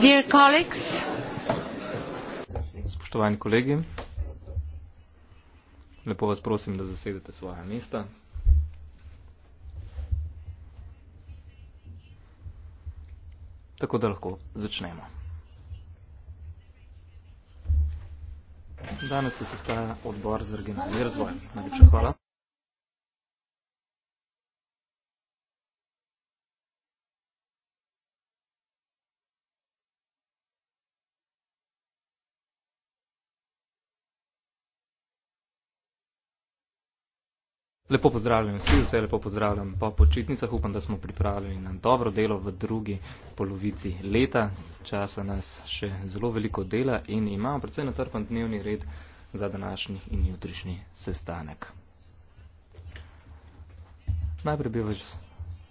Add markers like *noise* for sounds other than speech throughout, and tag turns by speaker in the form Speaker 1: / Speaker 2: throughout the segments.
Speaker 1: Dear
Speaker 2: colleagues,
Speaker 3: spoštovani kolegi, lepo vas prosim, da zasedete svoje mesta. Tako da lahko začnemo. Danes se sestaja odbor za regionalni
Speaker 4: razvoj. Najlepša hvala.
Speaker 3: Lepo pozdravljam vsi, vse lepo pozdravljam po počitnicah, upam, da smo pripravljeni na dobro delo v drugi polovici leta. Časa nas še zelo veliko dela in imamo predvsej natrpan dnevni red za današnji in jutrišnji sestanek. Najprej bi vas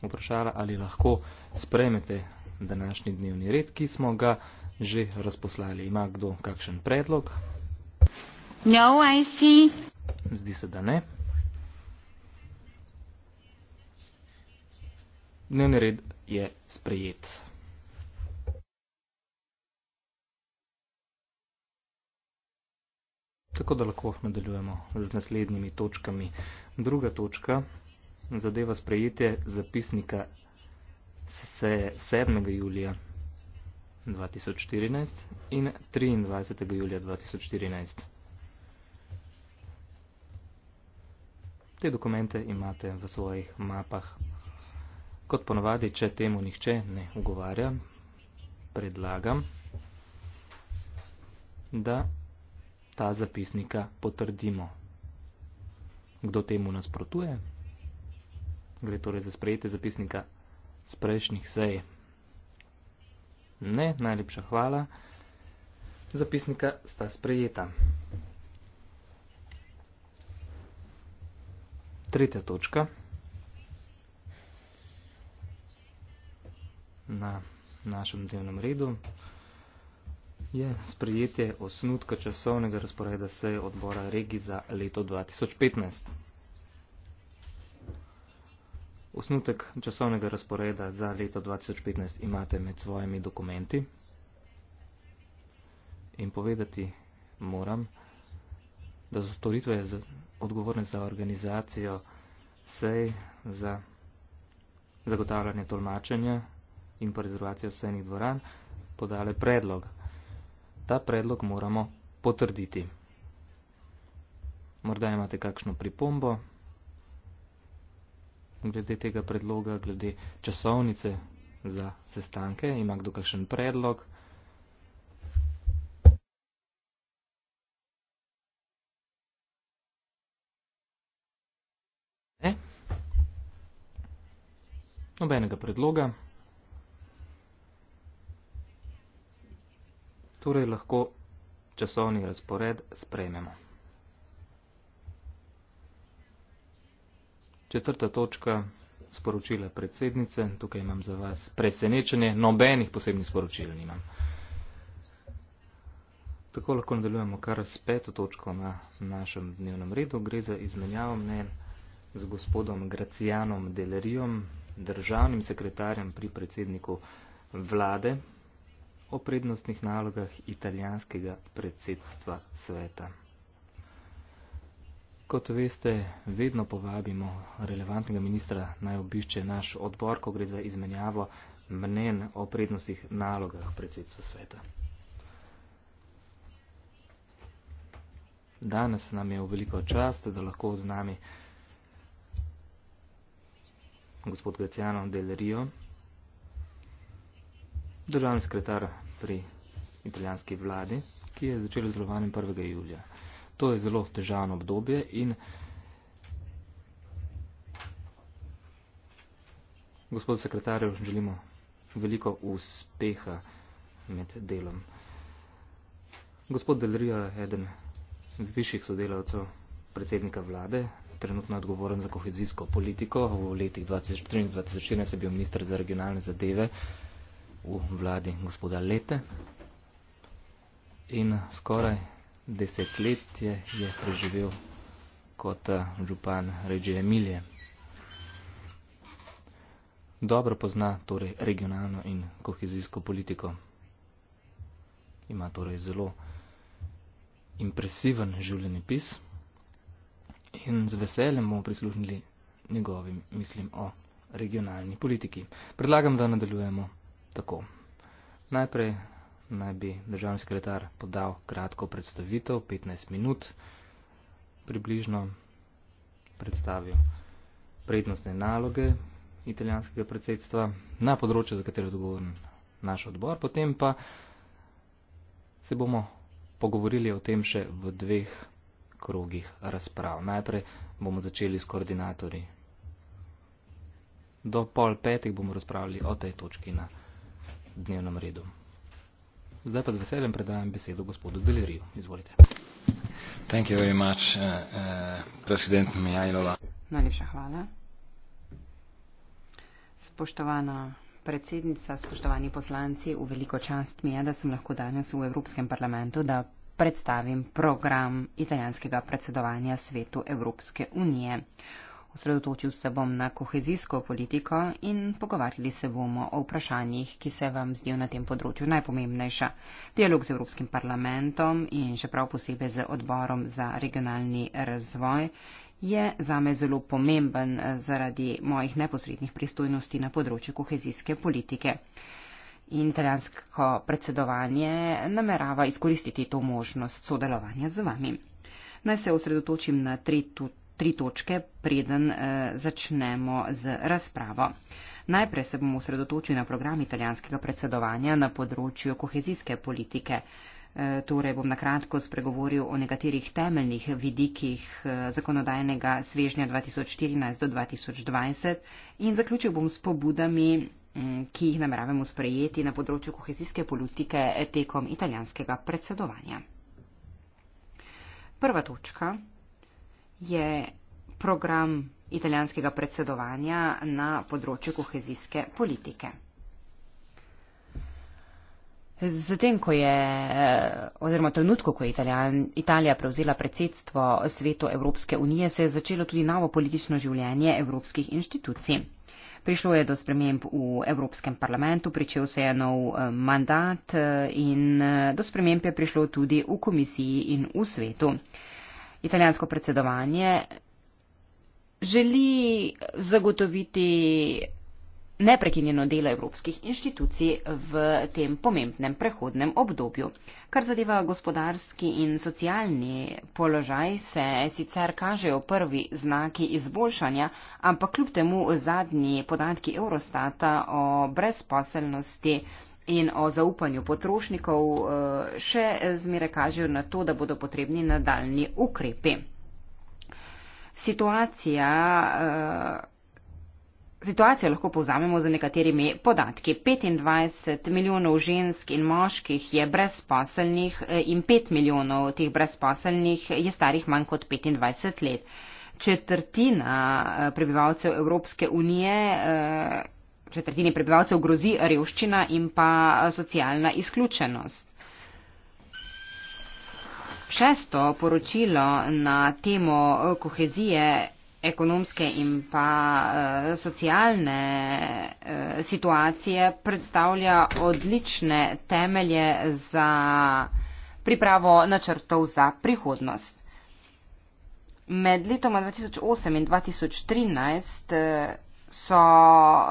Speaker 3: vprašala, ali lahko spremete današnji dnevni red, ki smo ga že razposlali. Ima kdo kakšen predlog?
Speaker 2: No, I see.
Speaker 3: Zdi se, da ne. Dnevni red je sprejet. Tako da lahko nadaljujemo z naslednjimi točkami. Druga točka zadeva sprejetje zapisnika seje 7. julija 2014 in 23. julija 2014. Te dokumente imate v svojih mapah Kot ponovadi, če temu nihče ne ugovarja, predlagam, da ta zapisnika potrdimo. Kdo temu nasprotuje? Gre torej za sprejete zapisnika z prejšnjih sej. Ne, najlepša hvala. Zapisnika sta sprejeta. Tretja točka. na našem dnevnem redu je sprejetje osnutka časovnega razporeda seje odbora regi za leto 2015. Osnutek časovnega razporeda za leto 2015 imate med svojimi dokumenti in povedati moram, da so storitve odgovorne za organizacijo sej za zagotavljanje tolmačenja in pa rezervacijo senih dvoran podale predlog. Ta predlog moramo potrditi. Morda imate kakšno pripombo glede tega predloga, glede časovnice za sestanke, ima kdo kakšen predlog. Nobenega predloga. torej lahko časovni razpored sprejmemo. Četrta točka sporočila predsednice. Tukaj imam za vas presenečenje, nobenih posebnih sporočil nimam. Tako lahko nadaljujemo kar s peto točko na našem dnevnem redu. Gre za izmenjavo mnen z gospodom Gracijanom Delerijom, državnim sekretarjem pri predsedniku vlade, o prednostnih nalogah italijanskega predsedstva sveta. Kot veste, vedno povabimo relevantnega ministra naj obišče naš odbor, ko gre za izmenjavo mnen o prednostih nalogah predsedstva sveta. Danes nam je v veliko čast, da lahko z nami gospod Graciano Del Rio, državni sekretar pri italijanski vladi, ki je začela z delovanjem 1. julija. To je zelo težavno obdobje in gospod sekretarjev želimo veliko uspeha med delom. Gospod Delrija je eden višjih sodelavcev predsednika vlade, trenutno odgovoren za kohezijsko politiko. V letih 2013-2014 je bil minister za regionalne zadeve v vladi gospoda Lete. In skoraj desetletje je preživel kot eh, župan Reggio Emilije. Dobro pozna torej regionalno in kohezijsko politiko. Ima torej zelo impresiven življeni pis in z veseljem bomo prisluhnili njegovim, mislim, o regionalni politiki. Predlagam, da nadaljujemo. Tako. Najprej naj bi državni sekretar podal kratko predstavitev, 15 minut, približno predstavil prednostne naloge italijanskega predsedstva na področju, za katero je odgovoren naš odbor. Potem pa se bomo pogovorili o tem še v dveh krogih razprav. Najprej bomo začeli s koordinatorji. Do pol petih bomo razpravljali o tej točki na dnevnem redu. Zdaj pa z veseljem predajam besedo gospodu Deleriju. Izvolite. Thank you very much, uh, uh,
Speaker 1: president Mijajlova.
Speaker 2: Najlepša hvala. Spoštovana predsednica, spoštovani poslanci, v veliko čast mi je, da sem lahko danes v Evropskem parlamentu, da predstavim program italijanskega predsedovanja svetu Evropske unije. Osredotočil se bom na kohezijsko politiko in pogovarjali se bomo o vprašanjih, ki se vam zdijo na tem področju najpomembnejša. Dialog z Evropskim parlamentom in še prav posebej z odborom za regionalni razvoj je zame zelo pomemben eh, zaradi mojih neposrednih pristojnosti na področju kohezijske politike. In italijansko predsedovanje namerava izkoristiti to možnost sodelovanja z vami. Naj se osredotočim na tri tudi tri točke, preden eh, začnemo z razpravo. Najprej se bomo osredotočili na program italijanskega predsedovanja na področju kohezijske politike. E, torej bom na kratko spregovoril o nekaterih temeljnih vidikih eh, zakonodajnega svežnja 2014 do 2020 in zaključil bom s pobudami, mm, ki jih nameravamo sprejeti na področju kohezijske politike tekom italijanskega predsedovanja. Prva točka je program italijanskega predsedovanja na področju kohezijske politike. Zatem, ko je, oziroma trenutku, ko je Italijan, Italija prevzela predsedstvo svetu Evropske unije, se je začelo tudi novo politično življenje evropskih inštitucij. Prišlo je do sprememb v Evropskem parlamentu, pričel se je nov eh, mandat eh, in eh, do sprememb je prišlo tudi v komisiji in v svetu italijansko predsedovanje želi zagotoviti neprekinjeno delo evropskih inštitucij v tem pomembnem prehodnem obdobju. Kar zadeva gospodarski in socialni položaj, se sicer kažejo prvi znaki izboljšanja, ampak kljub temu zadnji podatki Eurostata o brezposelnosti in o zaupanju potrošnikov eh, še zmeraj kažejo na to, da bodo potrebni nadaljni ukrepi. Situacija, eh, situacijo lahko povzamemo z nekaterimi podatki. 25 milijonov žensk in moških je brezposelnih eh, in 5 milijonov teh brezposelnih je starih manj kot 25 let. Četrtina prebivalcev Evropske unije četrtini prebivalcev grozi revščina in pa eh, socialna izključenost. Šesto poročilo na temo eh, kohezije ekonomske in pa eh, socialne situacije predstavlja odlične temelje za pripravo načrtov za prihodnost. Med letoma 2008 in 2013 so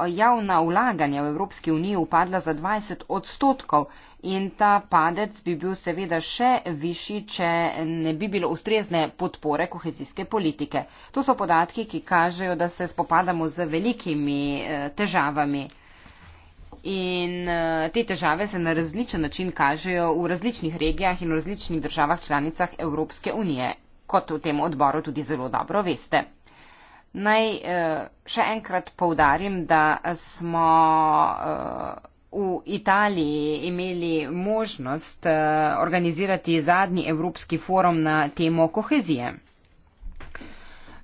Speaker 2: javna vlaganja v Evropski uniji upadla za 20 odstotkov in ta padec bi bil seveda še višji, če ne bi bilo ustrezne podpore kohezijske politike. To so podatki, ki kažejo, da se spopadamo z velikimi eh, težavami. In eh, te težave se na različen način kažejo v različnih regijah in v različnih državah članicah Evropske unije, kot v tem odboru tudi zelo dobro veste. Naj eh, še enkrat povdarim, da smo eh, v Italiji imeli možnost eh, organizirati zadnji Evropski forum na temo kohezije.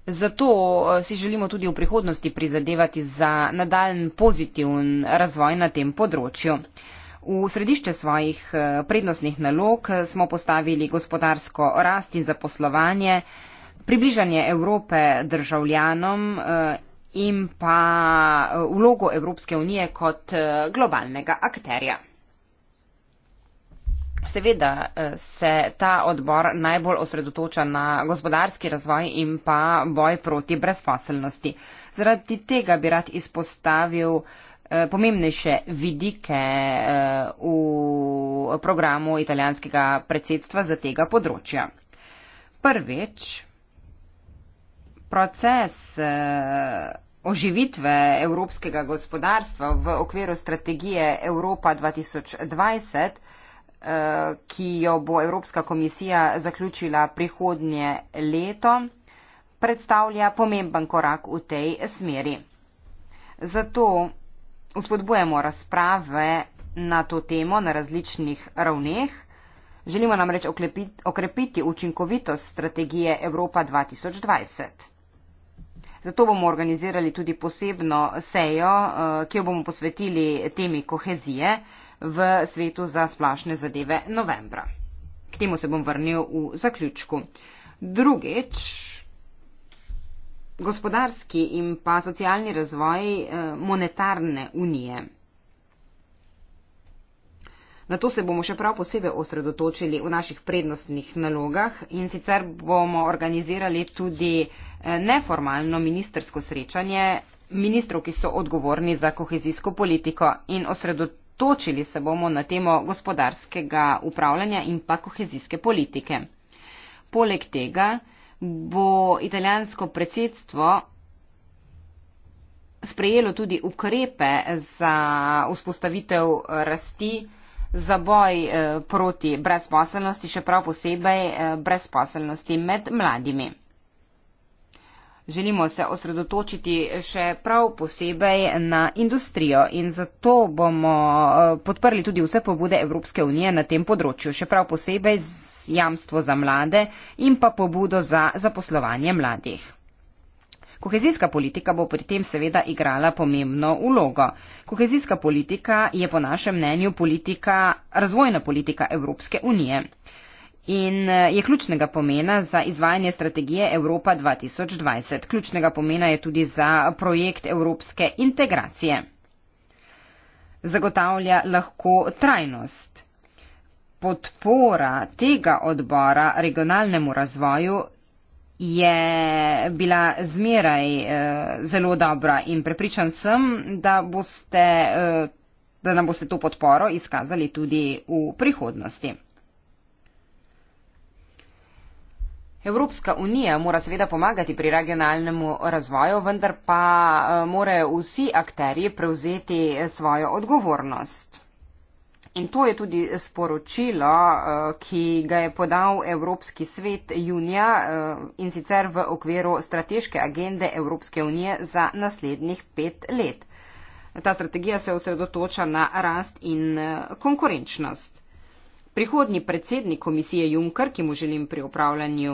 Speaker 2: Zato si želimo tudi v prihodnosti prizadevati za nadaljen pozitiven razvoj na tem področju. V središče svojih prednostnih nalog smo postavili gospodarsko rast in zaposlovanje, približanje Evrope državljanom eh, in pa eh, vlogo Evropske unije kot eh, globalnega akterja. Seveda se ta odbor najbolj osredotoča na gospodarski razvoj in pa boj proti brezposelnosti. Zaradi tega bi rad izpostavil pomembnejše vidike v programu italijanskega predsedstva za tega področja. Prvič, proces eh, oživitve evropskega gospodarstva v okviru strategije Evropa 2020, eh, ki jo bo Evropska komisija zaključila prihodnje leto, predstavlja pomemben korak v tej smeri. Zato uspodbujemo razprave na to temo na različnih ravneh. Želimo namreč okrepiti učinkovitost strategije Evropa 2020. Zato bomo organizirali tudi posebno sejo, eh, ki jo bomo posvetili temi kohezije v svetu za splašne zadeve novembra. K temu se bom vrnil v zaključku. Drugič, gospodarski in pa socialni razvoj eh, monetarne unije. Na to se bomo še prav posebej osredotočili v naših prednostnih nalogah in sicer bomo organizirali tudi eh, neformalno ministersko srečanje ministrov, ki so odgovorni za kohezijsko politiko in osredotočili se bomo na temo gospodarskega upravljanja in pa kohezijske politike. Poleg tega bo italijansko predsedstvo sprejelo tudi ukrepe za vzpostavitev rasti za boj eh, proti brezposelnosti, še prav posebej eh, brezposelnosti med mladimi. Želimo se osredotočiti še prav posebej na industrijo in zato bomo eh, podprli tudi vse pobude Evropske unije na tem področju, še prav posebej z jamstvo za mlade in pa pobudo za zaposlovanje mladih. Kohezijska politika bo pri tem seveda igrala pomembno ulogo. Kohezijska politika je po našem mnenju politika, razvojna politika Evropske unije in eh, je ključnega pomena za izvajanje strategije Evropa 2020. Ključnega pomena je tudi za projekt evropske integracije. Zagotavlja lahko trajnost. Podpora tega odbora regionalnemu razvoju je bila zmeraj uh, zelo dobra in prepričan sem, da, boste, uh, da nam boste to podporo izkazali tudi v prihodnosti. Evropska unija mora seveda pomagati pri regionalnemu razvoju, vendar pa eh, morajo vsi akteri prevzeti svojo odgovornost. In to je tudi sporočilo, eh, ki ga je podal Evropski svet junija eh, in sicer v okviru strateške agende Evropske unije za naslednjih pet let. Ta strategija se osredotoča na rast in eh, konkurenčnost. Prihodni predsednik komisije Juncker, ki mu želim pri upravljanju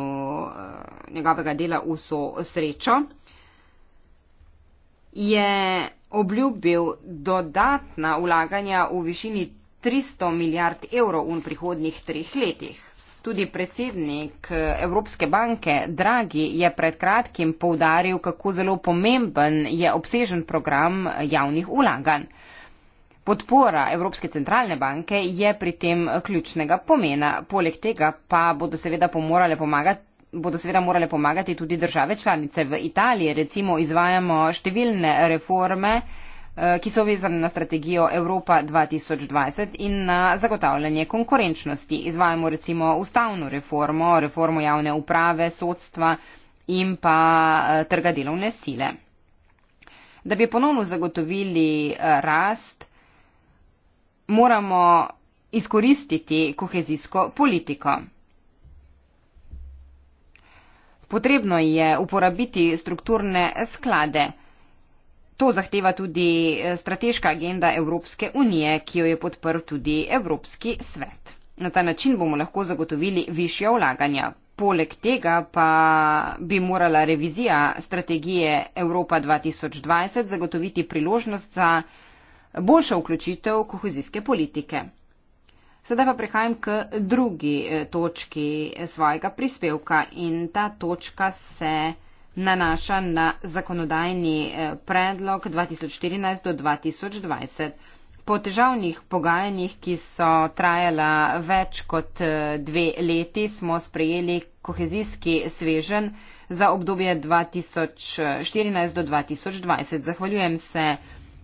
Speaker 2: njegovega dela vso srečo, je obljubil dodatna ulaganja v višini 300 milijard evrov v prihodnih treh letih. Tudi predsednik eh, Evropske banke Draghi je pred kratkim poudaril, kako zelo pomemben je obsežen program eh, javnih ulaganj. Podpora Evropske centralne banke je pri tem eh, ključnega pomena, poleg tega pa bodo seveda, pomagati, bodo seveda morale pomagati tudi države članice. V Italiji recimo izvajamo številne reforme, Eh, ki so vezane na strategijo Evropa 2020 in na zagotavljanje konkurenčnosti. Izvajamo recimo ustavno reformo, reformo javne uprave, sodstva in pa eh, trga delovne sile. Da bi ponovno zagotovili eh, rast, moramo izkoristiti kohezijsko politiko. Potrebno je uporabiti strukturne sklade. To zahteva tudi eh, strateška agenda Evropske unije, ki jo je podprl tudi Evropski svet. Na ta način bomo lahko zagotovili više vlaganja. Poleg tega pa bi morala revizija strategije Evropa 2020 zagotoviti priložnost za boljšo vključitev kohezijske politike. Sedaj pa prehajam k drugi eh, točki eh, svojega prispevka in ta točka se nanaša na zakonodajni eh, predlog 2014 do 2020. Po težavnih pogajanjih, ki so trajala več kot eh, dve leti, smo sprejeli kohezijski svežen za obdobje 2014 do 2020. Zahvaljujem se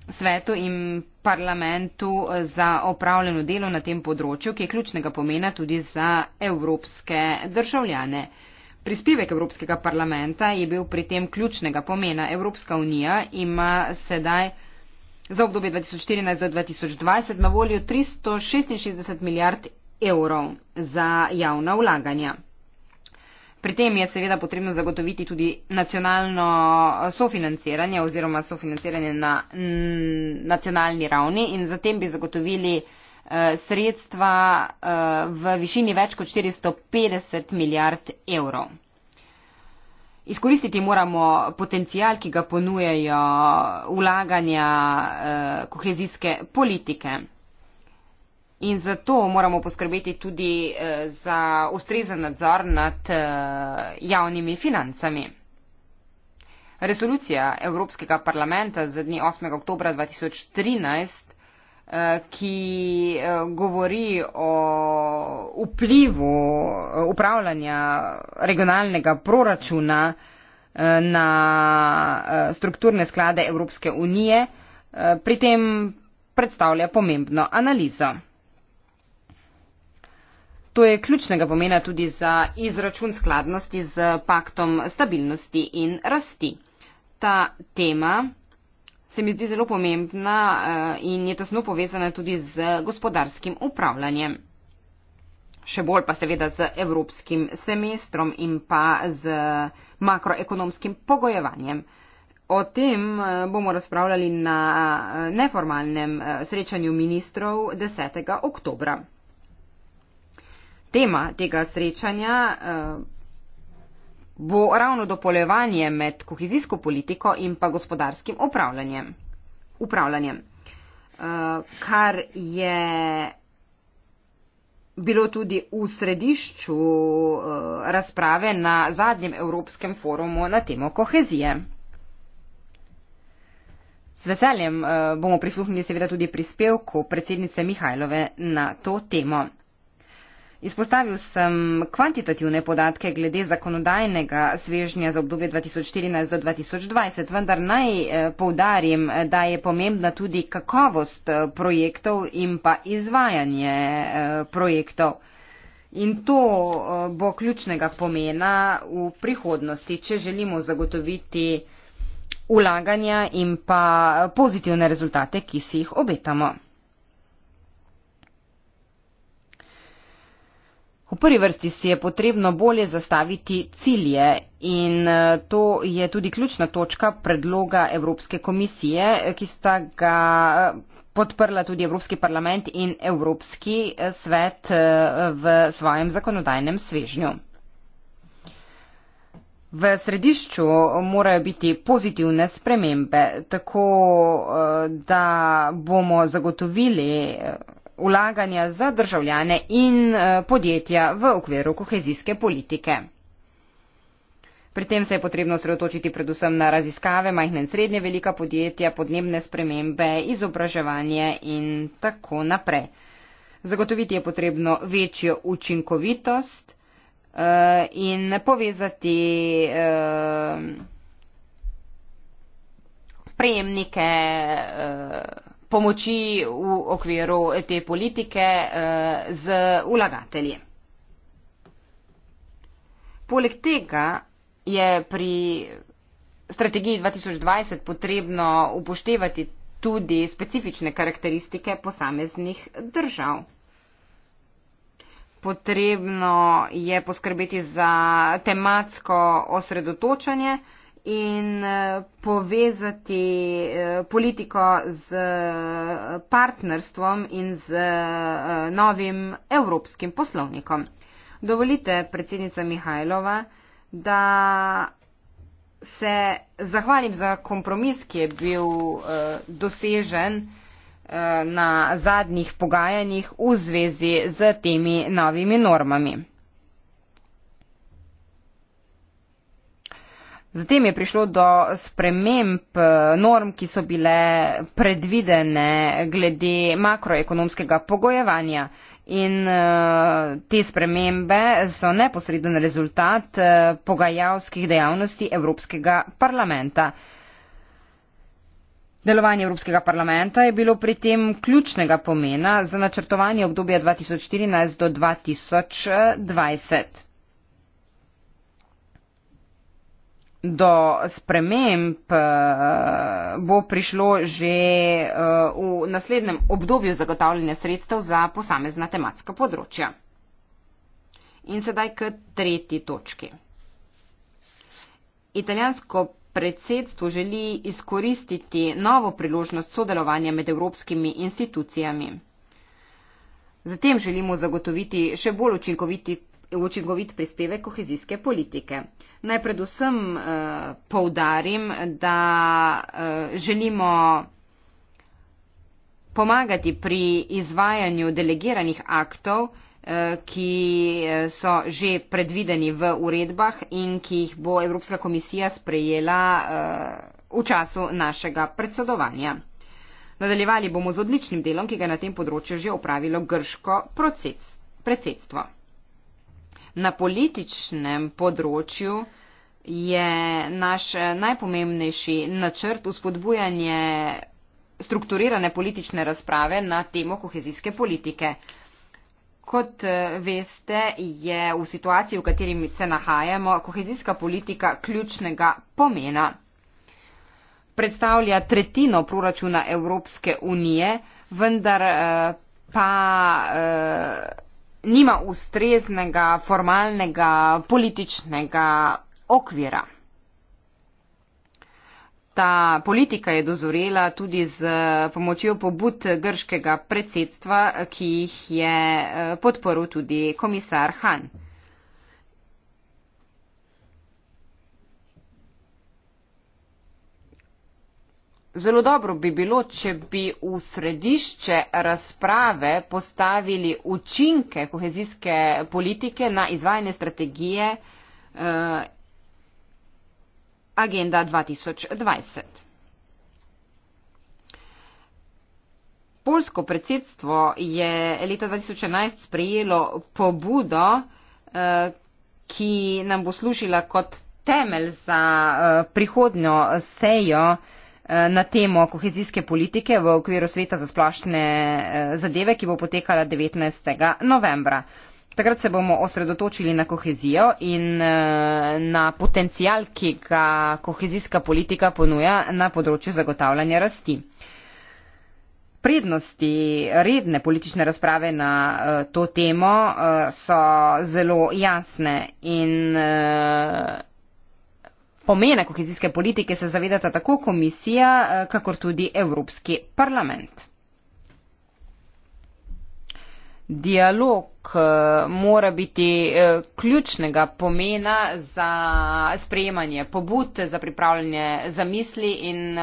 Speaker 2: svetu in parlamentu eh, za opravljeno delo na tem področju, ki je ključnega pomena tudi za evropske državljane. Prispevek Evropskega parlamenta je bil pri tem ključnega pomena. Evropska unija ima sedaj za obdobje 2014 do 2020 na voljo 366 milijard evrov za javna vlaganja. Pri tem je seveda potrebno zagotoviti tudi nacionalno eh, sofinanciranje oziroma sofinanciranje na nacionalni ravni in zatem bi zagotovili Eh, sredstva eh, v višini več kot 450 milijard evrov. Izkoristiti moramo potencijal, ki ga ponujejo ulaganja eh, kohezijske politike. In zato moramo poskrbeti tudi za ustrezen nadzor nad javnimi financami. Resolucija Evropskega parlamenta z dne 8. oktober 2013 ki eh, govori o vplivu eh, upravljanja regionalnega proračuna eh, na strukturne sklade Evropske unije, pri tem predstavlja pomembno analizo. To je ključnega pomena tudi za izračun skladnosti z paktom stabilnosti in rasti. Ta tema se mi zdi zelo pomembna eh, in je tesno povezana tudi z gospodarskim upravljanjem. Še bolj pa seveda z evropskim semestrom in pa z makroekonomskim pogojevanjem. O tem eh, bomo razpravljali na eh, neformalnem srečanju ministrov 10. oktobra. Tema tega srečanja bo ravno dopolevanje med kohezijsko politiko in pa gospodarskim upravljanjem. upravljanjem. Eh, kar je bilo tudi v središču eh, razprave na zadnjem Evropskem forumu na temo kohezije. Z veseljem eh, bomo prisluhnili seveda tudi prispevku predsednice Mihajlove na to temo. Izpostavil sem kvantitativne podatke glede zakonodajnega svežnja za obdobje 2014 do 2020, vendar naj eh, povdarim, da je pomembna tudi kakovost eh, projektov in pa izvajanje eh, projektov. In to bo ključnega pomena v prihodnosti, če želimo zagotoviti vlaganja in pa pozitivne rezultate, ki si jih obetamo. V prvi vrsti si je potrebno bolje zastaviti cilje in eh, to je tudi ključna točka predloga Evropske komisije, eh, ki sta ga eh, podprla tudi Evropski parlament in Evropski svet v svojem zakonodajnem svežnju. V središču morajo biti pozitivne spremembe, tako da bomo zagotovili ulaganja za državljane in eh, podjetja v okviru kohezijske politike. Pri tem se je potrebno sredotočiti predvsem na raziskave majhne in srednje velika podjetja, podnebne spremembe, izobraževanje in tako naprej. Zagotoviti je potrebno večjo učinkovitost uh, in povezati uh, prejemnike. Uh, pomoči v okviru te politike eh, z vlagatelji. Poleg tega je pri strategiji 2020 potrebno upoštevati tudi specifične karakteristike posameznih držav. Potrebno je poskrbeti za tematsko osredotočanje, in eh, povezati eh, politiko z eh, partnerstvom in z novim evropskim poslovnikom. Dovolite, predsednica Mihajlova, da se zahvalim za kompromis, ki je bil dosežen na zadnjih pogajanjih v zvezi z temi novimi normami. Zatem je prišlo do sprememb eh, norm, ki so bile predvidene glede makroekonomskega pogojevanja. In eh, te spremembe so neposreden rezultat eh, pogajalskih dejavnosti Evropskega parlamenta. Delovanje Evropskega parlamenta je bilo pri tem ključnega pomena za načrtovanje obdobja 2014 do 2020. do sprememb eh, bo prišlo že eh, v naslednjem obdobju zagotavljanja sredstev za posamezna tematska področja. In sedaj k tretji točki. Italijansko predsedstvo želi izkoristiti novo priložnost sodelovanja med evropskimi institucijami. Zatem želimo zagotoviti še bolj učinkoviti učinkovit prispevek kohezijske politike. Naj predvsem eh, poudarim, da eh, želimo pomagati pri izvajanju delegiranih aktov, eh, ki eh, so že predvideni v uredbah in ki jih bo Evropska komisija sprejela eh, v času našega predsedovanja. Nadaljevali bomo z odličnim delom, ki ga je na tem področju že opravilo grško predsedstvo na političnem področju je naš eh, najpomembnejši načrt uspodbujanje strukturirane politične razprave na temo kohezijske politike. Kot eh, veste, je v situaciji, v kateri se nahajamo, kohezijska politika ključnega pomena. Predstavlja tretjino proračuna Evropske unije, vendar eh, pa nima ustreznega formalnega političnega okvira. Ta politika je dozorela tudi z pomočjo pobud grškega predsedstva, ki jih je eh, podporil tudi komisar Han. Zelo dobro bi bilo, če bi v središče razprave postavili učinke kohezijske politike na izvajanje strategije eh, Agenda 2020. Polsko predsedstvo je leta 2011 sprejelo pobudo, eh, ki nam bo služila kot temelj za eh, prihodnjo sejo Eh, na temo kohezijske politike v okviru sveta za splošne eh, zadeve, ki bo potekala 19. novembra. Takrat se bomo osredotočili na kohezijo in eh, na potencial, ki ga kohezijska politika ponuja na področju zagotavljanja rasti. Prednosti redne politične razprave na to temo so zelo jasne in pomene kohezijske politike se zavedata tako komisija, eh, kakor tudi Evropski parlament. Dialog eh, mora biti eh, ključnega pomena za sprejemanje pobud, za pripravljanje zamisli in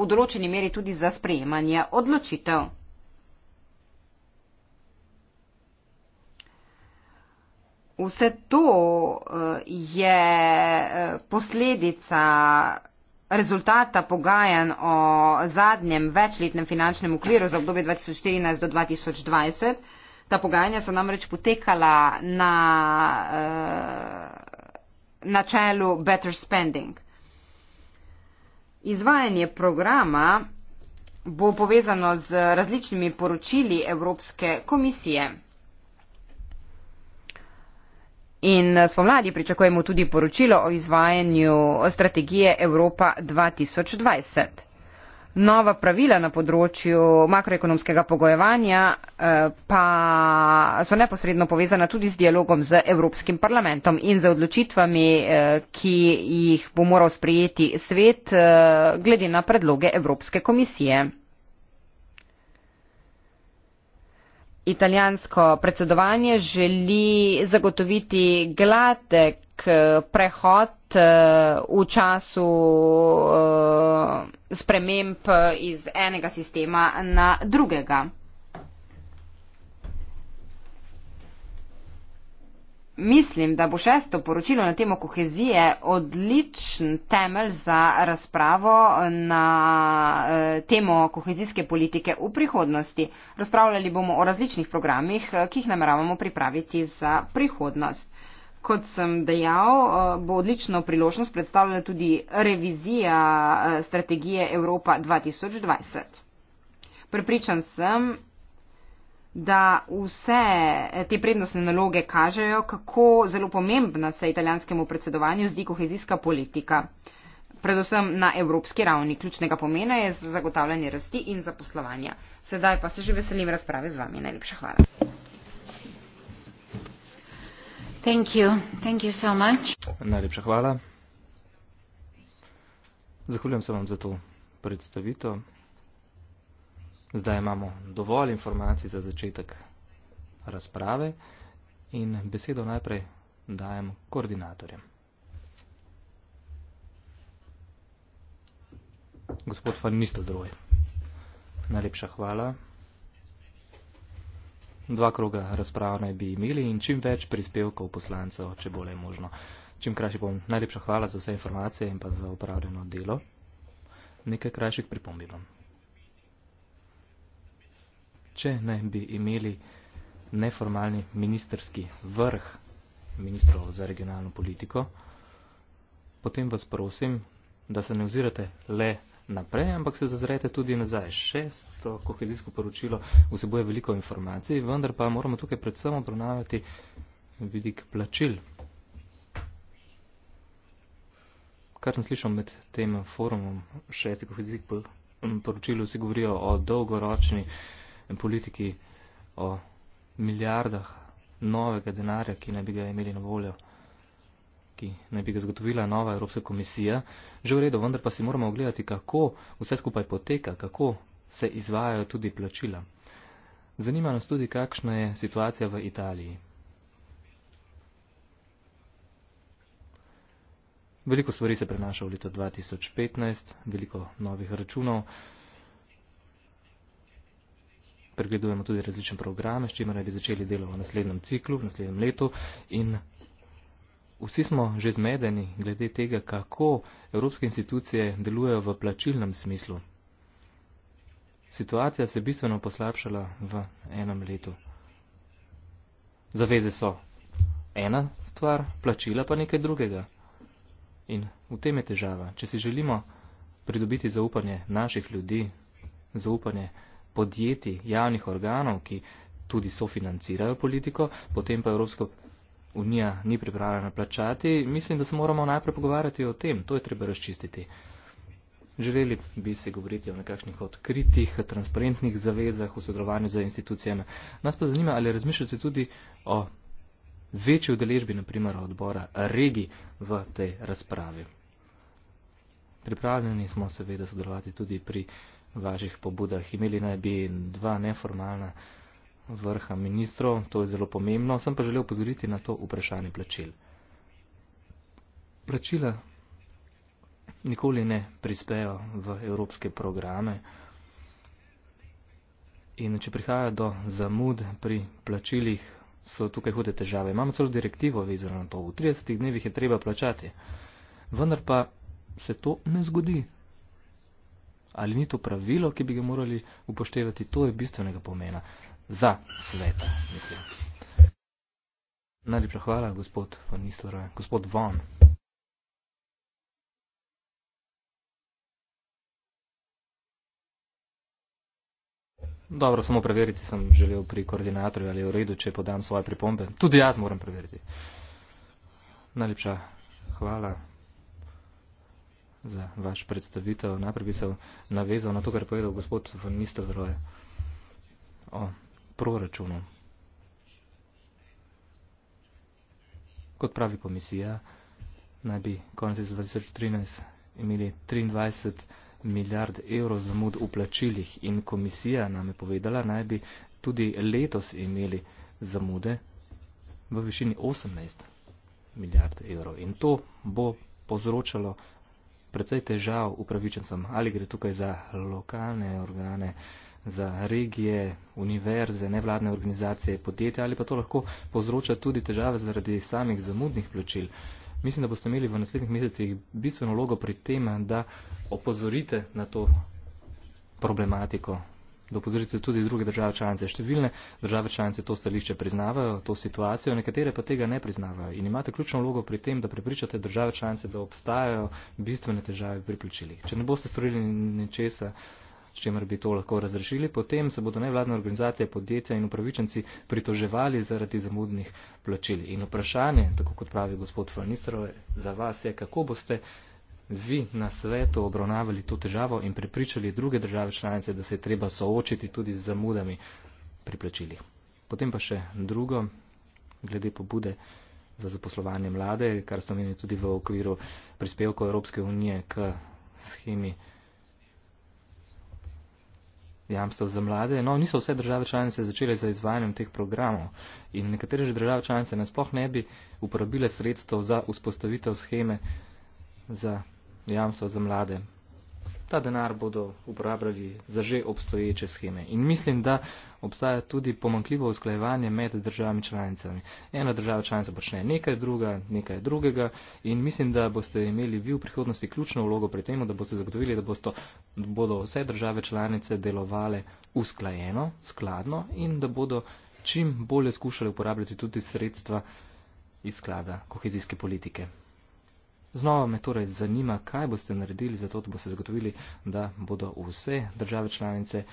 Speaker 2: v določeni meri tudi za sprejemanje odločitev. vse to eh, je eh, posledica rezultata pogajanj o zadnjem večletnem finančnem okviru za obdobje 2014 do 2020. Ta pogajanja so namreč potekala na eh, načelu better spending. Izvajanje programa bo povezano z različnimi poročili Evropske komisije in eh, spomladi pričakujemo tudi poročilo o izvajanju strategije Evropa 2020. Nova pravila na področju makroekonomskega pogojevanja eh, pa so neposredno povezana tudi s dialogom z Evropskim parlamentom in z odločitvami, eh, ki jih bo moral sprejeti svet glede na predloge Evropske komisije. italijansko predsedovanje želi zagotoviti gladek eh, prehod eh, v času eh, sprememb iz enega sistema na drugega. Mislim, da bo šesto poročilo na temo kohezije odličen temelj za razpravo na eh, temo kohezijske politike v prihodnosti. Razpravljali bomo o različnih programih, eh, ki jih nameravamo pripraviti za prihodnost. Kot sem dejal, eh, bo odlično priložnost predstavljala tudi revizija strategije Evropa 2020. Pripričan sem, da vse te prednostne naloge kažejo, kako zelo pomembna se italijanskemu predsedovanju zdi kohezijska politika, predvsem na evropski ravni. Ključnega pomena je zagotavljanje rasti in zaposlovanja. Sedaj pa se že veselim razprave z vami. Najlepša hvala. Thank you. Thank you so
Speaker 3: Najlepša hvala. Zahvaljujem se vam za to predstavitev. Zdaj imamo dovolj informacij za začetek razprave in besedo najprej dajem koordinatorjem. Gospod Van Nistelrooy, najlepša hvala. Dva kroga razprav naj bi imeli in čim več prispevkov poslancev, če bo le možno. Čim krajši bom, najlepša hvala za vse informacije in pa za upravljeno delo. Nekaj krajših pripombi vam če naj bi imeli neformalni ministerski vrh ministrov za regionalno politiko, potem vas prosim, da se ne ozirate le naprej, ampak se zazrete tudi nazaj. Šesto kohezijsko poročilo vsebuje veliko informacij, vendar pa moramo tukaj predvsem obravnavati vidik plačil. Kar sem slišal med tem forumom šesti kohezijskih poročilov, se govorijo o dolgoročni in politiki o milijardah novega denarja, ki naj bi ga imeli na voljo, ki naj bi ga zagotovila nova Evropska komisija. Že v redu, vendar pa si moramo ogledati, kako vse skupaj poteka, kako se izvajajo tudi plačila. Zanima nas tudi, kakšna je situacija v Italiji. Veliko stvari se prenaša v leto 2015, veliko novih računov pregledujemo tudi različne programe, s čimer naj bi začeli delo v naslednjem ciklu, v naslednjem letu. In vsi smo že zmedeni glede tega, kako evropske institucije delujejo v plačilnem smislu. Situacija se je bistveno poslabšala v enem letu. Zaveze so ena stvar, plačila pa nekaj drugega. In v tem je težava. Če si želimo pridobiti zaupanje naših ljudi, zaupanje podjetij, javnih organov, ki tudi sofinancirajo politiko, potem pa Evropska unija ni pripravljena plačati, mislim, da se moramo najprej pogovarjati o tem. To je treba razčistiti. Želeli bi se govoriti o nekakšnih odkritih, transparentnih zavezah v sodelovanju z institucijami. Nas pa zanima, ali razmišljate tudi o večji udeležbi, naprimer, odbora regi v tej razpravi. Pripravljeni smo seveda sodelovati tudi pri uh, vaših pobudah. Imeli naj bi dva neformalna vrha ministrov, to je zelo pomembno, sem pa želel upozoriti na to vprašanje plačil. Plačila nikoli ne prispejo v evropske programe. In če prihaja do zamud pri plačilih, so tukaj hude težave. Imamo celo direktivo vezano na to. V 30 dnevih je treba plačati. Vendar pa se to ne zgodi ali ni to pravilo, ki bi ga morali upoštevati, to je bistvenega pomena za sveta, mislim. Najlepša hvala, gospod von Nislerov, gospod von. Dobro, samo preveriti sem želel pri koordinatorju, ali je v redu, če podam svoje pripombe. Tudi jaz moram preveriti. Najlepša hvala za vaš predstavitev. Najprej bi se navezal na to, kar je povedal gospod von Nistelrooy o proračunu. Kot pravi komisija, naj bi konec 2013 imeli 23 milijard evrov zamud v plačilih in komisija nam je povedala, naj bi tudi letos imeli zamude v višini 18 milijard evrov in to bo povzročalo precej težav upravičencem. Ali gre tukaj za lokalne organe, za regije, univerze, nevladne organizacije, podjetja ali pa to lahko povzroča tudi težave zaradi samih zamudnih plačil. Mislim, da boste imeli v naslednjih mesecih bistveno logo pri tem, da opozorite na to problematiko do pozorice tudi druge države članice. Številne države članice to stališče priznavajo, to situacijo, nekatere pa tega ne priznavajo. In imate ključno vlogo pri tem, da prepričate države članice, da obstajajo bistvene težave pri pričilih. Če ne boste storili ničesa, s čemer bi to lahko razrešili, potem se bodo nevladne organizacije, podjetja in upravičenci pritoževali zaradi zamudnih plačil. In vprašanje, tako kot pravi gospod Falnistrove, za vas je, kako boste vi na svetu obravnavali to težavo in prepričali druge države članice, da se je treba soočiti tudi z zamudami pri plačilih. Potem pa še drugo, glede pobude za zaposlovanje mlade, kar so menili tudi v okviru prispevkov Evropske unije k schemi jamstv za mlade. No, niso vse države članice začele za izvajanjem teh programov in nekatere že države članice nasploh ne bi uporabile sredstev za vzpostavitev scheme za jamstva za mlade. Ta denar bodo uporabljali za že obstoječe scheme. In mislim, da obstaja tudi pomankljivo usklajevanje med državami članicami. Ena država članica počne nekaj druga, nekaj drugega in mislim, da boste imeli vi v prihodnosti ključno vlogo pri tem, da boste zagotovili, da bosto, bodo vse države članice delovale usklajeno, skladno in da bodo čim bolje skušali uporabljati tudi sredstva iz sklada kohezijske politike. Znova me torej zanima, kaj boste naredili za to, da boste zagotovili, da bodo vse države članice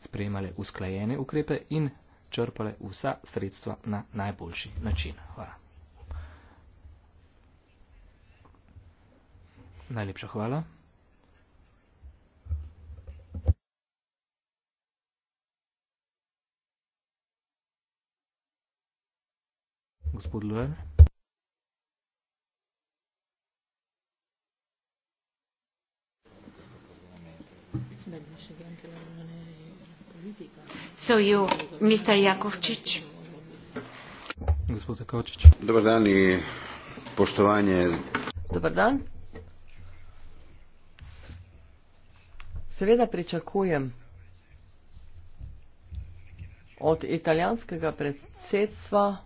Speaker 3: sprejemale usklajene ukrepe in črpale vsa sredstva na najboljši način. Hvala. Najlepša hvala. Gospod Lujer.
Speaker 2: So you, Mr. Jakovčić.
Speaker 3: Gospod Jakovčić.
Speaker 4: Dobar dan i poštovanje.
Speaker 2: Dobar dan.
Speaker 1: Seveda pričakujem od italijanskega predsedstva,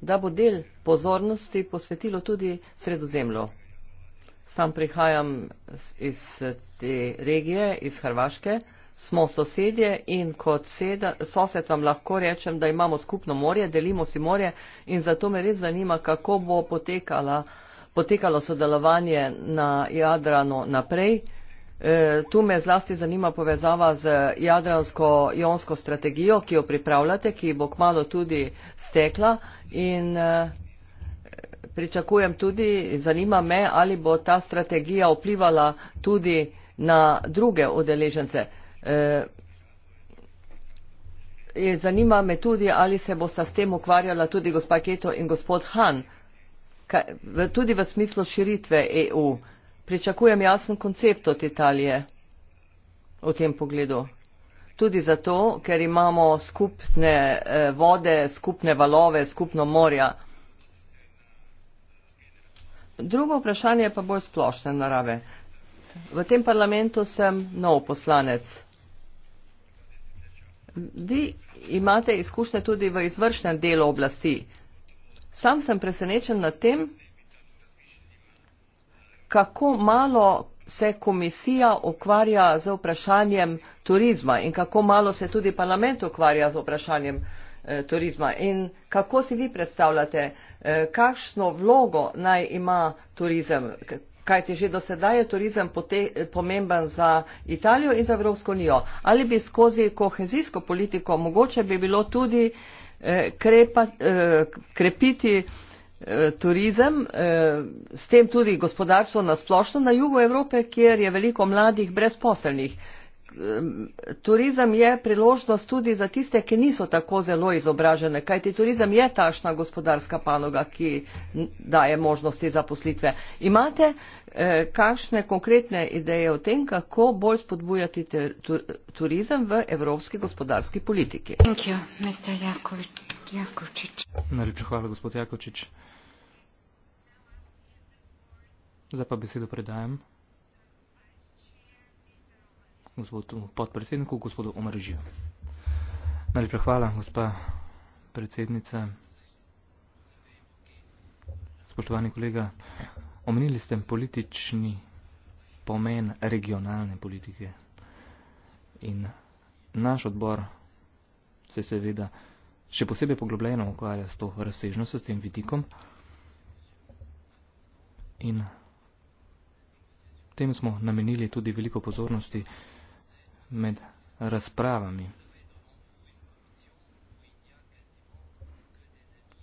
Speaker 1: da bo del pozornosti posvetilo tudi sredozemlju. Sam prihajam iz eh, te regije, iz Hrvaške. Smo sosedje in kot seda, sosed vam lahko rečem, da imamo skupno morje, delimo si morje in zato me res zanima, kako bo potekala, potekalo sodelovanje na Jadrano naprej. E, tu me zlasti zanima povezava z jadransko-jonsko strategijo, ki jo pripravljate, ki bo kmalo tudi stekla. In, e, pričakujem tudi, zanima me, ali bo ta strategija vplivala tudi na druge udeležence. E, zanima me tudi, ali se bo sta s tem ukvarjala tudi gospa Keto in gospod Han, kaj, v, tudi v smislu širitve EU. Pričakujem jasen koncept od Italije v tem pogledu. Tudi zato, ker imamo skupne eh, vode, skupne valove, skupno morja. Drugo vprašanje je pa bolj splošne narave. V tem parlamentu sem nov poslanec. Vi imate izkušnje tudi v izvršnem delu oblasti. Sam sem presenečen nad tem, kako malo se komisija ukvarja z vprašanjem turizma in kako malo se tudi parlament ukvarja z vprašanjem turizma. Eh, turizma. In kako si vi predstavljate, eh, kakšno vlogo naj ima turizem? Kaj ti že do sedaj je turizem pote, pomemben za Italijo in za Evropsko unijo? Ali bi skozi kohezijsko politiko mogoče bi bilo tudi eh, krepa, krepiti turizem, s tem tudi gospodarstvo na splošno na jugu Evrope, kjer je veliko mladih brezposelnih? turizem je priložnost tudi za tiste, ki niso tako zelo izobražene, kajti turizem je tašna gospodarska panoga, ki daje možnosti za poslitve. Imate eh, kakšne konkretne ideje o tem, kako bolj spodbujati te, tu, turizem v evropski gospodarski politiki?
Speaker 3: Najlepša hvala, gospod Jakočič. Zdaj pa besedo predajam gospodu podpredsedniku, gospodu Omržiju. Najlepša hvala, gospa predsednica. Spoštovani kolega, omenili ste politični pomen regionalne politike in naš odbor se seveda še posebej poglobljeno ukvarja s to razsežnostjo, s tem vidikom in tem smo namenili tudi veliko pozornosti med razpravami.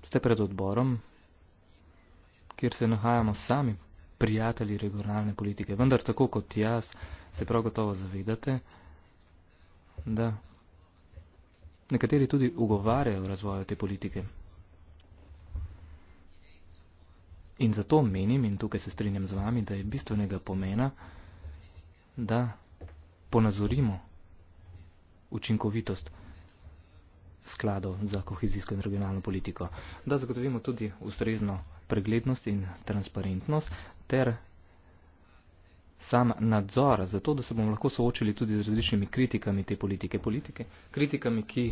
Speaker 3: Ste pred odborom, kjer se nahajamo sami prijatelji regionalne politike, vendar tako kot jaz se prav gotovo zavedate, da nekateri tudi ugovarjajo razvojo te politike. In zato menim, in tukaj se strinjam z vami, da je bistvenega pomena, da ponazorimo učinkovitost skladov za kohezijsko in regionalno politiko, da zagotovimo tudi ustrezno preglednost in transparentnost ter sam nadzor, zato da se bomo lahko soočili tudi z različnimi kritikami te politike, politike kritikami, ki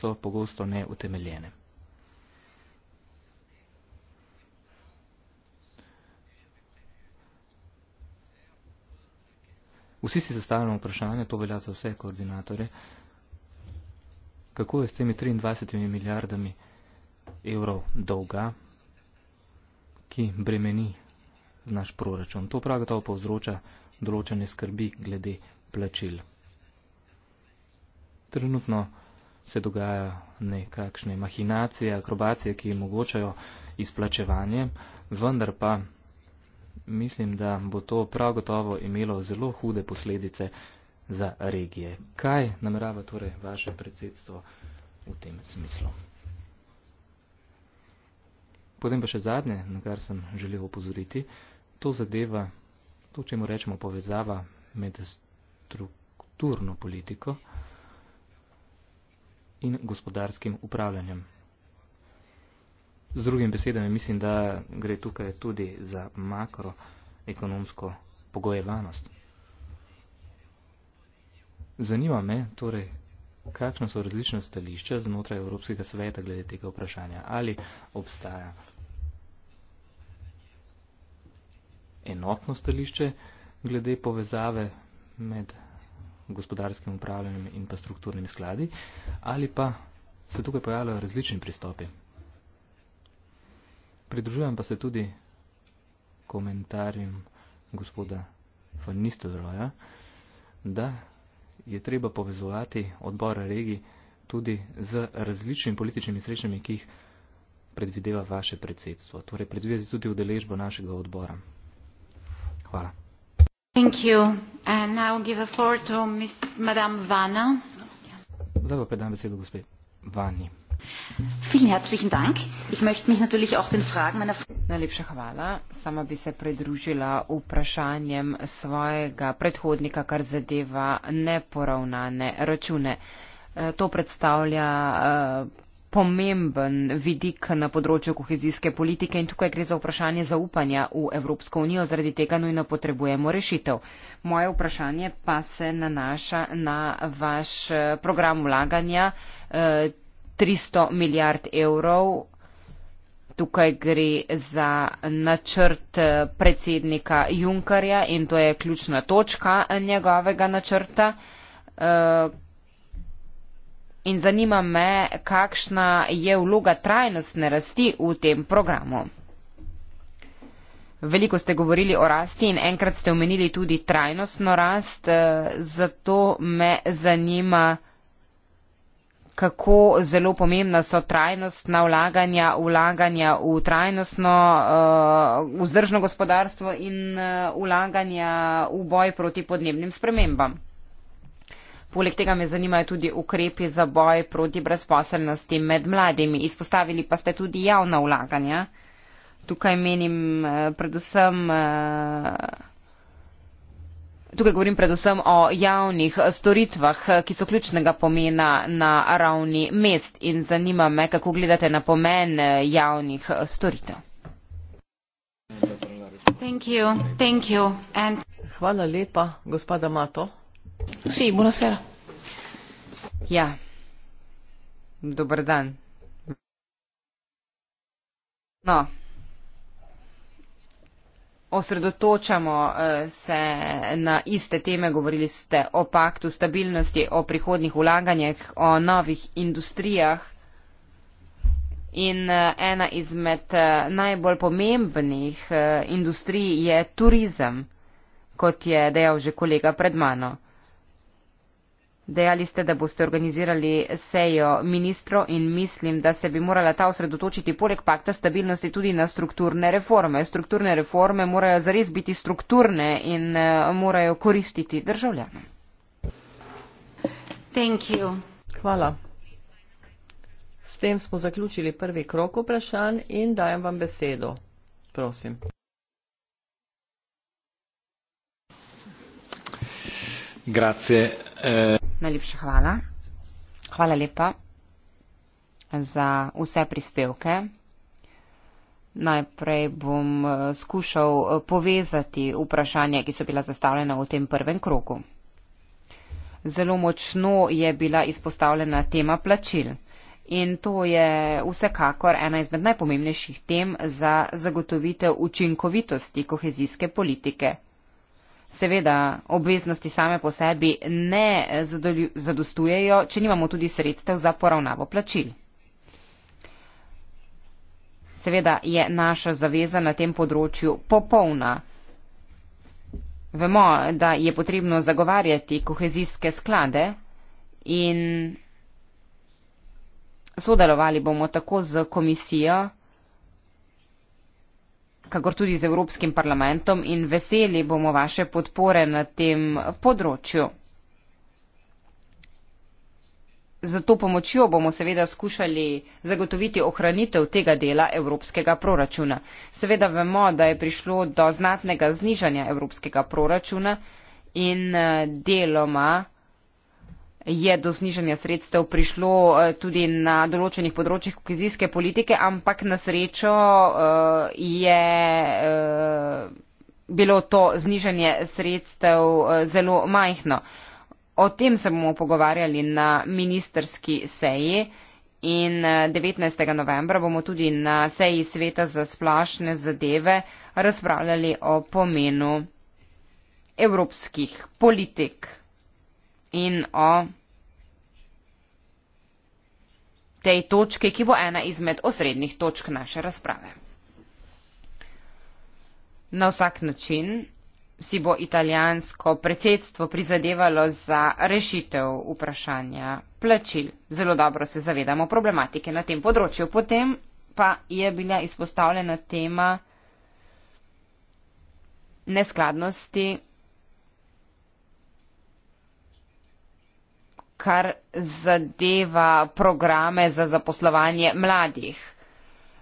Speaker 3: so pogosto neutemeljene. Vsi si zastavljamo vprašanje, to velja za vse koordinatore. Kako je s temi 23 milijardami evrov dolga, ki bremeni naš proračun? To prav gotovo povzroča določene skrbi glede plačil. Trenutno se dogaja nekakšne mahinacije, akrobacije, ki omogočajo izplačevanje, vendar pa mislim, da bo to prav gotovo imelo zelo hude posledice za regije. Kaj namerava torej vaše predsedstvo v tem smislu? Potem pa še zadnje, na kar sem želel opozoriti, to zadeva, to čemu rečemo povezava med strukturno politiko in gospodarskim upravljanjem. Z drugim besedami mislim, da gre tukaj tudi za makroekonomsko pogojevanost. Zanima me, torej, kakšno so različna stališča znotraj Evropskega sveta glede tega vprašanja. Ali obstaja enotno stališče glede povezave med gospodarskim upravljanjem in pa strukturnimi skladi, ali pa se tukaj pojavljajo različni pristopi. Pridružujem pa se tudi komentarjem gospoda Fanistodroja, da je treba povezovati odbora regij tudi z različnimi političnimi srečami, ki jih predvideva vaše predsedstvo. Torej, predvideti tudi udeležbo našega odbora. Hvala.
Speaker 2: Thank you. And now give a floor to Miss Madame Vana. Zdaj pa predam
Speaker 3: besedo gospe Vani.
Speaker 2: Vielen herzlichen Dank. Ich möchte mich natürlich auch den Fragen meiner Najlepša hvala. Sama bi se pridružila vprašanjem svojega predhodnika, kar zadeva neporavnane račune. Eh, to predstavlja eh, pomemben vidik na področju kohezijske politike in tukaj gre za vprašanje zaupanja v Evropsko unijo, zaradi tega nujno potrebujemo rešitev. Moje vprašanje pa se nanaša na vaš eh, program vlaganja 300 milijard evrov. Tukaj gre za načrt eh, predsednika Junkarja in to je ključna točka eh, njegovega načrta. Eh, in zanima me, kakšna je vloga trajnostne rasti v tem programu. Veliko ste govorili o rasti in enkrat ste omenili tudi trajnostno rast, zato me zanima, kakšna je vloga trajnostne rasti v tem programu kako zelo pomembna so trajnostna vlaganja, vlaganja v trajnostno eh, vzdržno gospodarstvo in eh, vlaganja v boj proti podnebnim spremembam. Poleg tega me zanimajo tudi ukrepi za boj proti brezposelnosti med mladimi. Izpostavili pa ste tudi javna vlaganja. Tukaj menim eh, predvsem. Tukaj govorim predvsem o javnih storitvah, ki so ključnega pomena na ravni mest in zanima me, kako gledate na pomen javnih storitev. Thank you. Thank you. And... Hvala lepa, gospoda Mato. Si, sí, buona sera. Ja, dober dan. No osredotočamo eh, se na iste teme, govorili ste o paktu stabilnosti, o prihodnih ulaganjih, o novih industrijah. In eh, ena izmed eh, najbolj pomembnih industrij je turizem, kot je dejal že kolega pred mano. Dejali ste, da boste organizirali sejo ministro in mislim, da se bi morala ta osredotočiti poleg pakta stabilnosti tudi na strukturne reforme. Strukturne reforme morajo zares biti strukturne in eh, morajo koristiti državljanom.
Speaker 1: Hvala. S tem smo zaključili prvi krok vprašanj in dajem vam besedo. Prosim.
Speaker 2: Grazie. Eh... Najlepša hvala. Hvala lepa za vse prispevke. Najprej bom eh, skušal eh, povezati vprašanja, ki so bila zastavljena v tem prvem krogu. Zelo močno je bila izpostavljena tema plačil in to je vsekakor ena izmed najpomembnejših tem za zagotovitev učinkovitosti kohezijske politike Seveda, obveznosti same po sebi ne zadostujejo, če nimamo tudi sredstev za poravnavo plačil. Seveda je naša zaveza na tem področju popolna. Vemo, da je potrebno zagovarjati kohezijske sklade in sodelovali bomo tako z komisijo, kakor tudi z Evropskim parlamentom in veseli bomo vaše podpore na tem področju. Za to pomočjo bomo seveda skušali zagotoviti ohranitev tega dela evropskega proračuna. Seveda vemo, da je prišlo do znatnega znižanja evropskega proračuna in eh, deloma je do znižanja sredstev prišlo eh, tudi na določenih področjih kohezijske politike, ampak na srečo eh, je eh, bilo to znižanje sredstev zelo majhno. O tem se bomo pogovarjali na ministerski seji. In 19. novembra bomo tudi na seji sveta za splašne zadeve razpravljali o pomenu evropskih politik in o tej točki, ki bo ena izmed osrednjih točk naše razprave. Na vsak način si bo italijansko predsedstvo prizadevalo za rešitev vprašanja plačil. Zelo dobro se zavedamo problematike na tem področju. Potem pa je bila izpostavljena tema neskladnosti kar zadeva programe za zaposlovanje mladih.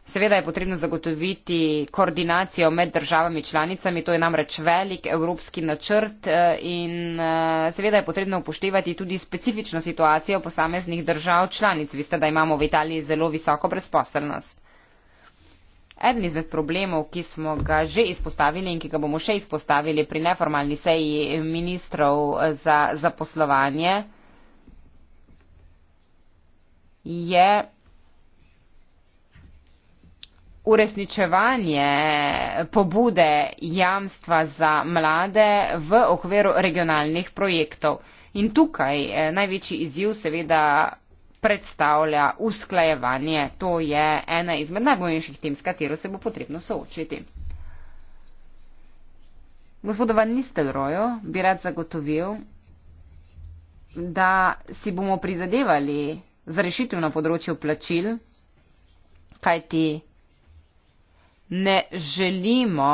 Speaker 2: Seveda je potrebno zagotoviti koordinacijo med državami članicami, to je namreč velik evropski načrt eh, in eh, seveda je potrebno upoštevati tudi specifično situacijo posameznih držav članic. Veste, da imamo v Italiji zelo visoko brezposelnost. Eden izmed problemov, ki smo ga že izpostavili in ki ga bomo še izpostavili pri neformalni seji ministrov eh, za zaposlovanje, je uresničevanje pobude jamstva za mlade v okviru regionalnih projektov. In tukaj eh, največji izziv seveda predstavlja usklajevanje. To je ena izmed najboljših tem, s katero se bo potrebno soočiti. Gospod Van Nistelrojo bi rad zagotovil, da si bomo prizadevali z rešitev na področju plačil, kajti ne želimo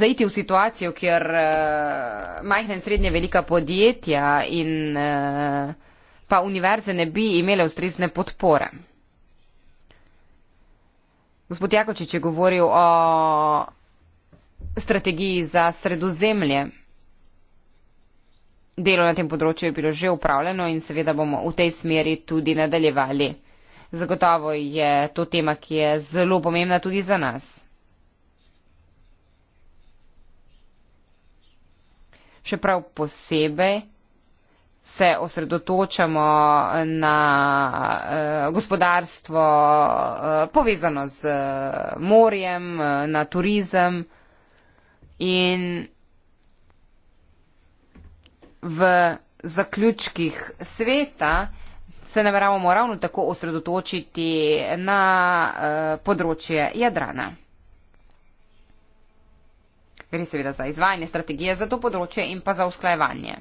Speaker 2: zaiti v situacijo, kjer uh, majhna in srednje velika podjetja in uh, pa univerze ne bi imele ustrezne podpore. Gospod Jakočič je govoril o strategiji za sredozemlje. Delo na tem področju je bilo že upravljeno in seveda bomo v tej smeri tudi nadaljevali. Zagotovo je to tema, ki je zelo pomembna tudi za nas. Še prav posebej se osredotočamo na eh, gospodarstvo eh, povezano z eh, morjem, eh, na turizem in v zaključkih sveta se nameravamo ravno tako osredotočiti na eh, področje Jadrana. Gre seveda za izvajanje strategije za to področje in pa za usklajevanje.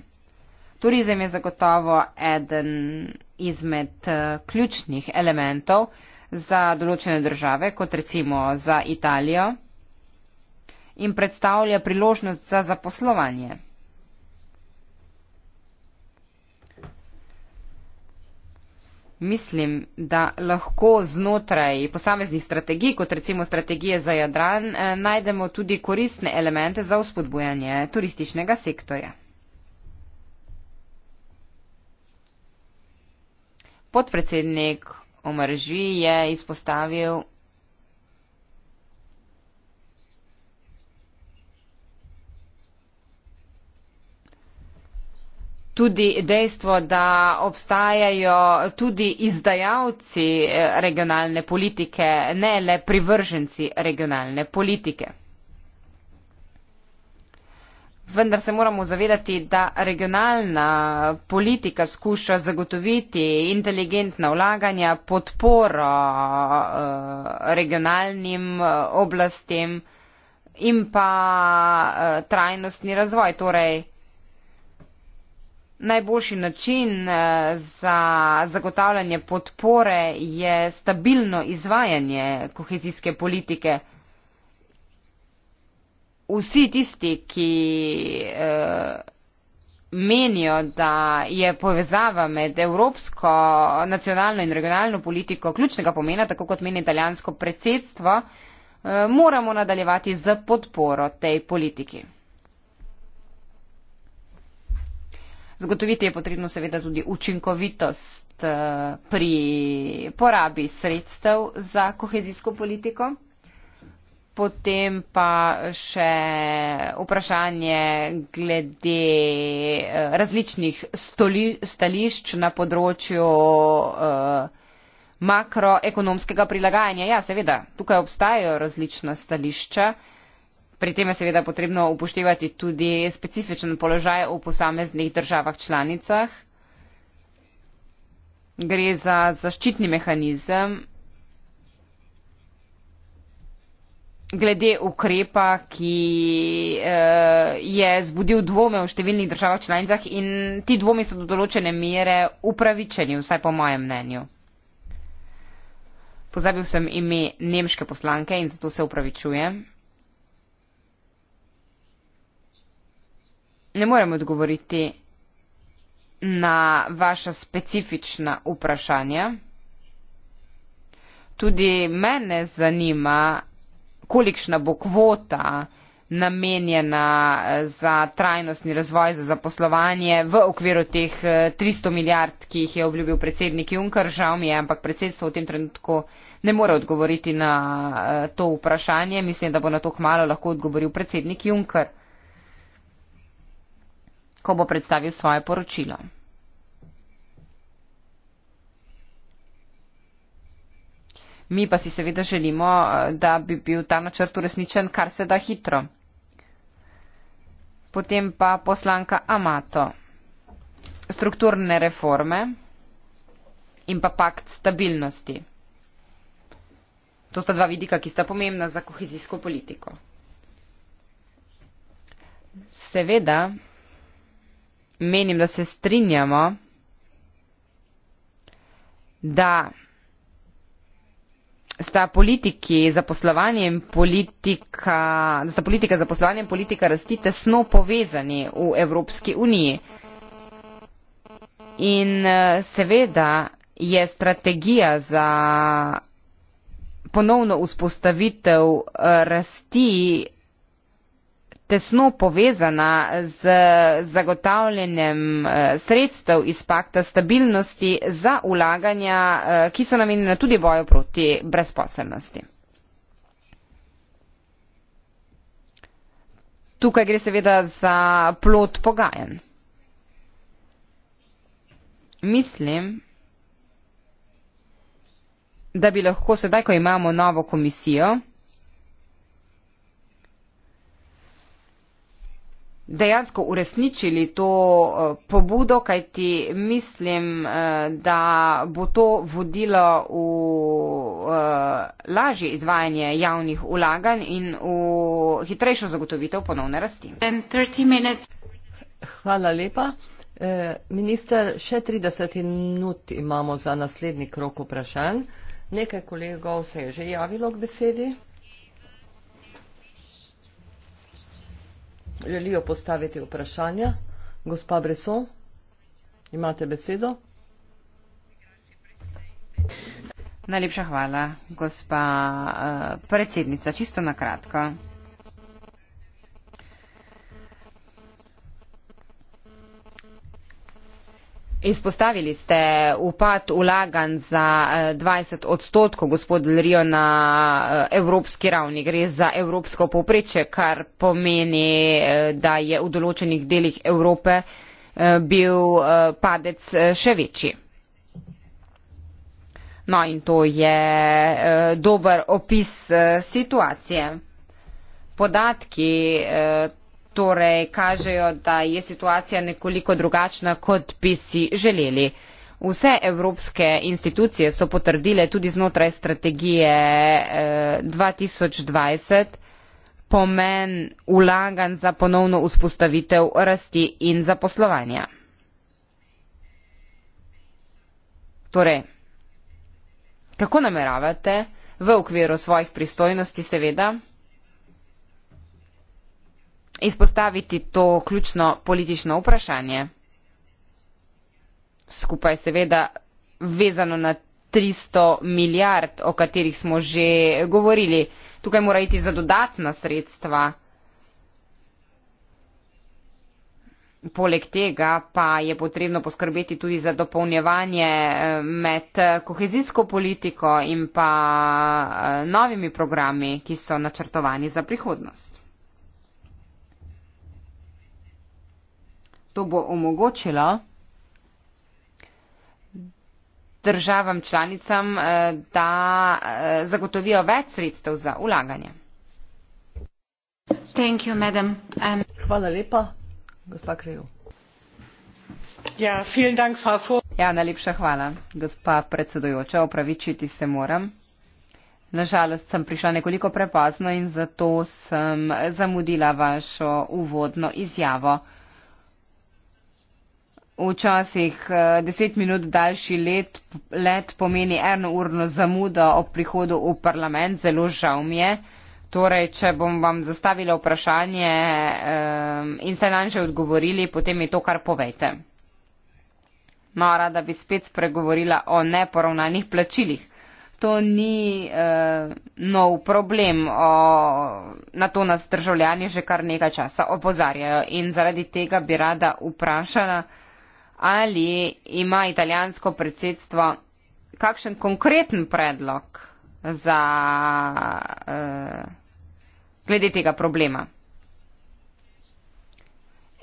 Speaker 2: Turizem je zagotovo eden izmed eh, ključnih elementov za določene države, kot recimo za Italijo, in predstavlja priložnost za zaposlovanje. mislim, da lahko znotraj posameznih strategij, kot recimo strategije za Jadran, eh, najdemo tudi koristne elemente za vzpodbujanje turističnega sektorja. Podpredsednik Omrži je izpostavil tudi dejstvo, da obstajajo tudi izdajalci eh, regionalne politike, ne le privrženci regionalne politike. Vendar se moramo zavedati, da regionalna politika skuša zagotoviti inteligentna vlaganja, podporo eh, regionalnim eh, oblastem in pa trajnostni razvoj, torej Najboljši način eh, za zagotavljanje podpore je stabilno izvajanje kohezijske politike. Vsi tisti, ki eh, menijo, da je povezava med evropsko, nacionalno in regionalno politiko ključnega pomena, tako kot meni italijansko predsedstvo, eh, moramo nadaljevati z podporo tej politiki. Zagotoviti je potrebno seveda tudi učinkovitost eh, pri porabi sredstev za kohezijsko politiko. Potem pa še vprašanje glede eh, različnih stališč na področju eh, makroekonomskega prilagajanja. Ja, seveda, tukaj obstajajo različna stališča. Pri tem je seveda potrebno upoštevati tudi specifičen položaj v posameznih državah članicah. Gre za zaščitni mehanizem glede ukrepa, ki eh, je zbudil dvome v številnih državah članicah in ti dvomi so do določene mere upravičeni, vsaj po mojem mnenju. Pozabil sem ime nemške poslanke in zato se upravičujem. ne morem odgovoriti na vaša specifična vprašanja. Tudi mene zanima, kolikšna bo kvota namenjena eh, za trajnostni razvoj, za zaposlovanje v okviru teh 300 eh, milijard, ki jih je obljubil predsednik Juncker. Žal mi je, ampak predsedstvo v tem trenutku ne more odgovoriti na eh, to vprašanje. Mislim, da bo na to hmalo lahko odgovoril predsednik Juncker ko bo predstavil svoje poročilo. Mi pa si seveda želimo, eh, da bi bil ta načrt uresničen kar se da hitro. Potem pa poslanka Amato. Strukturne reforme in pa pakt stabilnosti. To sta dva vidika, ki sta pomembna za kohezijsko politiko. Seveda menim, da se strinjamo, da sta politiki za poslovanje in politika, da sta politika za poslovanje in politika rasti tesno povezani v Evropski uniji. In eh, seveda je strategija za ponovno vzpostavitev eh, rasti tesno povezana z zagotavljanjem eh, sredstev iz pakta stabilnosti za ulaganja, eh, ki so namenjena tudi boju proti brezposelnosti. Tukaj gre seveda za plot pogajen. Mislim, da bi lahko sedaj, ko imamo novo komisijo, dejansko uresničili to eh, pobudo, kajti mislim, eh, da bo to vodilo v eh, lažje izvajanje javnih ulaganj in v hitrejšo zagotovitev ponovne rasti.
Speaker 1: Hvala lepa. Minister, še 30 minut imamo za naslednji krok vprašanj. Nekaj kolegov se je že javilo k besedi. želijo postaviti vprašanja. Gospa Breson, imate
Speaker 2: besedo. Najlepša hvala, gospa eh, predsednica. Čisto na kratko. Izpostavili ste upad ulagan za 20 eh, odstotkov, gospod Lrijo, na eh, evropski ravni. Gre za evropsko povpreče, kar pomeni, eh, da je v določenih delih Evrope bil padec še večji. No in to je dober opis situacije. Podatki torej kažejo, da je situacija nekoliko drugačna, kot bi si želeli. Vse evropske institucije so potrdile tudi znotraj strategije 2020 eh, pomen ulagan za ponovno vzpostavitev rasti in zaposlovanja. Torej, kako nameravate v okviru svojih pristojnosti, seveda, izpostaviti to ključno politično vprašanje skupaj seveda vezano na 300 milijard, o katerih smo že govorili. Tukaj mora iti za dodatna sredstva. Poleg tega pa je potrebno poskrbeti tudi za dopolnjevanje eh, med eh, kohezijsko politiko in pa eh, novimi programi, ki so načrtovani za prihodnost. To bo omogočilo državam članicam, eh, da eh, zagotovijo več sredstev za ulaganje. You, um. Hvala lepa, gospa Krejo. Ja, dank, ja, najlepša hvala, gospa predsedujoča. Opravičiti se moram. Nažalost sem prišla nekoliko prepozno in zato sem zamudila vašo uvodno izjavo. Včasih 10 eh, minut daljši let, let pomeni eno urno zamudo ob prihodu v parlament, zelo žal mi je. Torej, če bom vam zastavila vprašanje um, in ste nanj že odgovorili, potem mi to kar povejte. No, rada bi spet spregovorila o neporovnanih plačilih. To ni uh, nov problem, o, na to nas državljani že kar nekaj časa opozarjajo in zaradi tega bi rada vprašala, ali ima italijansko predsedstvo kakšen konkreten predlog za uh, glede tega problema.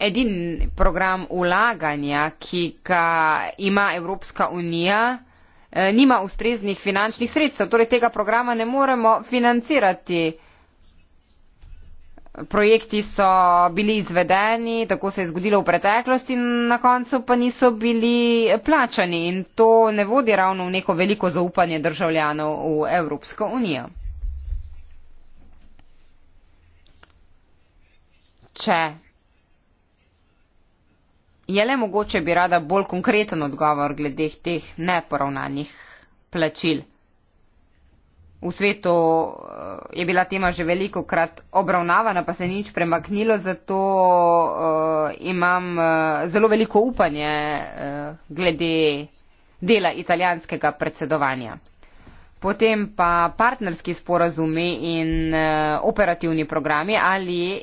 Speaker 2: Edini program ulaganja, ki ga ima Evropska unija, uh, nima ustreznih finančnih sredstev, torej tega programa ne moremo financirati. Uh, projekti so bili izvedeni, tako se je zgodilo v preteklosti, na koncu pa niso bili plačani in to ne vodi ravno v neko veliko zaupanje državljanov v Evropsko unijo. Če je le mogoče, bi rada bolj konkreten odgovor glede teh neporavnanih plačil. V svetu eh, je bila tema že veliko krat obravnavana, pa se nič premaknilo, zato eh, imam eh, zelo veliko upanje glede dela italijanskega predsedovanja. Potem pa partnerski sporazumi in operativni programi, ali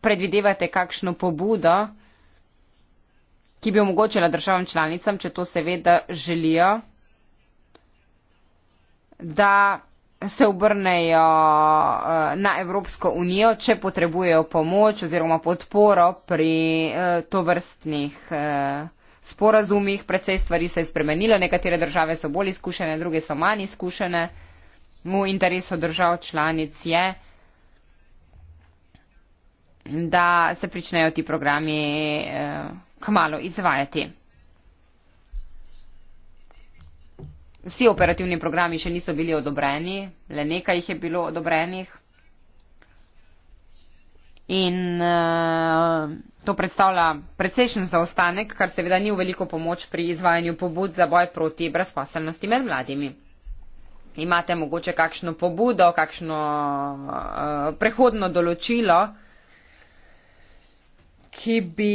Speaker 2: predvidevate kakšno pobudo, ki bi omogočila državam članicam, če to seveda želijo da se obrnejo eh, na Evropsko unijo, če potrebujejo pomoč oziroma podporo pri eh, tovrstnih eh, sporazumih. Predvsej stvari se je spremenilo, nekatere države so bolj izkušene, druge so manj izkušene. V interesu držav članic je, da se pričnejo ti programi k malo izvajati. Vsi operativni programi še niso bili odobreni, le nekaj jih je bilo odobrenih. In uh, to predstavlja precejšen zaostanek, kar seveda ni v veliko pomoč pri izvajanju pobud za boj proti brezposelnosti med mladimi. Imate mogoče kakšno pobudo, kakšno uh, prehodno določilo, ki bi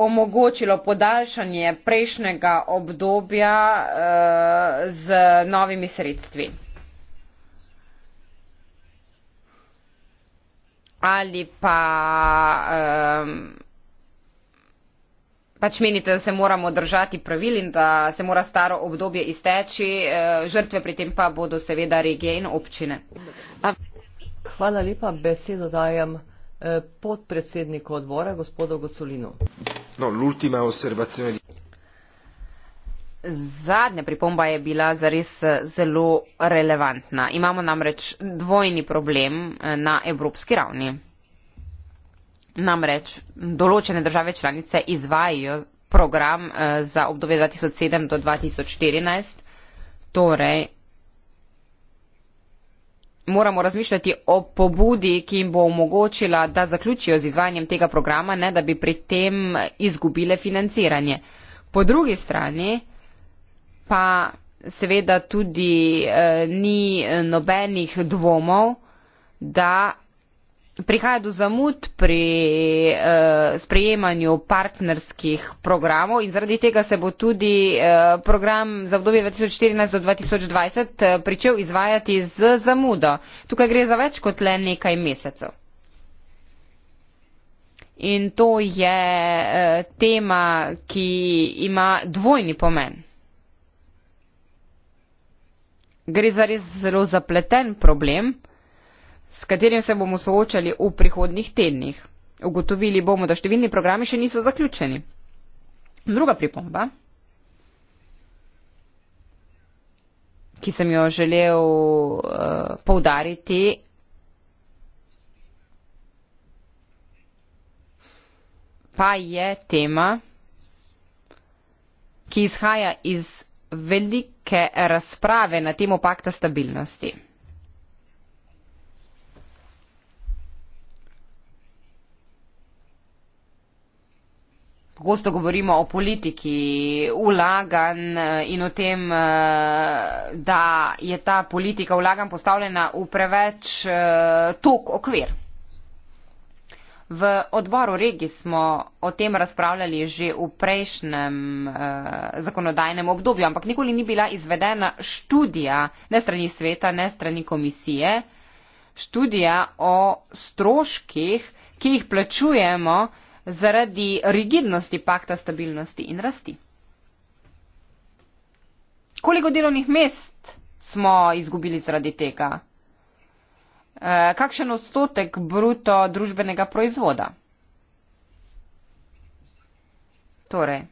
Speaker 2: omogočilo podaljšanje prejšnjega obdobja eh, z novimi sredstvi. Ali pa ehm, pač menite, da se moramo držati pravil in da se mora staro obdobje izteči, eh, žrtve pri tem pa bodo seveda regije in občine.
Speaker 1: Hvala lepa, besedo dajem eh,
Speaker 2: podpredsedniku odbora, gospodu Gocolinu.
Speaker 4: No, l'ultima osservazione.
Speaker 2: Zadnja pripomba je bila zares eh, zelo relevantna. Imamo namreč dvojni problem eh, na evropski ravni. Namreč določene države članice izvajajo program eh, za obdobje 2007 do 2014, torej moramo razmišljati o pobudi, ki jim bo omogočila, da zaključijo z izvajanjem tega programa, ne da bi pri tem izgubile financiranje. Po drugi strani pa seveda tudi eh, ni eh, nobenih dvomov, da prihaja do zamud pri uh, sprejemanju partnerskih programov in zaradi tega se bo tudi uh, program za obdobje 2014 do 2020 eh, pričel izvajati z zamudo. Tukaj gre za več kot le nekaj mesecev. In to je uh, tema, ki ima dvojni pomen. Gre za res zelo zapleten problem, s katerim se bomo soočali v prihodnih tednih. Ugotovili bomo, da številni programi še niso zaključeni. Druga pripomba, ki sem jo želel uh, poudariti, pa je tema, ki izhaja iz velike razprave na temo pakta stabilnosti. pogosto govorimo o politiki vlagan eh, in o tem, eh, da je ta politika vlagan postavljena v preveč eh, tok okvir. V odboru regi smo o tem razpravljali že v prejšnjem eh, zakonodajnem obdobju, ampak nikoli ni bila izvedena študija, ne strani sveta, ne strani komisije, študija o stroških, ki jih plačujemo zaradi rigidnosti pakta stabilnosti in rasti. Koliko delovnih mest smo izgubili zaradi tega? Eh, kakšen odstotek bruto družbenega proizvoda? Torej,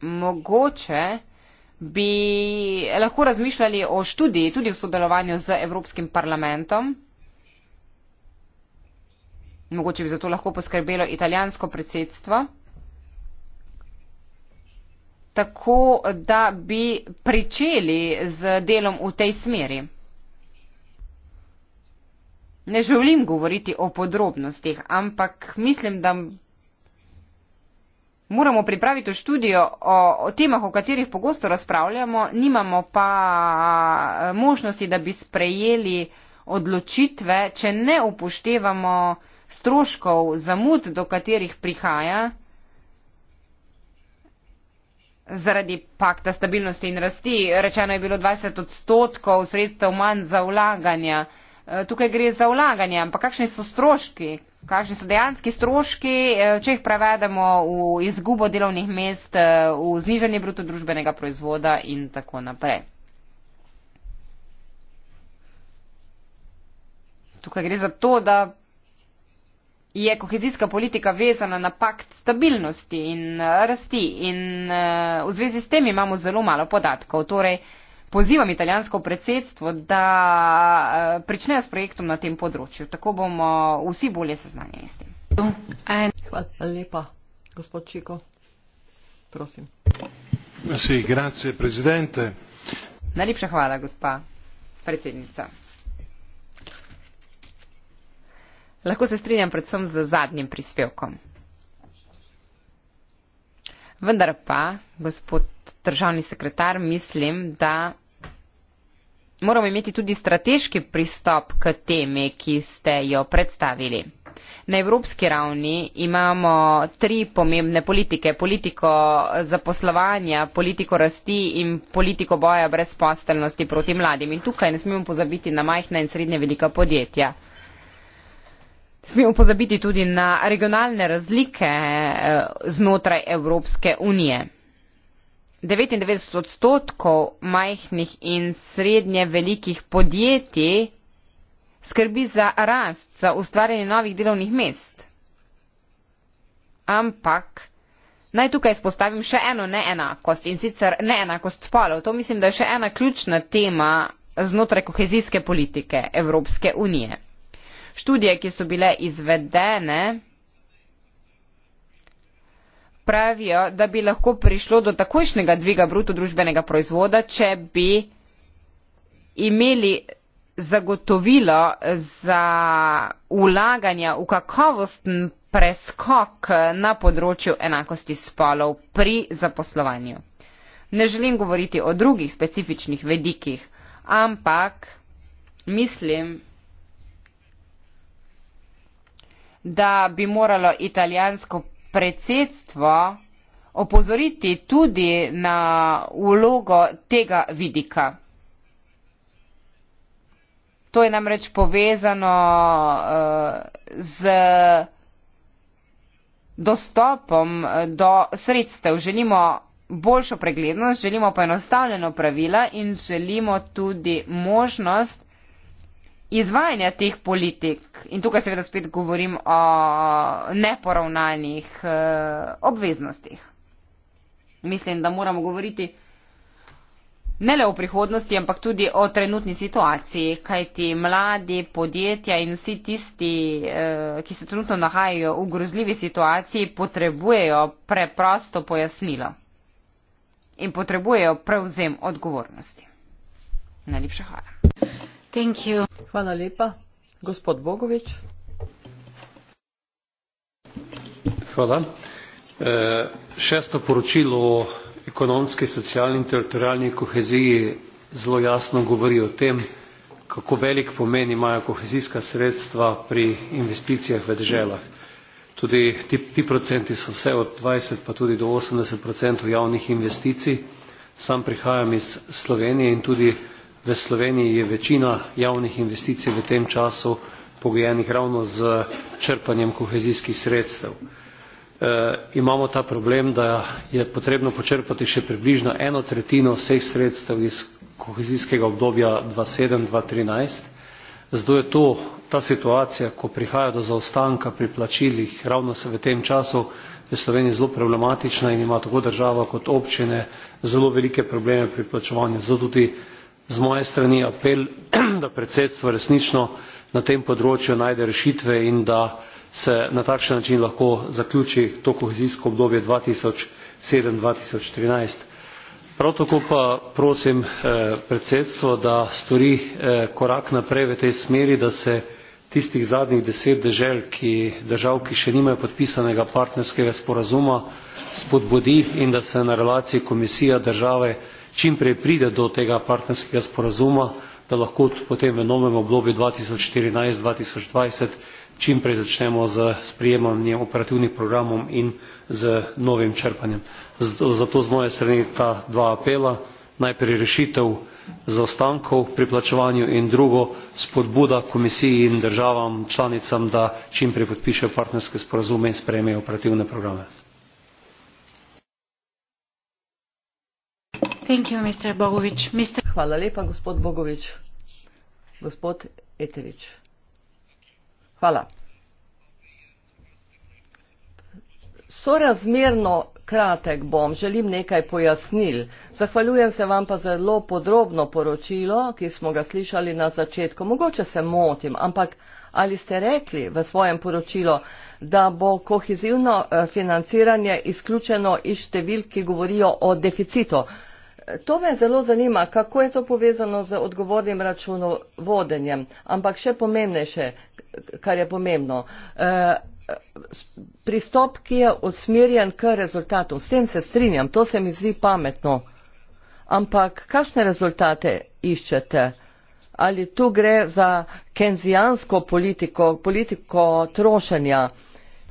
Speaker 2: mogoče bi lahko razmišljali o študiji, tudi v sodelovanju z Evropskim parlamentom, mogoče bi za to lahko poskrbelo italijansko predsedstvo. Tako da bi pričeli z delom v tej smeri. Ne želim govoriti o podrobnostih, ampak mislim, da moramo pripraviti študijo o, o temah, o katerih pogosto razpravljamo, nimamo pa eh, možnosti, da bi sprejeli odločitve, če ne upoštevamo stroškov, zamud, do katerih prihaja zaradi pakta stabilnosti in rasti. Rečeno je bilo 20 odstotkov sredstev manj za vlaganja. E, tukaj gre za vlaganje, ampak kakšni so stroški, kakšni so dejanski stroški, e, če jih prevedemo v izgubo delovnih mest, e, v znižanje brutodružbenega proizvoda in tako naprej. Tukaj gre za to, da je kohezijska politika vezana na pakt stabilnosti in eh, rasti in eh, v zvezi s tem imamo zelo malo podatkov. Torej, pozivam italijansko predsedstvo, da eh, pričnejo s projektom na tem področju. Tako bomo vsi bolje seznanjeni s tem.
Speaker 1: Hvala lepa,
Speaker 2: gospod Čiko. Prosim.
Speaker 1: Si, grazie,
Speaker 2: Najlepša hvala, gospa predsednica. Lahko se strinjam predvsem z zadnjim prispevkom. Vendar pa, gospod državni sekretar, mislim, da moramo imeti tudi strateški pristop k temi, ki ste jo predstavili. Na evropski ravni imamo tri pomembne politike. Politiko zaposlovanja, politiko rasti in politiko boja brezposteljnosti proti mladim. In tukaj ne smemo pozabiti na majhna in srednje velika podjetja smemo pozabiti tudi na regionalne razlike eh, znotraj Evropske unije. 99 odstotkov majhnih in srednje velikih podjetij skrbi za rast, za ustvarjanje novih delovnih mest. Ampak naj tukaj spostavim še eno neenakost in sicer neenakost spolov. To mislim, da je še ena ključna tema znotraj kohezijske politike Evropske unije. Študije, ki so bile izvedene, pravijo, da bi lahko prišlo do takojšnjega dviga bruto družbenega proizvoda, če bi imeli zagotovilo za ulaganja v kakovosten preskok na področju enakosti spolov pri zaposlovanju. Ne želim govoriti o drugih specifičnih vedikih, ampak mislim, da bi moralo italijansko predsedstvo opozoriti tudi na vlogo tega vidika. To je namreč povezano eh, z dostopom eh, do sredstev. Želimo boljšo preglednost, želimo poenostavljeno pravila in želimo tudi možnost, izvajanja teh politik, in tukaj seveda spet govorim o neporavnalnih eh, obveznostih. Mislim, da moramo govoriti ne le o prihodnosti, ampak tudi o trenutni situaciji, kajti mladi, podjetja in vsi tisti, eh, ki se trenutno nahajajo v grozljivi situaciji, potrebujejo preprosto pojasnilo in potrebujejo prevzem odgovornosti. Najlepša hvala.
Speaker 1: E,
Speaker 4: šesto poročilo o ekonomski socialni in teritorialni koheziji zelo jasno govori o tem kako velik pomen imajo kohezijska sredstva pri investicijah v deželah tudi ti, ti procenti so vse od dvajset pa tudi do osemdeset procentov javnih investicij sam prihajam iz slovenije in tudi v Sloveniji je večina javnih investicij v tem času pogojenih ravno z črpanjem kohezijskih sredstev. E, imamo ta problem, da je potrebno počrpati še približno eno tretjino vseh sredstev iz kohezijskega obdobja 2007-2013. Zato je to ta situacija, ko prihaja do zaostanka pri plačilih, ravno se v tem času v Sloveniji zelo problematična in ima tako država kot občine zelo velike probleme pri plačevanju. Zato tudi z moje strani apel *clears throat* da predsedstvo resnično na tem področju najde rešitve in da se na takšen način lahko zaključi to kohezijsko obdobje dva tisoč sedem dva tisoč trinajst prav tako pa prosim eh, predsedstvo da stori eh, korak naprej v tej smeri da se tistih zadnjih deset dežel ki držav ki še nimajo podpisanega partnerskega sporazuma spodbudi in da se na relaciji komisija države čim prej pride do tega partnerskega sporazuma da lahko potem v novem obdobju dva tisoč štirinajst dva tisoč dvajset čim prej začnemo s sprejemanjem operativnih programov in z novim črpanjem zato z moje strani ta dva apela najprej rešitev zaostankov pri plačevanju in drugo spodbuda komisiji in državam članicam da čim prej podpišejo partnerske sporazume in sprejmejo operativne programe.
Speaker 1: Hvala lepa, gospod Bogovič. Gospod Eterič. Hvala. Sorazmerno kratek bom, želim nekaj pojasnil. Zahvaljujem se vam pa zelo podrobno poročilo, ki smo ga slišali na začetku. Mogoče se motim, ampak ali ste rekli v svojem poročilu, da bo kohezivno eh, financiranje izključeno iz številk, ki govorijo o deficitu? To me zelo zanima, kako je to povezano z odgovornim računovodenjem, ampak še pomembnejše, kar je pomembno, eh, pristop, ki je usmerjen k rezultatom. S tem se strinjam, to se mi zdi pametno. Ampak kakšne rezultate iščete? Ali tu gre za kenzijansko politiko, politiko trošanja?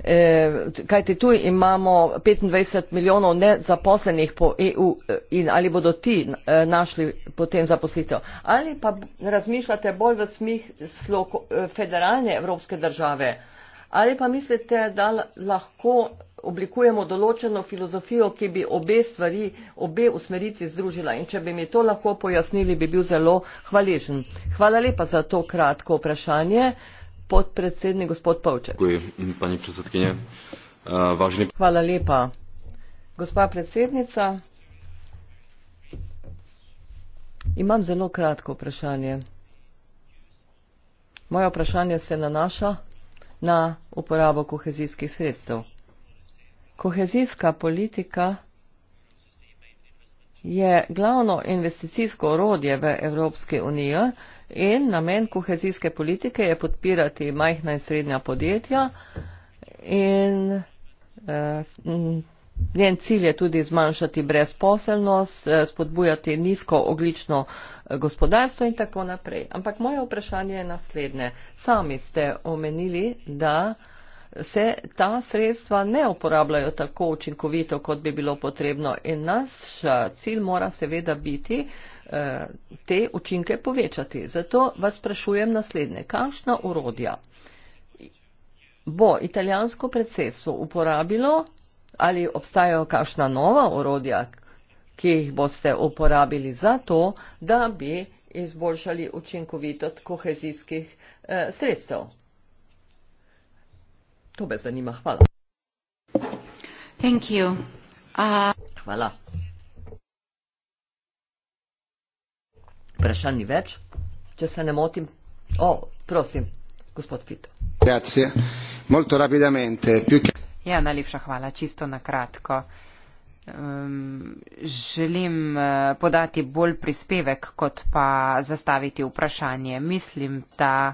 Speaker 1: E, kajti tu imamo petindvajset milijonov nezaposlenih po eu e, in ali bodo ti e, našli potem zaposlitev ali pa razmišljate bolj v smislu federalne evropske države ali pa mislite da lahko oblikujemo določeno filozofijo ki bi obe stvari obe usmeritvi združila in če bi mi to lahko pojasnili bi bil zelo hvaležen hvala lepa za to kratko vprašanje podpredsednik gospod Pavček. Eh, Hvala lepa. Gospa predsednica, imam zelo kratko vprašanje. Moje vprašanje se nanaša na uporabo kohezijskih sredstev. Kohezijska politika je glavno investicijsko orodje v Evropski uniji In namen kohezijske politike je podpirati majhna in srednja podjetja in eh, njen cilj je tudi zmanjšati brezposelnost, eh, spodbujati nizko oglično eh, gospodarstvo in tako naprej. Ampak moje vprašanje je naslednje. Sami ste omenili, da se ta sredstva ne uporabljajo tako učinkovito, kot bi bilo potrebno. In naš eh, cilj mora seveda biti, eh, Eh, te učinke povečati. Zato vas sprašujem naslednje. Kakšna urodja bo italijansko predsedstvo uporabilo ali obstajajo kakšna nova urodja, ki jih boste uporabili za to, da bi izboljšali učinkovitost kohezijskih eh, sredstev? To me zanima. Hvala.
Speaker 2: Thank you. Uh...
Speaker 1: Hvala. vprašanj ni več, če se ne motim. O, prosim, gospod Fito.
Speaker 4: Grazie. Molto rapidamente.
Speaker 2: Ja, najlepša hvala, čisto na kratko. Um, želim eh, podati bolj prispevek, kot pa zastaviti vprašanje. Mislim, da. Ta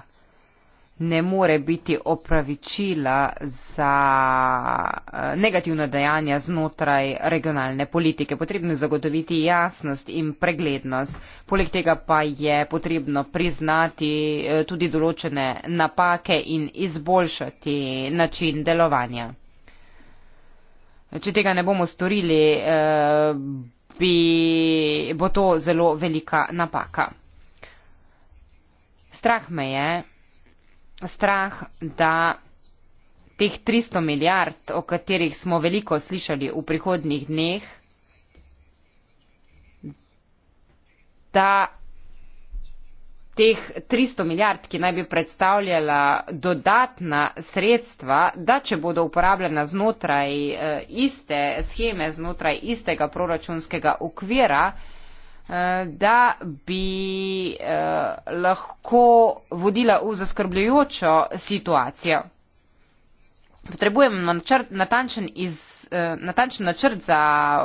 Speaker 2: ne more biti opravičila za eh, negativna dejanja znotraj regionalne politike. Potrebno je zagotoviti jasnost in preglednost. Poleg tega pa je potrebno priznati eh, tudi določene napake in izboljšati način delovanja. Če tega ne bomo storili, eh, bi, bo to zelo velika napaka. Strah me je, strah, da teh 300 milijard, o katerih smo veliko slišali v prihodnih dneh, da teh 300 milijard, ki naj bi predstavljala dodatna sredstva, da če bodo uporabljena znotraj eh, iste scheme, znotraj istega proračunskega okvira, da bi eh, lahko vodila v zaskrbljujočo situacijo. Potrebujemo načrt, natančen, iz, eh, natančen načrt za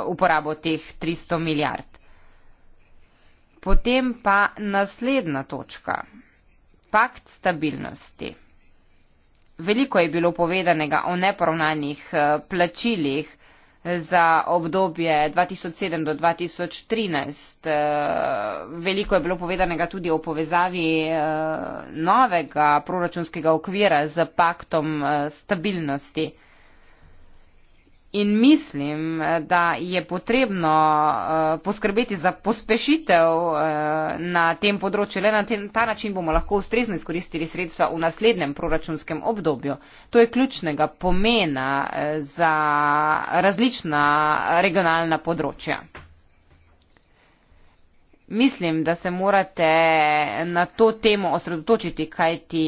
Speaker 2: uporabo teh 300 milijard. Potem pa naslednja točka. Pakt stabilnosti. Veliko je bilo povedanega o neporovnanih eh, plačilih za obdobje 2007 do 2013. Eh, veliko je bilo povedanega tudi o povezavi eh, novega proračunskega okvira z paktom eh, stabilnosti. In mislim, da je potrebno uh, poskrbeti za pospešitev uh, na tem področju. Le na tem, ta način bomo lahko ustrezno izkoristili sredstva v naslednjem proračunskem obdobju. To je ključnega pomena uh, za različna regionalna področja. Mislim, da se morate na to temo osredotočiti, kaj ti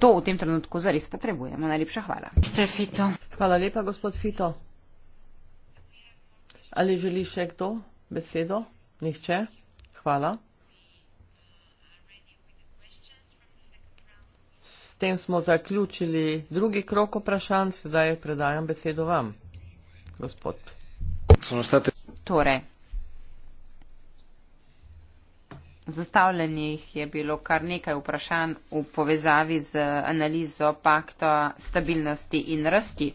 Speaker 2: to v tem trenutku zares potrebujemo. Najlepša hvala.
Speaker 1: Hvala lepa, gospod Fito. Ali želi še kdo besedo? Nihče. Hvala. S tem smo zaključili drugi krok vprašanj, sedaj predajam besedo vam,
Speaker 2: gospod. Torej. Zastavljenih je bilo kar nekaj vprašanj v povezavi z analizo pakta stabilnosti in rasti.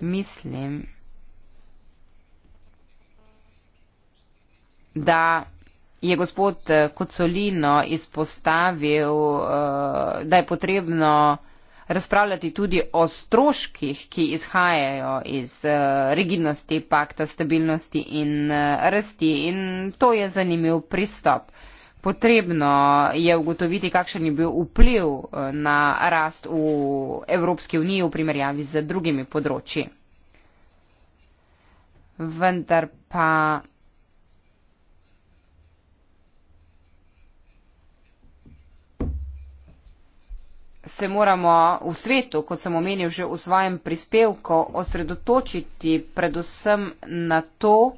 Speaker 2: Mislim, da je gospod Kocolino izpostavil, eh, da je potrebno razpravljati tudi o stroških, ki izhajajo iz eh, rigidnosti pakta stabilnosti in eh, rasti. In to je zanimiv pristop. Potrebno je ugotoviti, kakšen je bil vpliv eh, na rast v Evropski uniji v primerjavi z drugimi področji. Vendar pa. se moramo v svetu, kot sem omenil že v svojem prispevku, osredotočiti predvsem na to,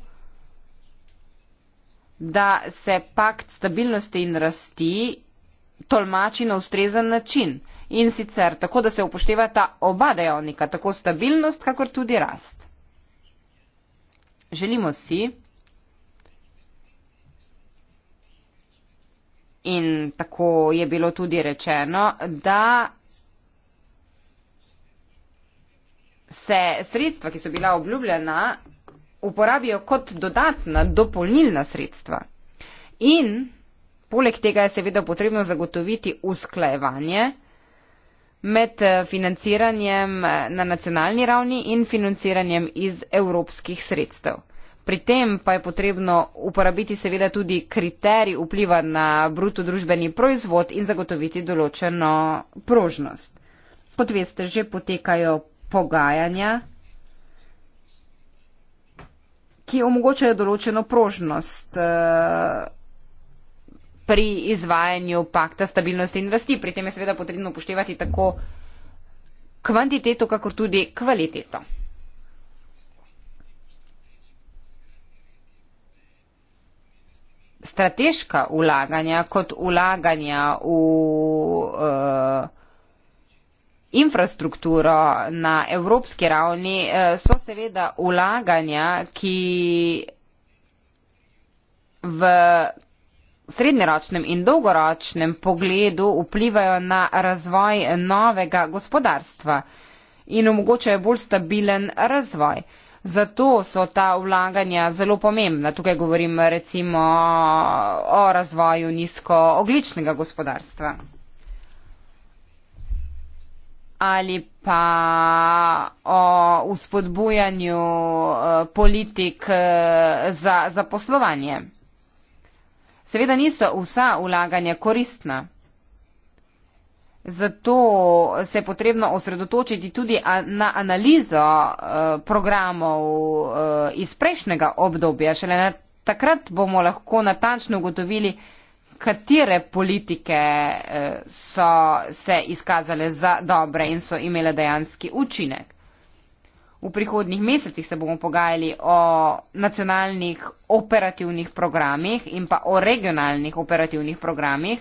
Speaker 2: da se pakt stabilnosti in rasti tolmači na ustrezen način. In sicer tako, da se upoštevata oba dejavnika, tako stabilnost, kakor tudi rast. Želimo si, in tako je bilo tudi rečeno, da se sredstva, ki so bila obljubljena, uporabijo kot dodatna, dopolnilna sredstva. In poleg tega je seveda potrebno zagotoviti usklajevanje med eh, financiranjem eh, na nacionalni ravni in financiranjem iz evropskih sredstev. Pri tem pa je potrebno uporabiti seveda tudi kriterij vpliva na bruto družbeni proizvod in zagotoviti določeno prožnost. Kot veste, že potekajo pogajanja, ki omogočajo določeno prožnost eh, pri izvajanju pakta stabilnosti in rasti. Pri tem je seveda potrebno upoštevati tako kvantiteto, kakor tudi kvaliteto. strateška vlaganja kot vlaganja v uh, infrastrukturo na evropski ravni, uh, so seveda vlaganja, ki v srednjeročnem in dolgoročnem pogledu vplivajo na razvoj novega gospodarstva in omogočajo bolj stabilen razvoj. Uh, Zato so ta vlaganja zelo pomembna. Tukaj govorim recimo o razvoju nizkoogličnega gospodarstva. Ali pa o uspodbujanju eh, politik eh, za, za poslovanje. Seveda niso vsa vlaganja koristna. Zato se je potrebno osredotočiti tudi na analizo e, programov e, iz prejšnjega obdobja. Šele na takrat bomo lahko natančno ugotovili, katere politike e, so se izkazale za dobre in so imele dejanski učinek. V prihodnih mesecih se bomo pogajali o nacionalnih operativnih programih in pa o regionalnih operativnih programih.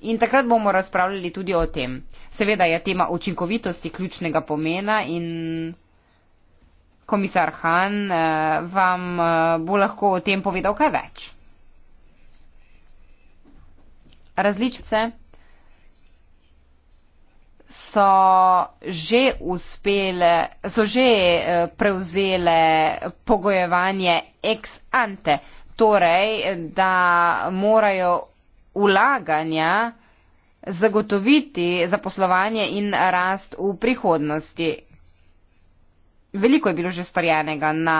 Speaker 2: In takrat bomo razpravljali tudi o tem. Seveda je tema učinkovitosti ključnega pomena in komisar Han eh, vam eh, bo lahko o tem povedal kaj več. Različice so že, uspele, so že eh, prevzele pogojevanje ex ante, torej da morajo vlaganja zagotoviti zaposlovanje in rast v prihodnosti. Veliko je bilo že storjenega na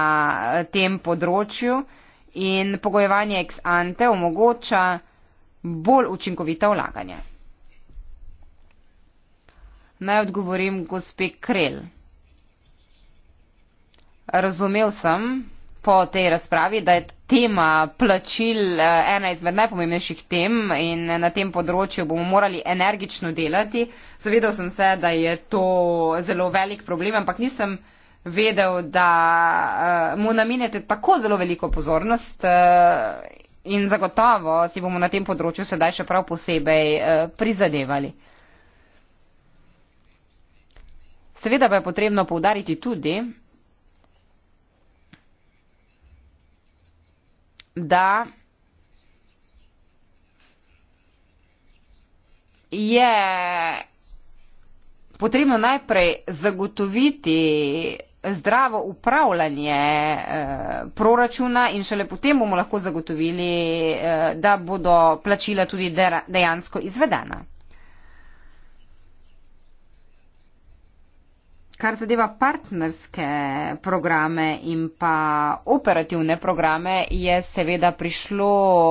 Speaker 2: eh, tem področju in pogojevanje ex ante omogoča bolj učinkovita vlaganja. Naj odgovorim gospe Krel. Razumel sem, po tej razpravi, da je tema plačil eh, ena izmed najpomembnejših tem in na tem področju bomo morali energično delati. Zavedal sem se, da je to zelo velik problem, ampak nisem vedel, da eh, mu namenjate tako zelo veliko pozornost eh, in zagotovo si bomo na tem področju sedaj še prav posebej prizadevali. Seveda pa je potrebno povdariti tudi, da je potrebno najprej zagotoviti zdravo upravljanje eh, proračuna in šele potem bomo lahko zagotovili, eh, da bodo plačila tudi dejansko izvedena. kar zadeva partnerske programe in pa operativne programe, je seveda prišlo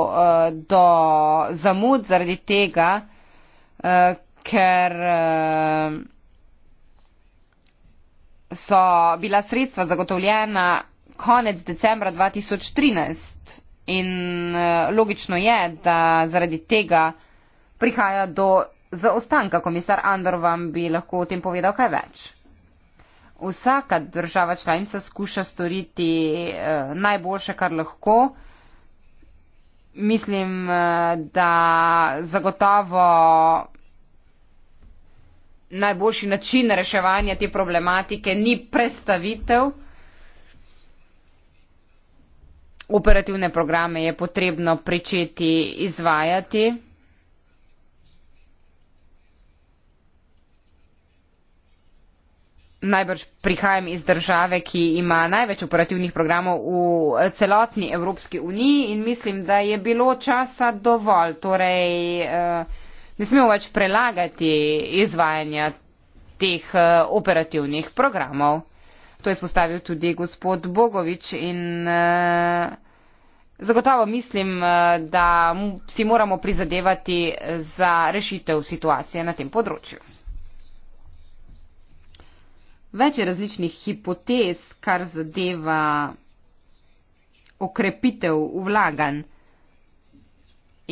Speaker 2: eh, do zamud zaradi tega, eh, ker eh, so bila sredstva zagotovljena konec decembra 2013 in logično je, da zaradi tega prihaja do zaostanka. Komisar Andor vam bi lahko o tem povedal kaj več. Vsaka država članica skuša storiti eh, najboljše, kar lahko. Mislim, eh, da zagotovo najboljši način reševanja te problematike ni predstavitev. Operativne programe je potrebno pričeti izvajati. najbrž prihajam iz države, ki ima največ operativnih programov v celotni Evropski uniji in mislim, da je bilo časa dovolj. Torej, eh, ne smemo več prelagati izvajanja teh eh, operativnih programov. To je spostavil tudi gospod Bogovič in eh, zagotovo mislim, da si moramo prizadevati za rešitev situacije na tem področju. Več je različnih hipotez, kar zadeva okrepitev vlaganj.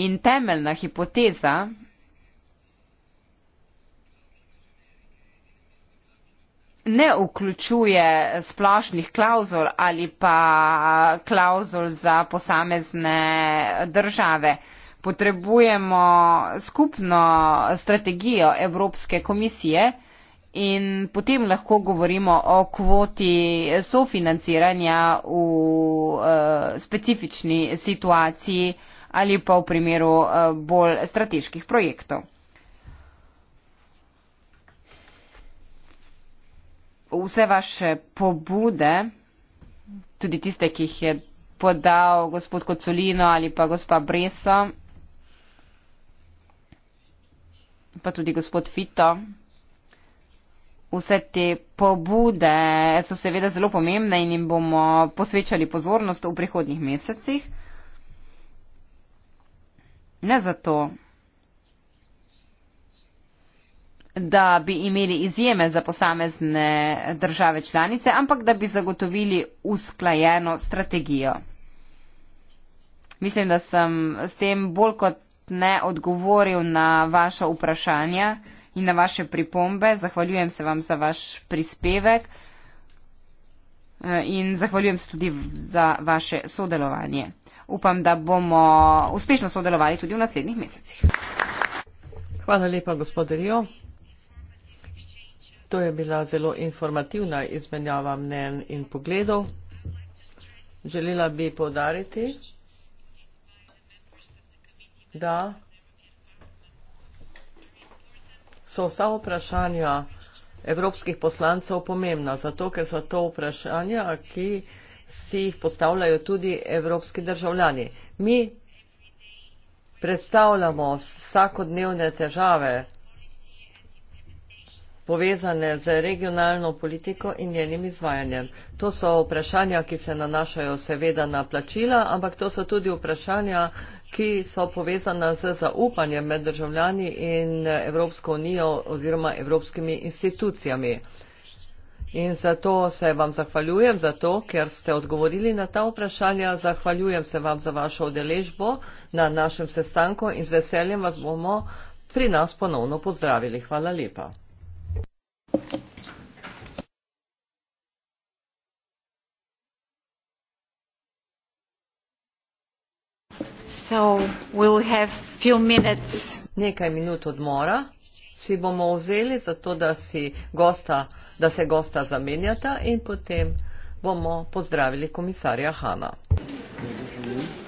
Speaker 2: In temeljna hipoteza ne vključuje splošnih klauzul ali pa klauzul za posamezne države. Potrebujemo skupno strategijo Evropske komisije, in potem lahko govorimo o kvoti sofinanciranja v uh, specifični situaciji ali pa v primeru uh, bolj strateških projektov. Vse vaše pobude, tudi tiste, ki jih je podal gospod Kocolino ali pa gospa Breso, pa tudi gospod Fito, vse te pobude so seveda zelo pomembne in jim bomo posvečali pozornost v prihodnjih mesecih. Ne zato, da bi imeli izjeme za posamezne države članice, ampak da bi zagotovili usklajeno strategijo. Mislim, da sem s tem bolj kot ne odgovoril na vaše vprašanje in na vaše pripombe. Zahvaljujem se vam za vaš prispevek eh, in zahvaljujem se tudi za vaše sodelovanje. Upam, da bomo uspešno sodelovali tudi v naslednjih mesecih. Hvala lepa,
Speaker 1: gospod Rio. To je bila zelo informativna izmenjava mnen in pogledov. Želela bi podariti, da so vsa vprašanja evropskih poslancev pomembna, zato ker so to vprašanja, ki si jih postavljajo tudi evropski državljani. Mi predstavljamo vsakodnevne težave povezane z regionalno politiko in njenim izvajanjem. To so vprašanja, ki se nanašajo seveda na plačila, ampak to so tudi vprašanja, ki so povezana z zaupanjem med državljani in Evropsko unijo oziroma evropskimi institucijami. In zato se vam zahvaljujem, zato, ker ste odgovorili na ta vprašanja. Zahvaljujem se vam za vašo odeležbo na našem sestanku in z veseljem vas bomo pri nas ponovno pozdravili. Hvala lepa. So we'll have few minutes. Nekaj minut odmora si bomo vzeli za to, da, gosta, da se gosta zamenjata in potem bomo pozdravili komisarja Hanna.
Speaker 3: Mm -hmm.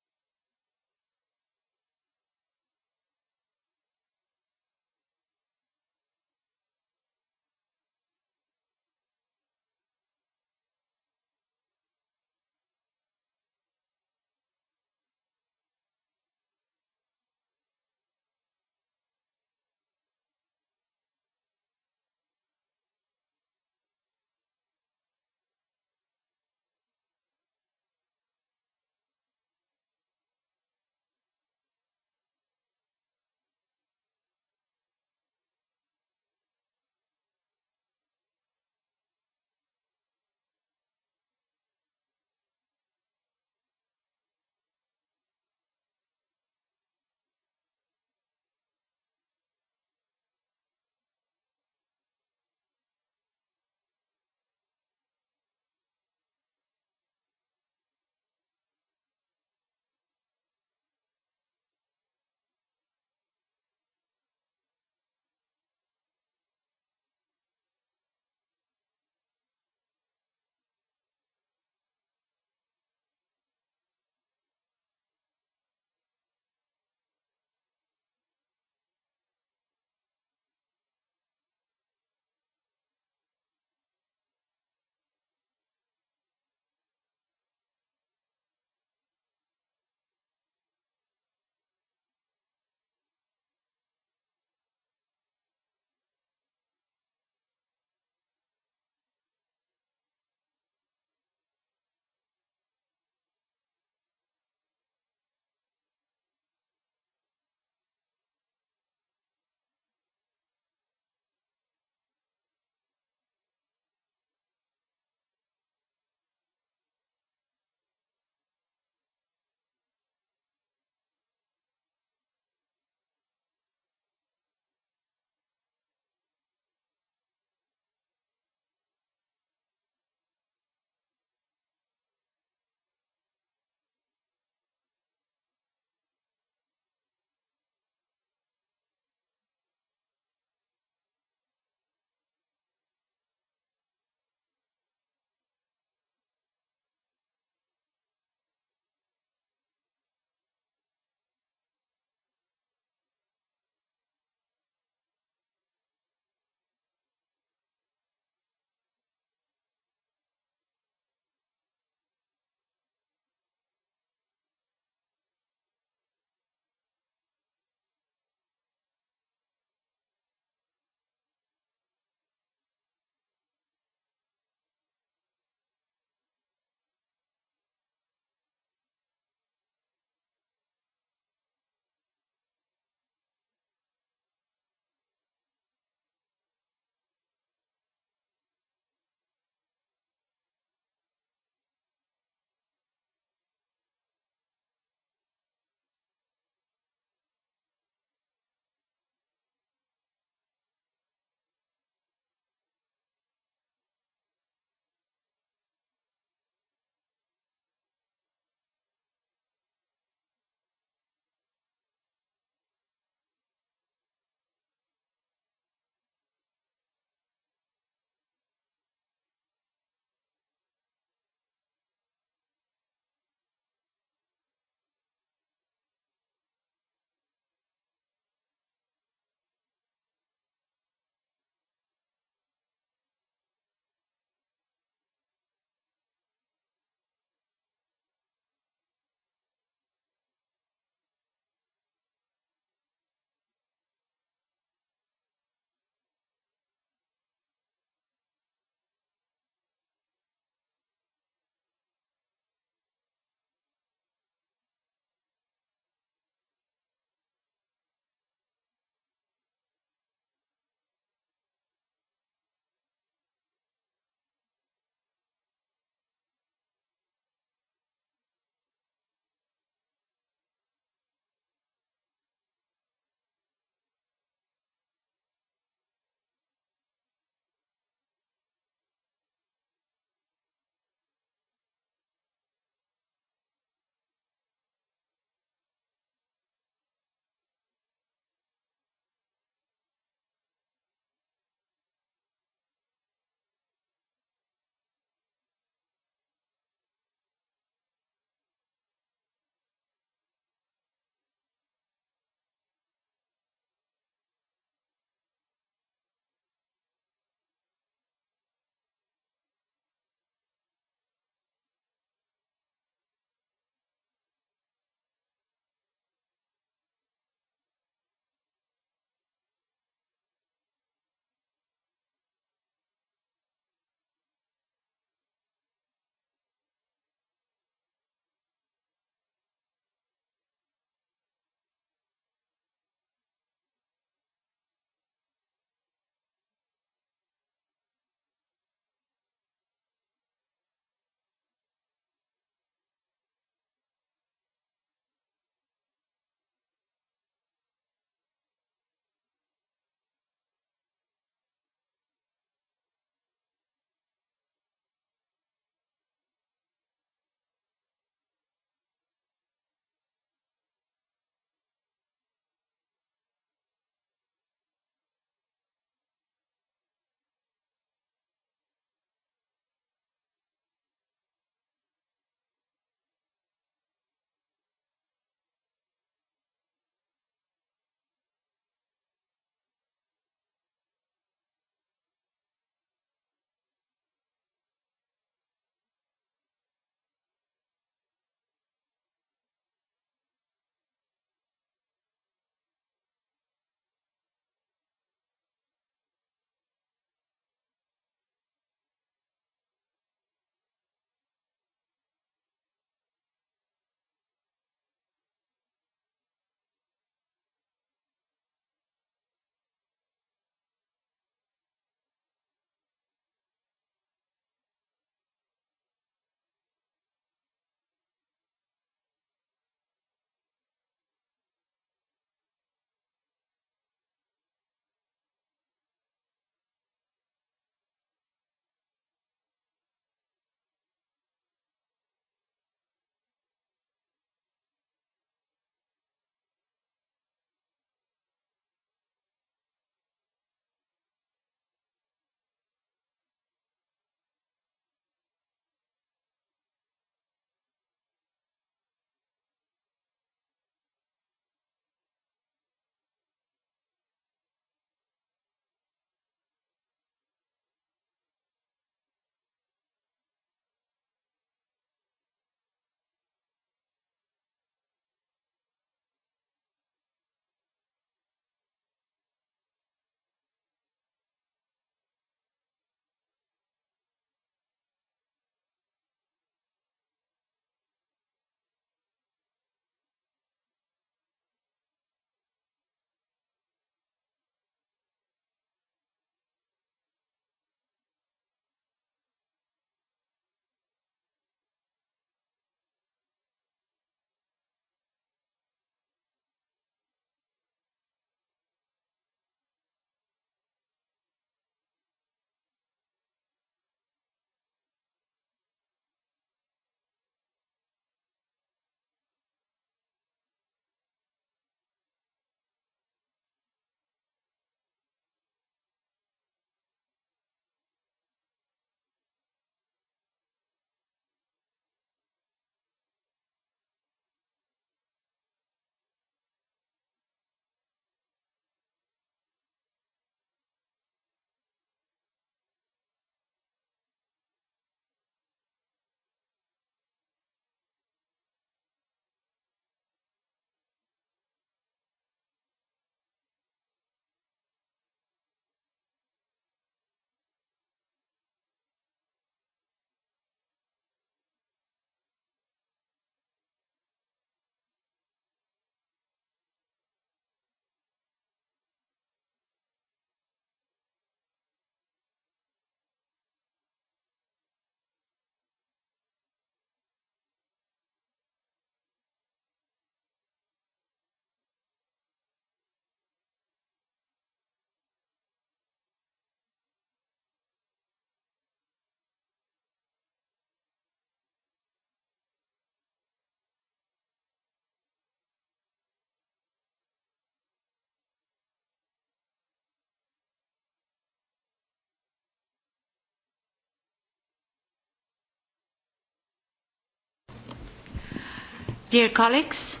Speaker 2: Dear colleagues.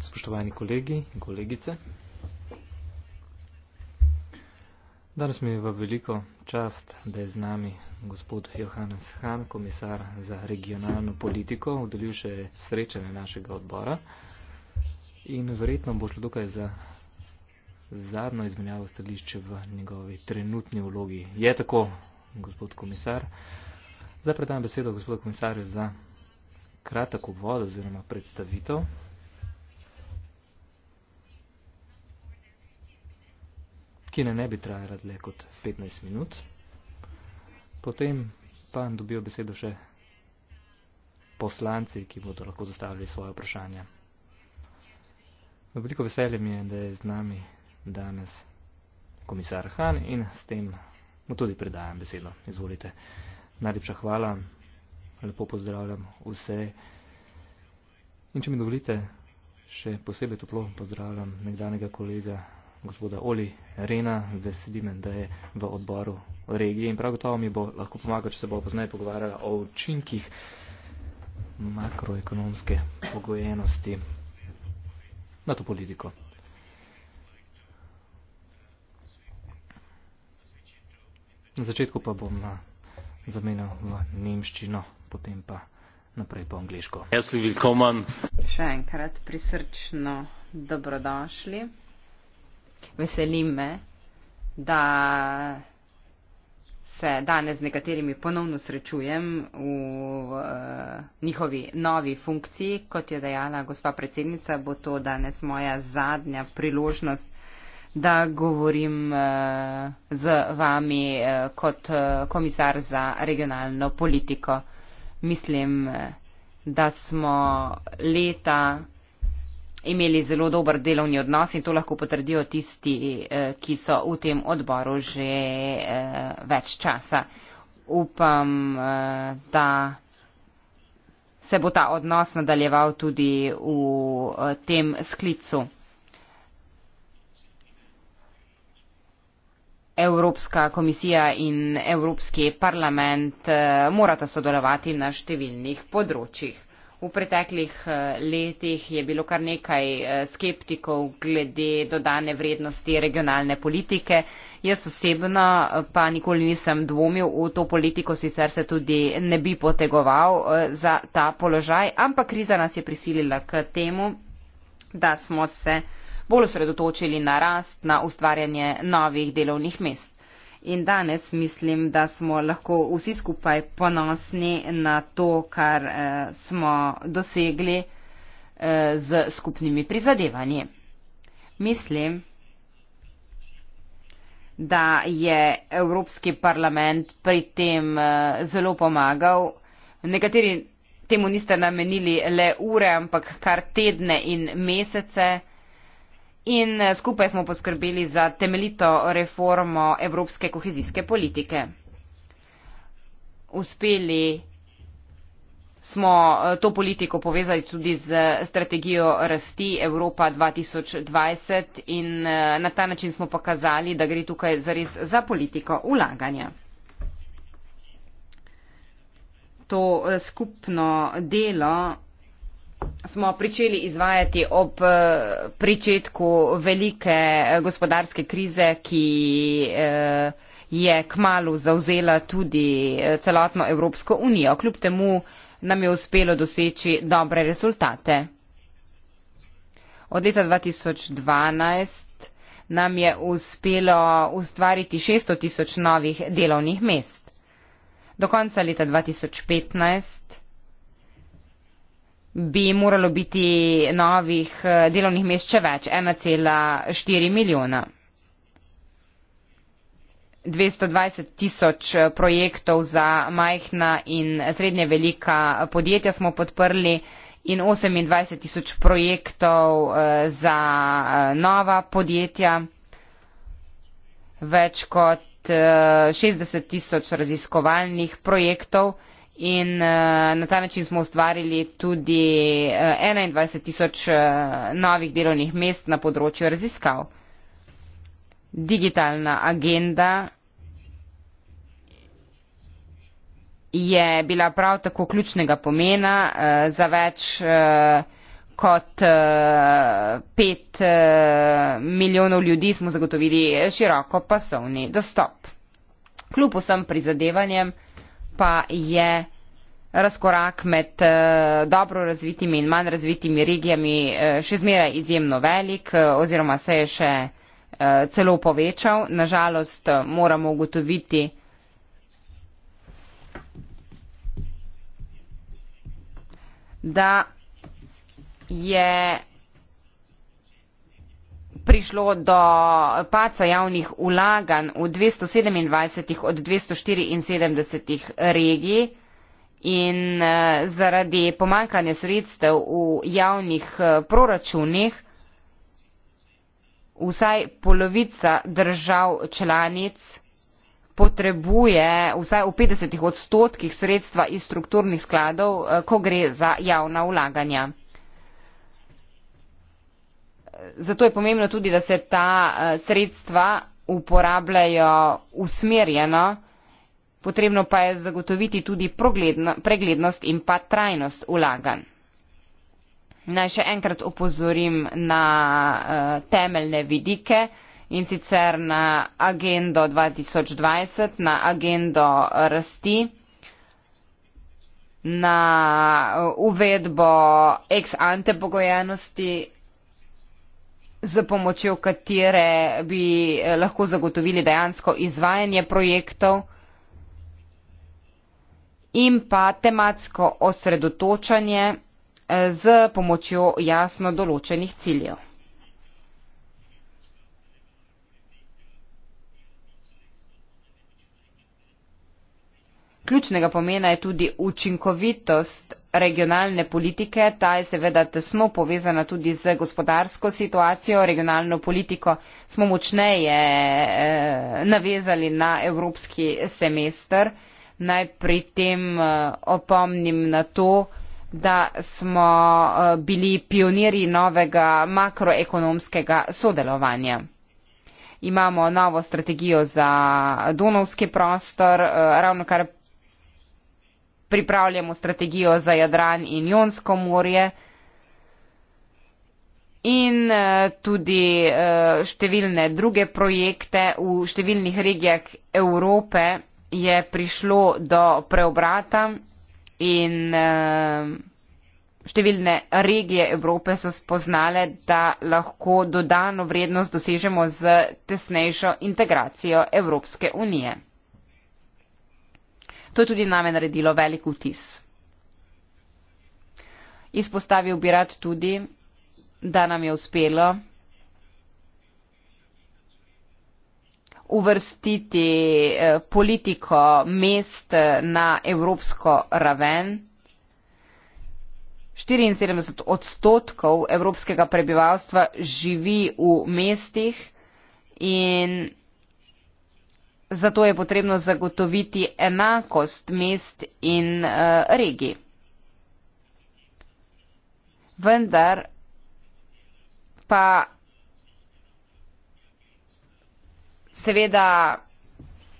Speaker 3: Spoštovani kolegi in kolegice. Danes mi je v veliko čast, da je z nami gospod Johannes Han, komisar za regionalno politiko, udelil še srečanje našega odbora in verjetno bo šlo tukaj za zadnjo izmenjavo stališče v njegovi trenutni vlogi. Je tako, gospod komisar? Zdaj predajam besedo gospodu komisarju za kratek obvod oziroma predstavitev. ki ne, ne bi trajala dlje kot 15 minut. Potem pa dobijo besedo še poslanci, ki bodo lahko zastavili svoje vprašanja. Veliko veselje mi je, da je z nami danes komisar Han in s tem mu tudi predajam besedo. Izvolite. Najlepša hvala lepo pozdravljam vse. In če mi dovolite, še posebej toplo pozdravljam nekdanega kolega, gospoda Oli Rena, veselim, da je v odboru regije in prav gotovo mi bo lahko pomagal, če se bo poznaje pogovarjala o učinkih makroekonomske pogojenosti na to politiko. Na začetku pa bom zamenjal v nemščino potem pa naprej po angliško.
Speaker 2: Še enkrat prisrčno dobrodošli. Veselim me, da se danes z nekaterimi ponovno srečujem v uh, njihovi novi funkciji. Kot je dejala gospa predsednica, bo to danes moja zadnja priložnost da govorim eh, z vami eh, kot eh, komisar za regionalno politiko mislim, da smo leta imeli zelo dober delovni odnos in to lahko potrdijo tisti, eh, ki so v tem odboru že eh, več časa. Upam, eh, da se bo ta odnos nadaljeval tudi v tem sklicu. Evropska komisija in Evropski parlament eh, morata sodelovati na številnih področjih. V preteklih eh, letih je bilo kar nekaj eh, skeptikov glede dodane vrednosti regionalne politike. Jaz osebno pa nikoli nisem dvomil v to politiko, sicer se tudi ne bi potegoval za ta položaj, ampak kriza nas je prisilila k temu, da smo se bolj osredotočili na rast, na ustvarjanje novih delovnih mest. In danes mislim, da smo lahko vsi skupaj ponosni na to, kar eh, smo dosegli eh, z skupnimi prizadevanji. Mislim, da je Evropski parlament pri tem eh, zelo pomagal. Nekateri temu niste namenili le ure, ampak kar tedne in mesece in eh, skupaj smo poskrbeli za temeljito reformo evropske kohezijske politike. Uspeli smo eh, to politiko povezati tudi z strategijo rasti Evropa 2020 in eh, na ta način smo pokazali, da gre tukaj zares za politiko ulaganja. To skupno delo smo pričeli izvajati ob eh, pričetku velike eh, gospodarske krize, ki eh, je kmalo zauzela tudi celotno Evropsko unijo. Kljub temu nam je uspelo doseči dobre rezultate. Od leta 2012 nam je uspelo ustvariti 600 tisoč novih delovnih mest. Do konca leta 2015 bi moralo biti novih eh, delovnih mest še več, 1,4 milijona. 220 tisoč eh, projektov za majhna in srednje velika eh, podjetja smo podprli in 28 tisoč projektov za nova podjetja. Več kot 60 tisoč raziskovalnih projektov, in uh, na ta način smo ustvarili tudi uh, eh, 21 tisoč uh, novih delovnih mest na področju raziskav. Digitalna agenda je bila prav tako ključnega pomena uh, za več uh, kot uh, pet uh, milijonov ljudi smo zagotovili široko pasovni dostop. Kljub vsem prizadevanjem, pa je razkorak med eh, dobro razvitimi in manj razvitimi regijami eh, še zmeraj izjemno velik eh, oziroma se je še celo povečal. Nažalost moramo ugotoviti, da je prišlo do paca javnih ulagan v 227 od 274 regij in eh, zaradi pomankanja sredstev v javnih eh, proračunih vsaj polovica držav članic potrebuje vsaj v 50 odstotkih sredstva iz strukturnih skladov, eh, ko gre za javna ulaganja zato je pomembno tudi, da se ta eh, sredstva uporabljajo usmerjeno, potrebno pa je zagotoviti tudi preglednost in pa trajnost ulagan. Naj še enkrat upozorim na eh, temeljne vidike in sicer na agendo 2020, na agendo rasti, na eh, uvedbo ex ante pogojenosti s pomočjo katere bi eh, lahko zagotovili dejansko izvajanje projektov in pa tematsko osredotočanje s eh, pomočjo jasno določenih ciljev. Ključnega pomena je tudi učinkovitost regionalne politike, ta je seveda tesno povezana tudi z gospodarsko situacijo, regionalno politiko smo močneje eh, navezali na evropski semester. Naj pri tem eh, opomnim na to, da smo eh, bili pionirji novega makroekonomskega sodelovanja. Imamo novo strategijo za donovski prostor, ravno kar pripravljamo strategijo za Jadran in Jonsko morje in eh, tudi eh, številne druge projekte v številnih regijah Evrope je prišlo do preobrata in eh, številne regije Evrope so spoznale, da lahko dodano vrednost dosežemo z tesnejšo integracijo Evropske unije. To je tudi name naredilo velik vtis. Izpostavil bi rad tudi, da nam je uspelo uvrstiti eh, politiko mest eh, na evropsko raven. 74 odstotkov evropskega prebivalstva živi v mestih in Zato je potrebno zagotoviti enakost mest in uh, regij. Vendar pa seveda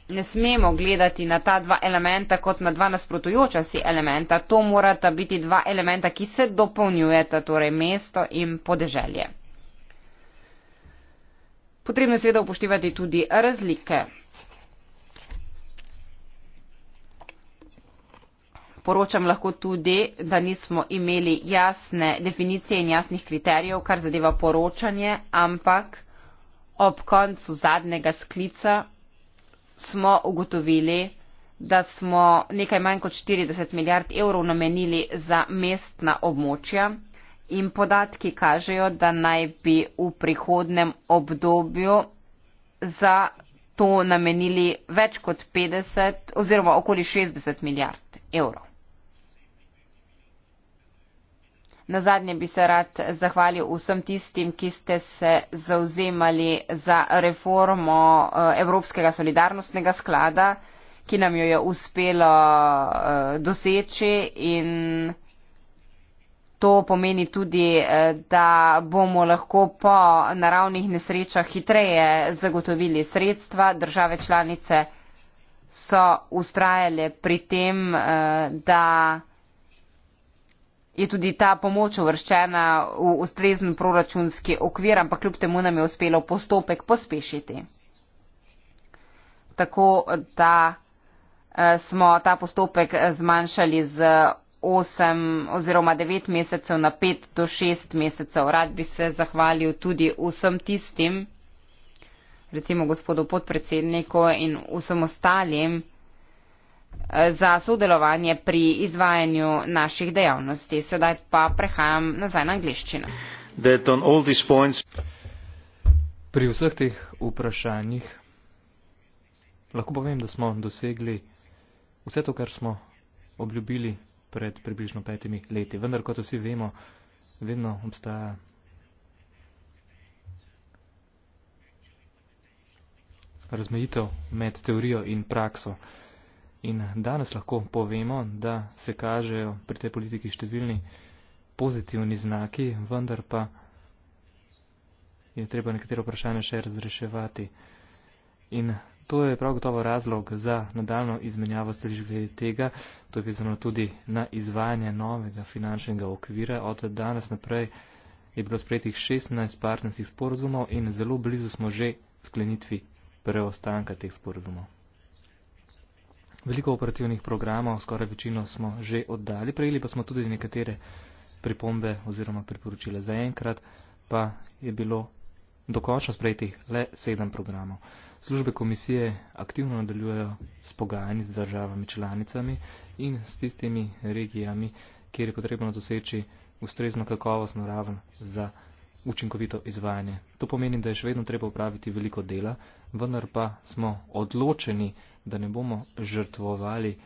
Speaker 2: ne smemo gledati na ta dva elementa kot na dva nasprotujoča si elementa. To morata biti dva elementa, ki se dopolnjujeta, torej mesto in podeželje. Potrebno je seveda upoštevati tudi razlike. poročam lahko tudi, da nismo imeli jasne definicije in jasnih kriterijev, kar zadeva poročanje, ampak ob koncu zadnjega sklica smo ugotovili, da smo nekaj manj kot 40 milijard evrov namenili za mestna območja in podatki kažejo, da naj bi v prihodnem obdobju za to namenili več kot 50 oziroma okoli 60 milijard evrov. Na zadnje bi se rad zahvalil vsem tistim, ki ste se zauzemali za reformo eh, Evropskega solidarnostnega sklada, ki nam jo je uspelo eh, doseči in to pomeni tudi, eh, da bomo lahko po naravnih nesrečah hitreje zagotovili sredstva. Države članice so ustrajale pri tem, da je tudi ta pomoč uvrščena v ustrezen proračunski okvir, ampak kljub temu nam je uspelo postopek pospešiti. Tako da eh, smo ta postopek eh, zmanjšali z 8 oziroma 9 mesecev na 5 do 6 mesecev. Rad bi se zahvalil tudi vsem tistim, recimo gospodu podpredsedniku in vsem ostalim, za sodelovanje pri izvajanju naših dejavnosti. Sedaj pa prehajam nazaj na angliščino.
Speaker 3: Points... Pri vseh teh vprašanjih lahko povem, da smo dosegli vse to, kar smo obljubili pred približno petimi leti. Vendar, kot vsi vemo, vedno obstaja razmejitev med teorijo in prakso. In danes lahko povemo, da se kažejo pri tej politiki številni pozitivni znaki, vendar pa je treba nekatero vprašanje še razreševati. In to je prav gotovo razlog za nadaljno izmenjavo stališč glede tega, to je vezano tudi na izvajanje novega finančnega okvira. Od danes naprej je bilo sprejetih 16 partnerskih sporozumov in zelo blizu smo že sklenitvi preostanka teh sporozumov veliko operativnih programov, skoraj večino smo že oddali, prejeli pa smo tudi nekatere pripombe oziroma priporočila zaenkrat, pa je bilo dokončno sprejetih le sedem programov. Službe komisije aktivno nadaljujejo s pogajanji z državami članicami in s tistimi regijami, kjer je potrebno doseči ustrezno kakovostno raven za učinkovito izvajanje. To pomeni, da je še vedno treba upraviti veliko dela, vendar pa smo odločeni, da ne bomo žrtvovali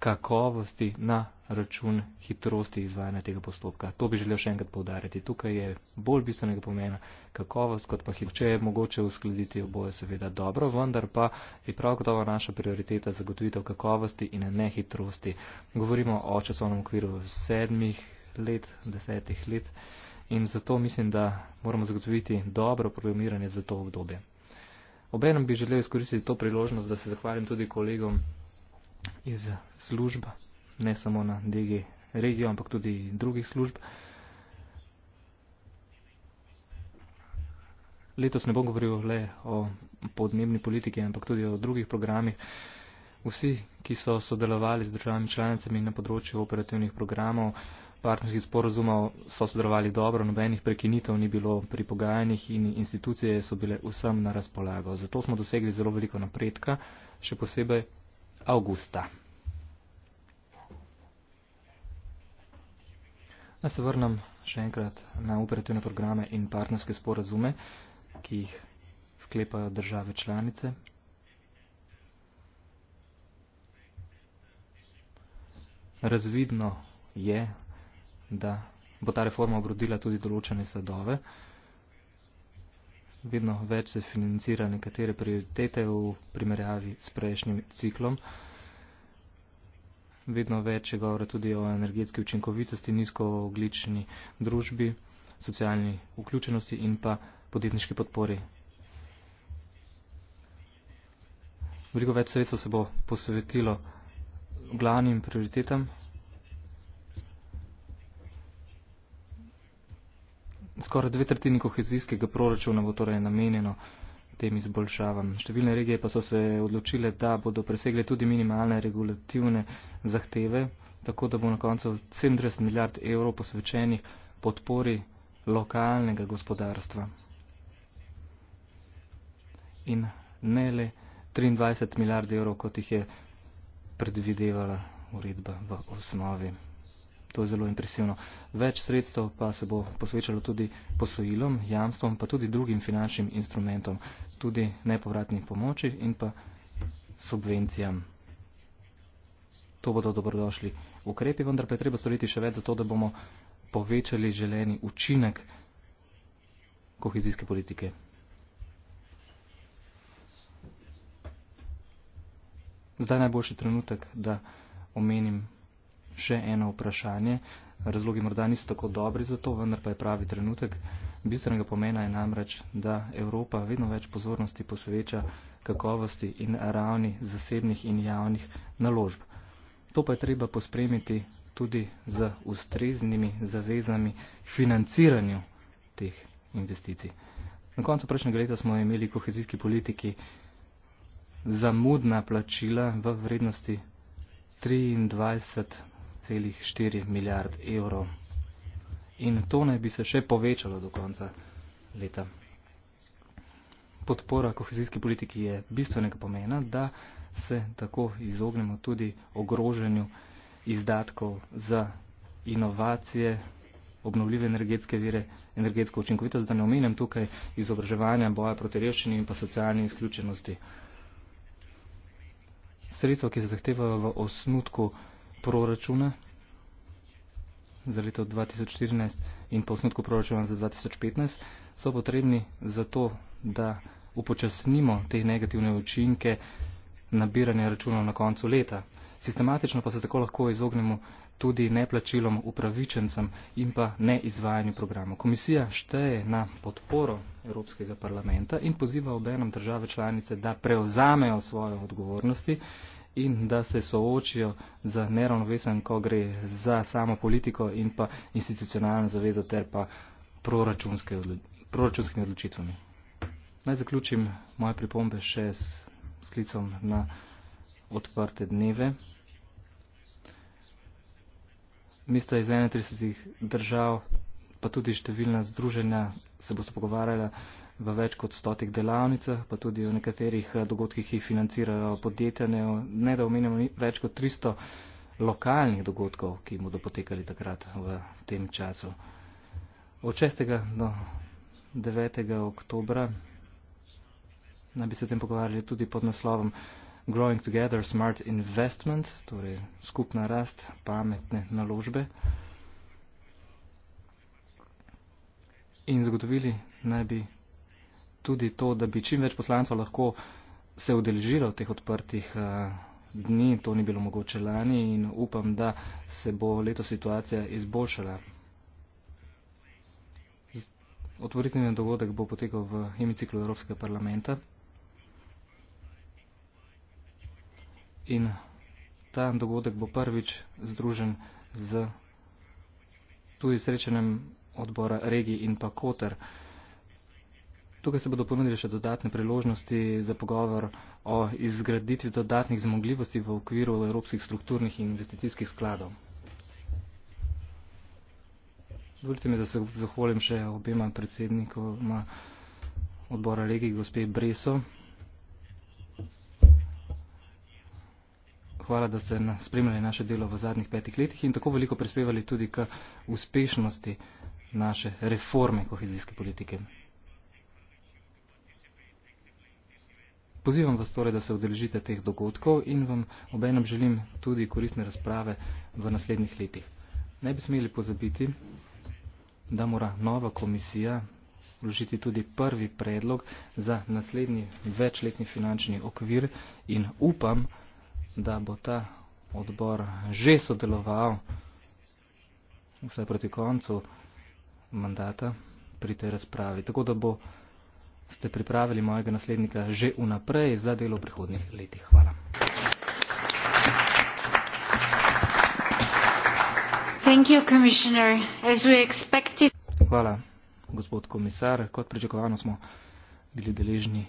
Speaker 3: kakovosti na račun hitrosti izvajanja tega postopka. To bi želel še enkrat povdariti. Tukaj je bolj bistvenega pomena kakovost, kot pa hitro. Če je mogoče uskladiti oboje, seveda dobro, vendar pa je prav gotovo naša prioriteta zagotovitev kakovosti in ne hitrosti. Govorimo o časovnem okviru sedmih let, desetih let in zato mislim, da moramo zagotoviti dobro programiranje za to obdobje. Obenem bi želel izkoristiti to priložnost, da se zahvalim tudi kolegom iz služb, ne samo na DG regijo, ampak tudi drugih služb. Letos ne bom govoril le o podnebni politiki, ampak tudi o drugih programih. Vsi, ki so sodelovali z državami članicami na področju operativnih programov, partnerskih sporozumov so sodelovali dobro, nobenih prekinitev ni bilo pri pogajanjih in institucije so bile vsem na razpolago. Zato smo dosegli zelo veliko napredka, še posebej avgusta. Da se vrnem še enkrat na operativne programe in partnerske sporozume, ki jih sklepajo države članice. Razvidno je, da bo ta reforma obrodila tudi določene sadove. Vedno več se financira nekatere prioritete v primerjavi s prejšnjim ciklom. Vedno več je govora tudi o energetski učinkovitosti, nizkooglični družbi, socialni vključenosti in pa podjetniški podpori. Veliko več sredstva se bo posvetilo glavnim prioritetam skoraj dve tretjini kohezijskega proračuna bo torej namenjeno tem izboljšavam. Številne regije pa so se odločile, da bodo presegle tudi minimalne regulativne zahteve, tako da bo na koncu 70 milijard evrov posvečenih podpori lokalnega gospodarstva. In ne le 23 milijard evrov, kot jih je predvidevala uredba v osnovi to je zelo impresivno. Več sredstev pa se bo posvečalo tudi posojilom, jamstvom, pa tudi drugim finančnim instrumentom, tudi nepovratnim pomoči in pa subvencijam. To bodo dobrodošli ukrepi, vendar pa je treba storiti še več za to, da bomo povečali želeni učinek kohezijske politike. Zdaj najboljši trenutek, da omenim še eno vprašanje. Razlogi morda niso tako dobri za to, vendar pa je pravi trenutek. Bistvenega pomena je namreč, da Evropa vedno več pozornosti posveča kakovosti in ravni zasebnih in javnih naložb. To pa je treba pospremiti tudi z ustreznimi zavezami financiranju teh investicij. Na koncu prejšnjega leta smo imeli kohezijski politiki zamudna plačila v vrednosti 23 6,4 milijard evrov. In to naj bi se še povečalo do konca leta. Podpora kohezijski politiki je bistvenega pomena, da se tako izognemo tudi ogroženju izdatkov za inovacije, obnovljive energetske vire, energetsko učinkovitost, da ne omenjam tukaj izobraževanja, boja proti revščini in pa socialni izključenosti. Sredstva, ki se zahtevajo v osnutku proračuna za leto 2014 in po osnutku proračuna za 2015 so potrebni za to, da upočasnimo te negativne učinke nabiranja računov na koncu leta. Sistematično pa se tako lahko izognemo tudi neplačilom upravičencem in pa neizvajanju programov. Komisija šteje na podporo Evropskega parlamenta in poziva obenem države članice, da preozamejo svojo odgovornosti in da se soočijo z neravnovesen, ko gre za samo politiko in pa institucionalno zavezo ter pa proračunske odlo proračunskimi odločitvami. Naj zaključim moje pripombe še s sklicom na odprte dneve. Mi sta iz 31 držav, pa tudi številna združenja se bo pogovarjala v več kot stotih delavnicah, pa tudi v nekaterih eh, dogodkih, ki jih financirajo podjetja, ne, ne da omenjamo več kot 300 lokalnih dogodkov, ki jim bodo potekali takrat v tem času. Od 6. do 9. oktobra naj bi se tem pogovarjali tudi pod naslovom Growing Together Smart Investment, torej skupna rast pametne naložbe. In zagotovili naj bi tudi to, da bi čim več poslancev lahko se udeležilo v teh odprtih eh, dni. To ni bilo mogoče lani in upam, da se bo leto situacija izboljšala. Otvoritveni dogodek bo potekal v hemiciklu Evropskega parlamenta. In ta dogodek bo prvič združen z tudi srečenem odbora regij in pa koter. Tukaj se bodo ponudili še dodatne priložnosti za pogovor o izgraditvi dodatnih zmogljivosti v okviru evropskih strukturnih in investicijskih skladov. Dovolite mi, da se zahvalim še obema predsednikoma odbora legi gospe Breso. Hvala, da ste spremljali naše delo v zadnjih petih letih in tako veliko prispevali tudi k uspešnosti naše reforme kohezijske politike. Pozivam vas torej, da se odeležite teh dogodkov in vam obenem želim tudi koristne razprave v naslednjih letih. Ne bi smeli pozabiti, da mora nova komisija vložiti tudi prvi predlog za naslednji večletni finančni okvir in upam, da bo ta odbor že sodeloval vsaj proti koncu mandata pri tej razpravi. Tako da bo ste pripravili mojega naslednika že vnaprej za delo v prihodnih letih. Hvala.
Speaker 2: Thank you, Commissioner. As we expected...
Speaker 3: Hvala, gospod komisar. Kot pričakovano smo bili deležni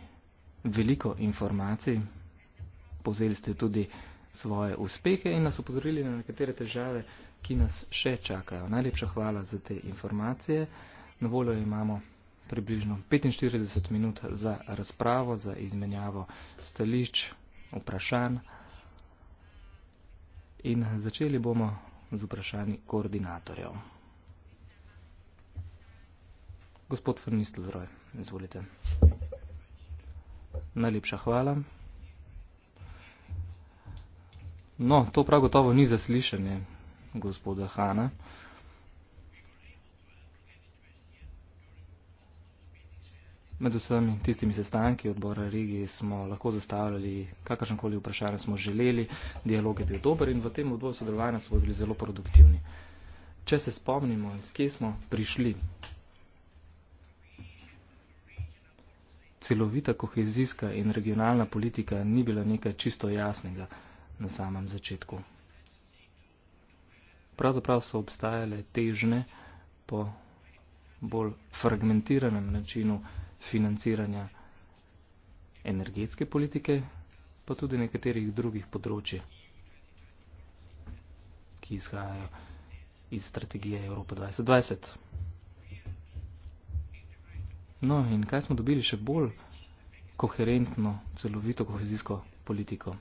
Speaker 3: veliko informacij. Povzeli ste tudi svoje uspehe in nas upozorili na nekatere težave, ki nas še čakajo. Najlepša hvala za te informacije. Na voljo imamo približno 45 minut za razpravo, za izmenjavo stališč, vprašanj. In začeli bomo z vprašanji koordinatorjev. Gospod Fernistelroj, izvolite. Najlepša hvala. No, to prav gotovo ni zaslišanje gospoda Hana. Uh, Med vsemi tistimi sestanki odbora regije smo lahko zastavljali kakršenkoli vprašanje smo želeli, dialog je bil dober in v tem odboru sodelovanja smo bili zelo produktivni. Če se spomnimo, iz kje smo prišli, celovita kohezijska in regionalna politika ni bila nekaj čisto jasnega na samem začetku. Pravzaprav so obstajale težne po bolj fragmentiranem načinu financiranja energetske politike, pa tudi nekaterih drugih področji, ki izhajajo iz strategije Evropa 2020. No in kaj smo dobili še bolj koherentno, celovito kohezijsko politiko?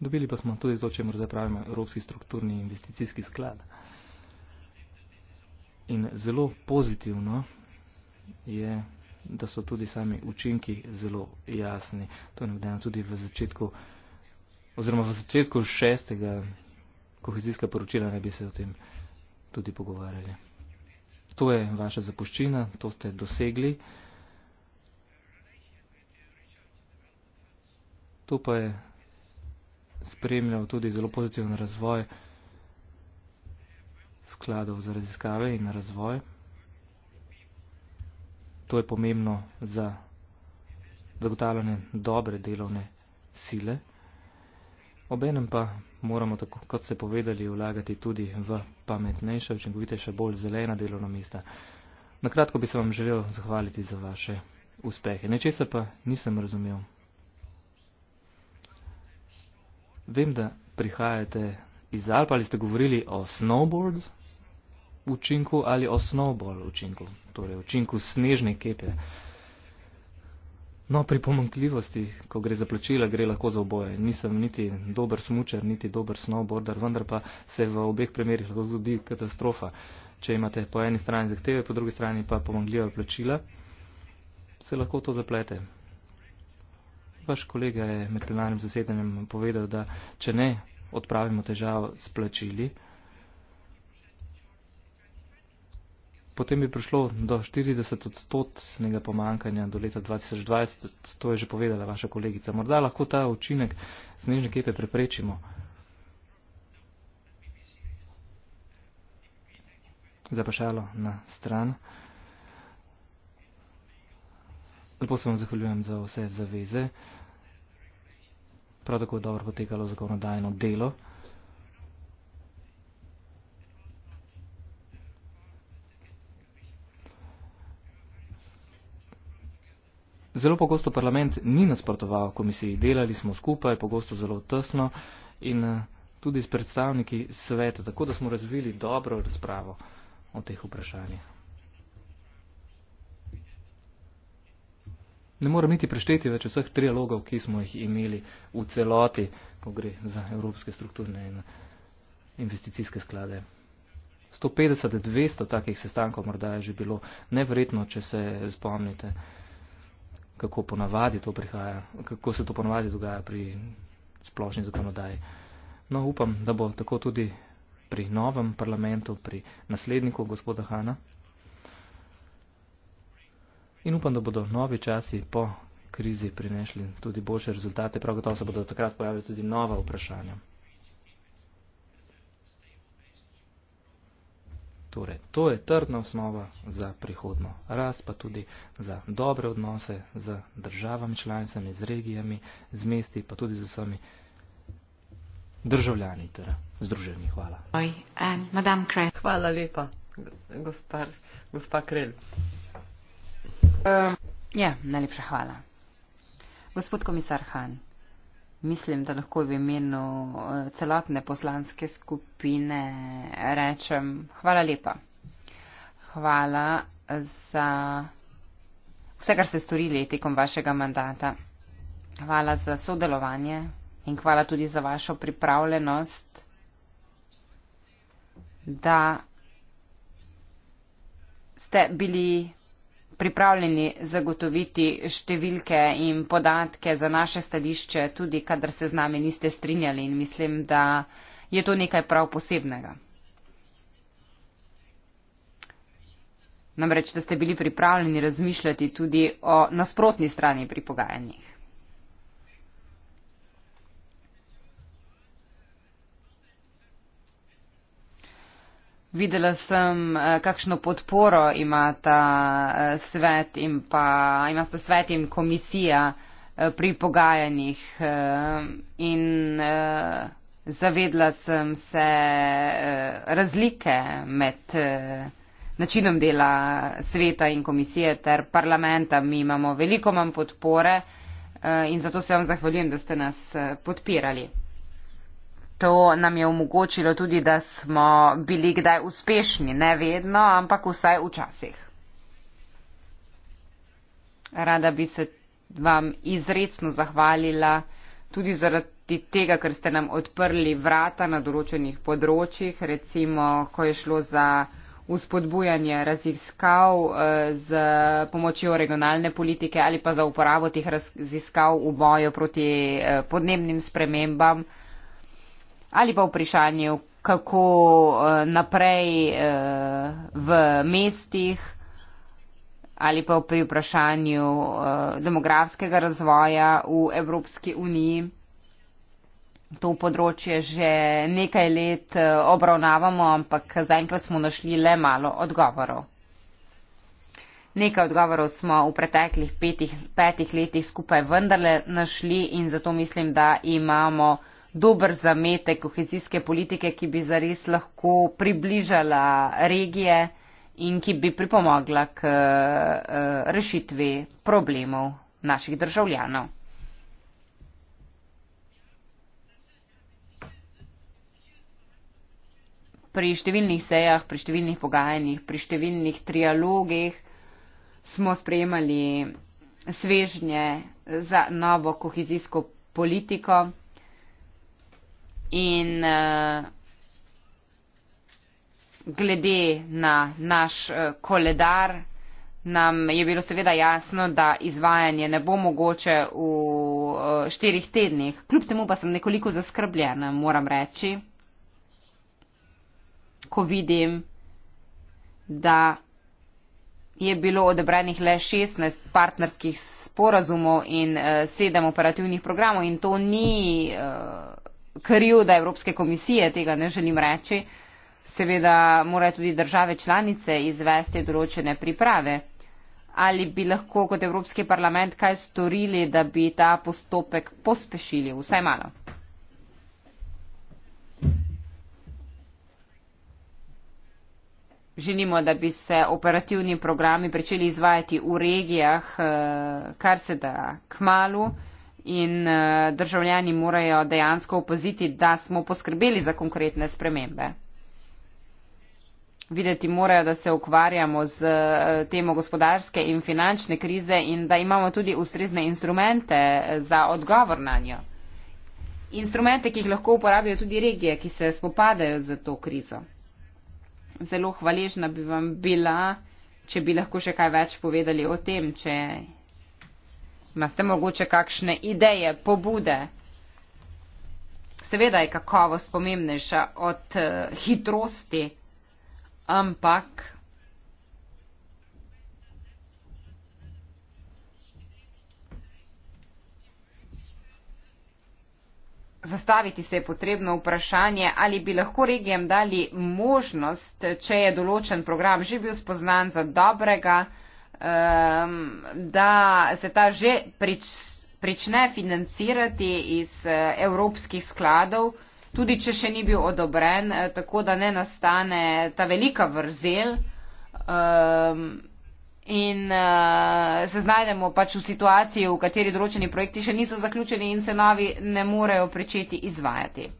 Speaker 3: Dobili pa smo tudi to, če mora zapravimo Evropski strukturni investicijski sklad. In zelo pozitivno je, da so tudi sami učinki zelo jasni. To je navedeno tudi v začetku, oziroma v začetku šestega kohezijska poročila ne bi se o tem tudi pogovarjali. To je vaša zapuščina, to ste dosegli. To pa je spremljal tudi zelo pozitiven razvoj skladov za raziskave in razvoj. To je pomembno za zagotavljanje dobre delovne sile. Obenem pa moramo, tako, kot ste povedali, vlagati tudi v pametnejša, učinkovitejša, bolj zelena delovna mesta. Na kratko bi se vam želel zahvaliti za vaše uspehe. Nečesa pa nisem razumel. Vem, da prihajate iz Alp ali ste govorili o snowboardu učinku ali o snowball učinku, torej učinku snežne kepe. No, pri pomankljivosti, ko gre za plačila, gre lahko za oboje. Nisem niti dober smučer, niti dober snowboarder, vendar pa se v obeh primerih lahko zgodi katastrofa. Če imate po eni strani zahteve, po drugi strani pa pomankljiva plačila, se lahko to zaplete. Vaš kolega je med plenarnim zasedanjem povedal, da če ne odpravimo težavo s plačili, Potem bi prišlo do 40 odstotnega pomankanja do leta 2020, to je že povedala vaša kolegica. Morda lahko ta učinek snežne kepe preprečimo. Zapašalo na stran. Lepo se vam zahvaljujem za vse zaveze. Prav tako je dobro potekalo zakonodajno delo. Zelo pogosto parlament ni nasprotoval komisiji, delali smo skupaj, pogosto zelo tesno in eh, tudi s predstavniki sveta, tako da smo razvili dobro razpravo o teh vprašanjih. Ne moram niti prešteti več vseh trialogov, ki smo jih imeli v celoti, ko gre za evropske strukturne in investicijske sklade. 150-200 takih sestankov morda je že bilo, nevredno, če se spomnite kako ponavadi to prihaja, kako se to ponavadi dogaja pri splošni zakonodaji. No, upam, da bo tako tudi pri novem parlamentu, pri nasledniku gospoda Hana. In upam, da bodo novi časi po krizi prinešli tudi boljše rezultate, prav gotovo se bodo takrat pojavili tudi nova vprašanja. Torej, to je trdna osnova za prihodno rast, pa tudi za dobre odnose z državami, članicami, z regijami, z mesti, pa tudi z vsemi državljani ter združeni. Hvala.
Speaker 2: Hvala lepa, gospa Krelj. Um. Ja, najlepša hvala. Gospod komisar Han mislim, da lahko v imenu eh, celotne poslanske skupine rečem hvala lepa. Hvala za vse, kar ste storili tekom vašega mandata. Hvala za sodelovanje in hvala tudi za vašo pripravljenost, da ste bili pripravljeni zagotoviti številke in podatke za naše stališče, tudi kadar se z nami niste strinjali in mislim, da je to nekaj prav posebnega. Namreč, da ste bili pripravljeni razmišljati tudi o nasprotni strani pri pogajanjih. Videla sem, eh, kakšno podporo imata eh, svet in pa imata svet in komisija eh, pri pogajanjih in zavedla sem se razlike med načinom dela sveta in komisije ter parlamenta. Mi imamo veliko manj podpore in zato se vam zahvaljujem, da ste nas podpirali. To nam je omogočilo tudi, da smo bili kdaj uspešni, ne vedno, ampak vsaj včasih. Rada bi se vam izredno zahvalila tudi zaradi tega, ker ste nam odprli vrata na določenih področjih, recimo, ko je šlo za uspodbujanje raziskav eh, z pomočjo regionalne politike ali pa za uporabo teh raziskav v boju proti eh, podnebnim spremembam ali pa vprašanju, kako eh, naprej eh, v mestih, ali pa pri vprašanju eh, demografskega razvoja v Evropski uniji. To področje že nekaj let obravnavamo, ampak zaenkrat smo našli le malo odgovorov. Nekaj odgovorov smo v preteklih petih, petih letih skupaj vendarle našli in zato mislim, da imamo uh, dober zametek kohezijske politike, ki bi zares lahko približala regije in ki bi pripomogla k eh, rešitvi problemov naših državljanov. Pri številnih sejah, pri številnih pogajanjih, pri številnih trialogih smo sprejemali svežnje za novo kohezijsko politiko politiko in eh, glede na naš eh, koledar nam je bilo seveda jasno, da izvajanje ne bo mogoče v eh, štirih tednih. Kljub temu pa sem nekoliko zaskrbljena, moram reči, ko vidim, da je bilo odebranih le 16 partnerskih sporazumov in 7 operativnih programov in to ni krivda Evropske komisije, tega ne želim reči. Seveda morajo tudi države članice izvesti določene priprave. Ali bi lahko kot Evropski parlament kaj storili, da bi ta postopek pospešili, vsaj malo? Želimo, da bi se operativni programi pričeli izvajati v regijah, eh, kar se da k malu in eh, državljani morajo dejansko opaziti, da smo poskrbeli za konkretne spremembe. Videti morajo, da se ukvarjamo z eh, temo gospodarske in finančne krize in da imamo tudi ustrezne instrumente eh, za odgovor na njo. Instrumente, ki jih lahko uporabijo tudi regije, ki se spopadajo z to krizo. Zelo hvaležna bi vam bila, če bi lahko še kaj več povedali o tem, če imate mogoče kakšne ideje, pobude? Seveda je kakovost pomembnejša od eh, hitrosti, ampak. Zastaviti se je potrebno vprašanje, ali bi lahko regijam dali možnost, če je določen program že bil spoznan za dobrega, um, da se ta že prič, prične financirati iz uh, evropskih skladov, tudi če še ni bil odobren, uh, tako da ne nastane ta velika vrzel um, in uh, se znajdemo pač v situaciji, v kateri določeni projekti še niso zaključeni in se novi ne morejo pričeti izvajati.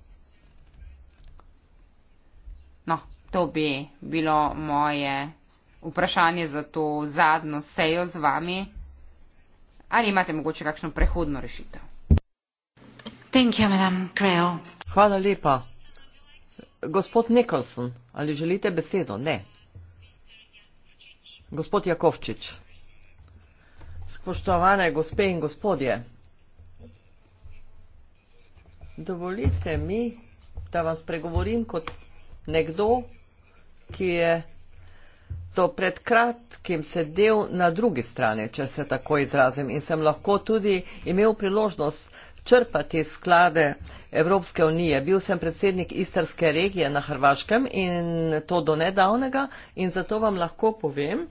Speaker 2: No, to bi bilo moje vprašanje za to zadnjo sejo z vami. Ali imate mogoče kakšno prehodno rešitev?
Speaker 1: You, Hvala lepa. Gospod Nikolson, ali želite besedo? Ne. Gospod Jakovčič. Spoštovane gospe in gospodje, dovolite mi, da vas pregovorim kot nekdo, ki je do pred kratkim sedel na drugi strani, če se tako izrazim, in sem lahko tudi imel priložnost črpati sklade Evropske unije. Bil sem predsednik Istarske regije na Hrvaškem in to do nedavnega in zato vam lahko povem,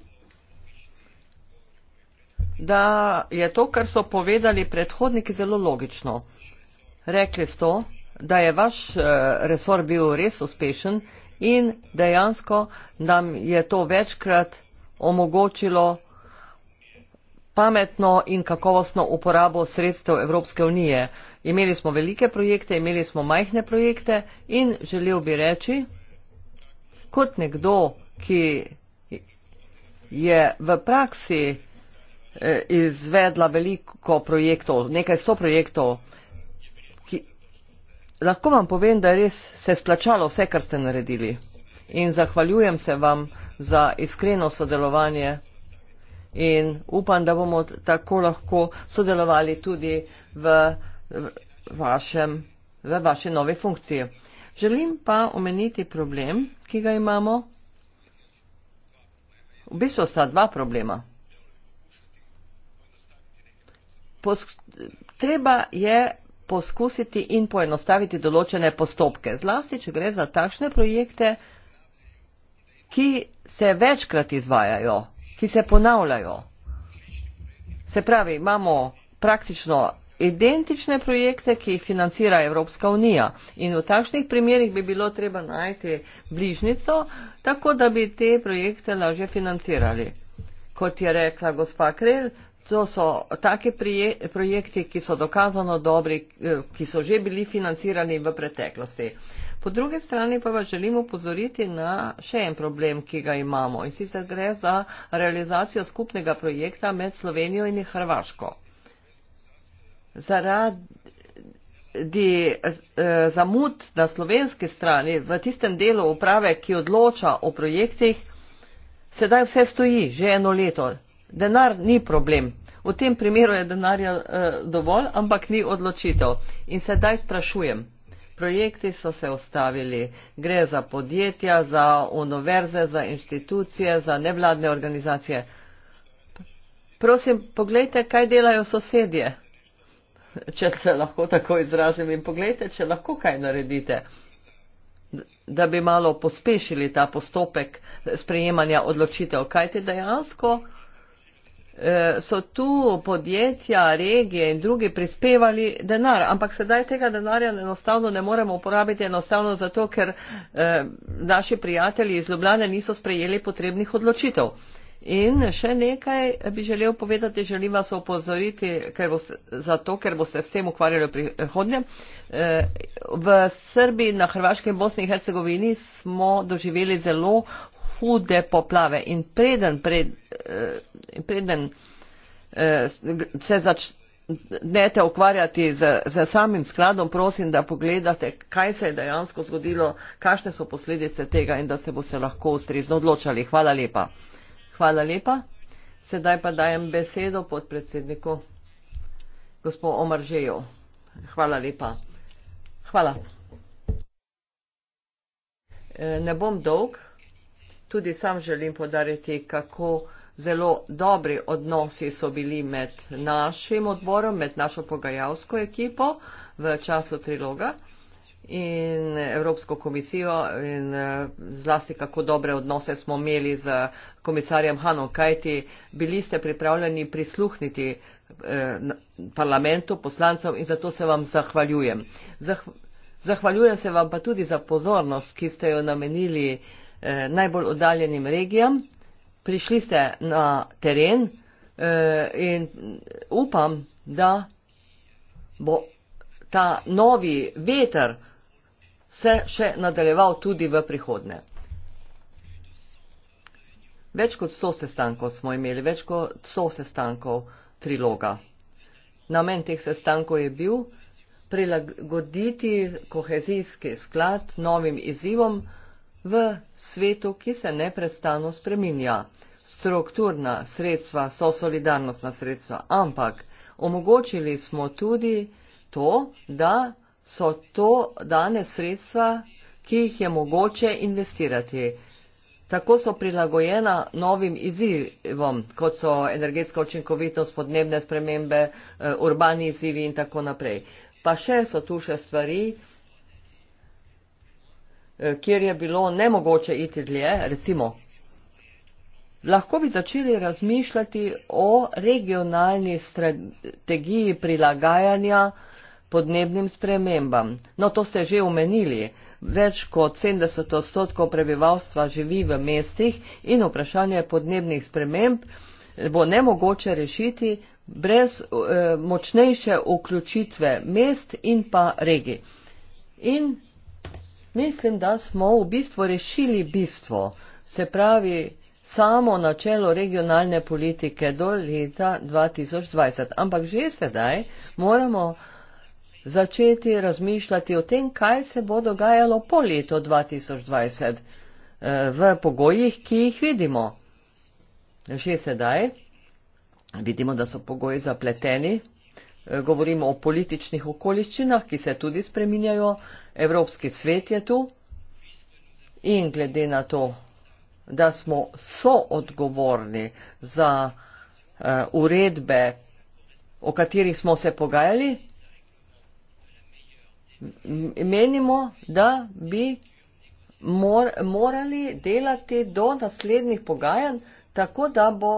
Speaker 1: da je to, kar so povedali predhodniki, zelo logično. Rekli so, da je vaš eh, resor bil res uspešen in dejansko nam je to večkrat omogočilo pametno in kakovostno uporabo sredstev Evropske unije. Imeli smo velike projekte, imeli smo majhne projekte in želel bi reči, kot nekdo, ki je v praksi eh, izvedla veliko projektov, nekaj sto projektov, lahko vam povem, da je res se splačalo vse, kar ste naredili. In zahvaljujem se vam za iskreno sodelovanje. In upam, da bomo tako lahko sodelovali tudi v, vašem, v vaši nove funkciji. Želim pa omeniti problem, ki ga imamo. V bistvu sta dva problema. Posk treba je poskusiti in poenostaviti določene postopke, zlasti, če gre za takšne projekte, ki se večkrat izvajajo, ki se ponavljajo. Se pravi, imamo praktično identične projekte, ki jih financira Evropska unija in v takšnih primerjih bi bilo treba najti bližnico, tako da bi te projekte lažje financirali. Kot je rekla gospa Krel, To so take projekti, ki so dokazano dobri, eh, ki so že bili financirani v preteklosti. Po druge strani pa vas želimo pozoriti na še en problem, ki ga imamo in sicer gre za realizacijo skupnega projekta med Slovenijo in Hrvaško. Zaradi eh, zamud na slovenski strani v tistem delu uprave, ki odloča o projektih, sedaj vse stoji že eno leto. Denar ni problem. V tem primeru je denarja eh, dovolj, ampak ni odločitev. In sedaj sprašujem. Projekti so se ostavili. Gre za podjetja, za univerze, za inštitucije, za nevladne organizacije. Prosim, pogledajte, kaj delajo sosedje. *laughs* Če se lahko tako izrazim in pogledajte, če lahko kaj naredite, da bi malo pospešili ta postopek sprejemanja odločitev. Kaj te dejansko? Eh, so tu podjetja, regije in drugi prispevali denar, ampak sedaj tega denarja enostavno ne moremo uporabiti, enostavno zato, ker eh, naši prijatelji iz Ljubljane niso sprejeli potrebnih odločitev. In še nekaj bi želel povedati, želim vas opozoriti, ker boste, zato, ker boste s tem ukvarjali v prihodnje. Eh, v Srbiji, na Hrvaškem, Bosni in Hercegovini smo doživeli zelo hude poplave in preden, pred, eh, preden eh, se začnete ukvarjati z, z samim skladom, prosim, da pogledate, kaj se je dejansko zgodilo, kakšne so posledice tega in da se boste lahko ustrezno odločali. Hvala lepa. Hvala lepa. Sedaj pa dajem besedo podpredsedniku gospod Omar Žejo. Hvala lepa. Hvala. Eh, ne bom dolg tudi sam želim podariti, kako zelo dobri odnosi so bili med našim odborom, med našo pogajalsko ekipo v času triloga in Evropsko komisijo in eh, zlasti kako dobre odnose smo imeli z komisarjem Hanom, kajti bili ste pripravljeni prisluhniti eh, parlamentu, poslancev in zato se vam zahvaljujem. Zahvaljujem se vam pa tudi za pozornost, ki ste jo namenili eh, najbolj oddaljenim regijam. Prišli ste na teren eh, in upam, da bo ta novi veter se še nadaljeval tudi v prihodne. Več kot sto sestankov smo imeli, več kot sto sestankov triloga. Namen teh sestankov je bil prilagoditi kohezijski sklad novim izzivom, eh, V svetu, ki se neprestano spreminja, strukturna sredstva so solidarnostna sredstva, ampak omogočili smo tudi to, da so to dane sredstva, ki jih je mogoče investirati. Tako so prilagojena novim izzivom, kot so energetska učinkovitost, podnebne spremembe, eh, urbani izzivi in tako naprej. Pa še so tu še stvari, Eh, kjer je bilo nemogoče iti dlje, recimo. Lahko bi začeli razmišljati o regionalni strategiji prilagajanja podnebnim spremembam. No, to ste že omenili. Več kot 70 odstotkov prebivalstva živi v mestih in vprašanje podnebnih sprememb bo nemogoče rešiti brez eh, močnejše vključitve mest in pa regij. In Mislim, da smo v bistvu rešili bistvo, se pravi samo načelo regionalne politike do leta 2020. Ampak že sedaj moramo začeti razmišljati o tem, kaj se bo dogajalo po leto 2020 eh, v pogojih, ki jih vidimo. Že sedaj vidimo, da so pogoji zapleteni, Eh, govorimo o političnih okoliščinah, ki se tudi spreminjajo, Evropski svet je tu in glede na to, da smo soodgovorni za eh, uredbe, o katerih smo se pogajali, menimo, da bi mor morali delati do naslednjih pogajanj, tako da bo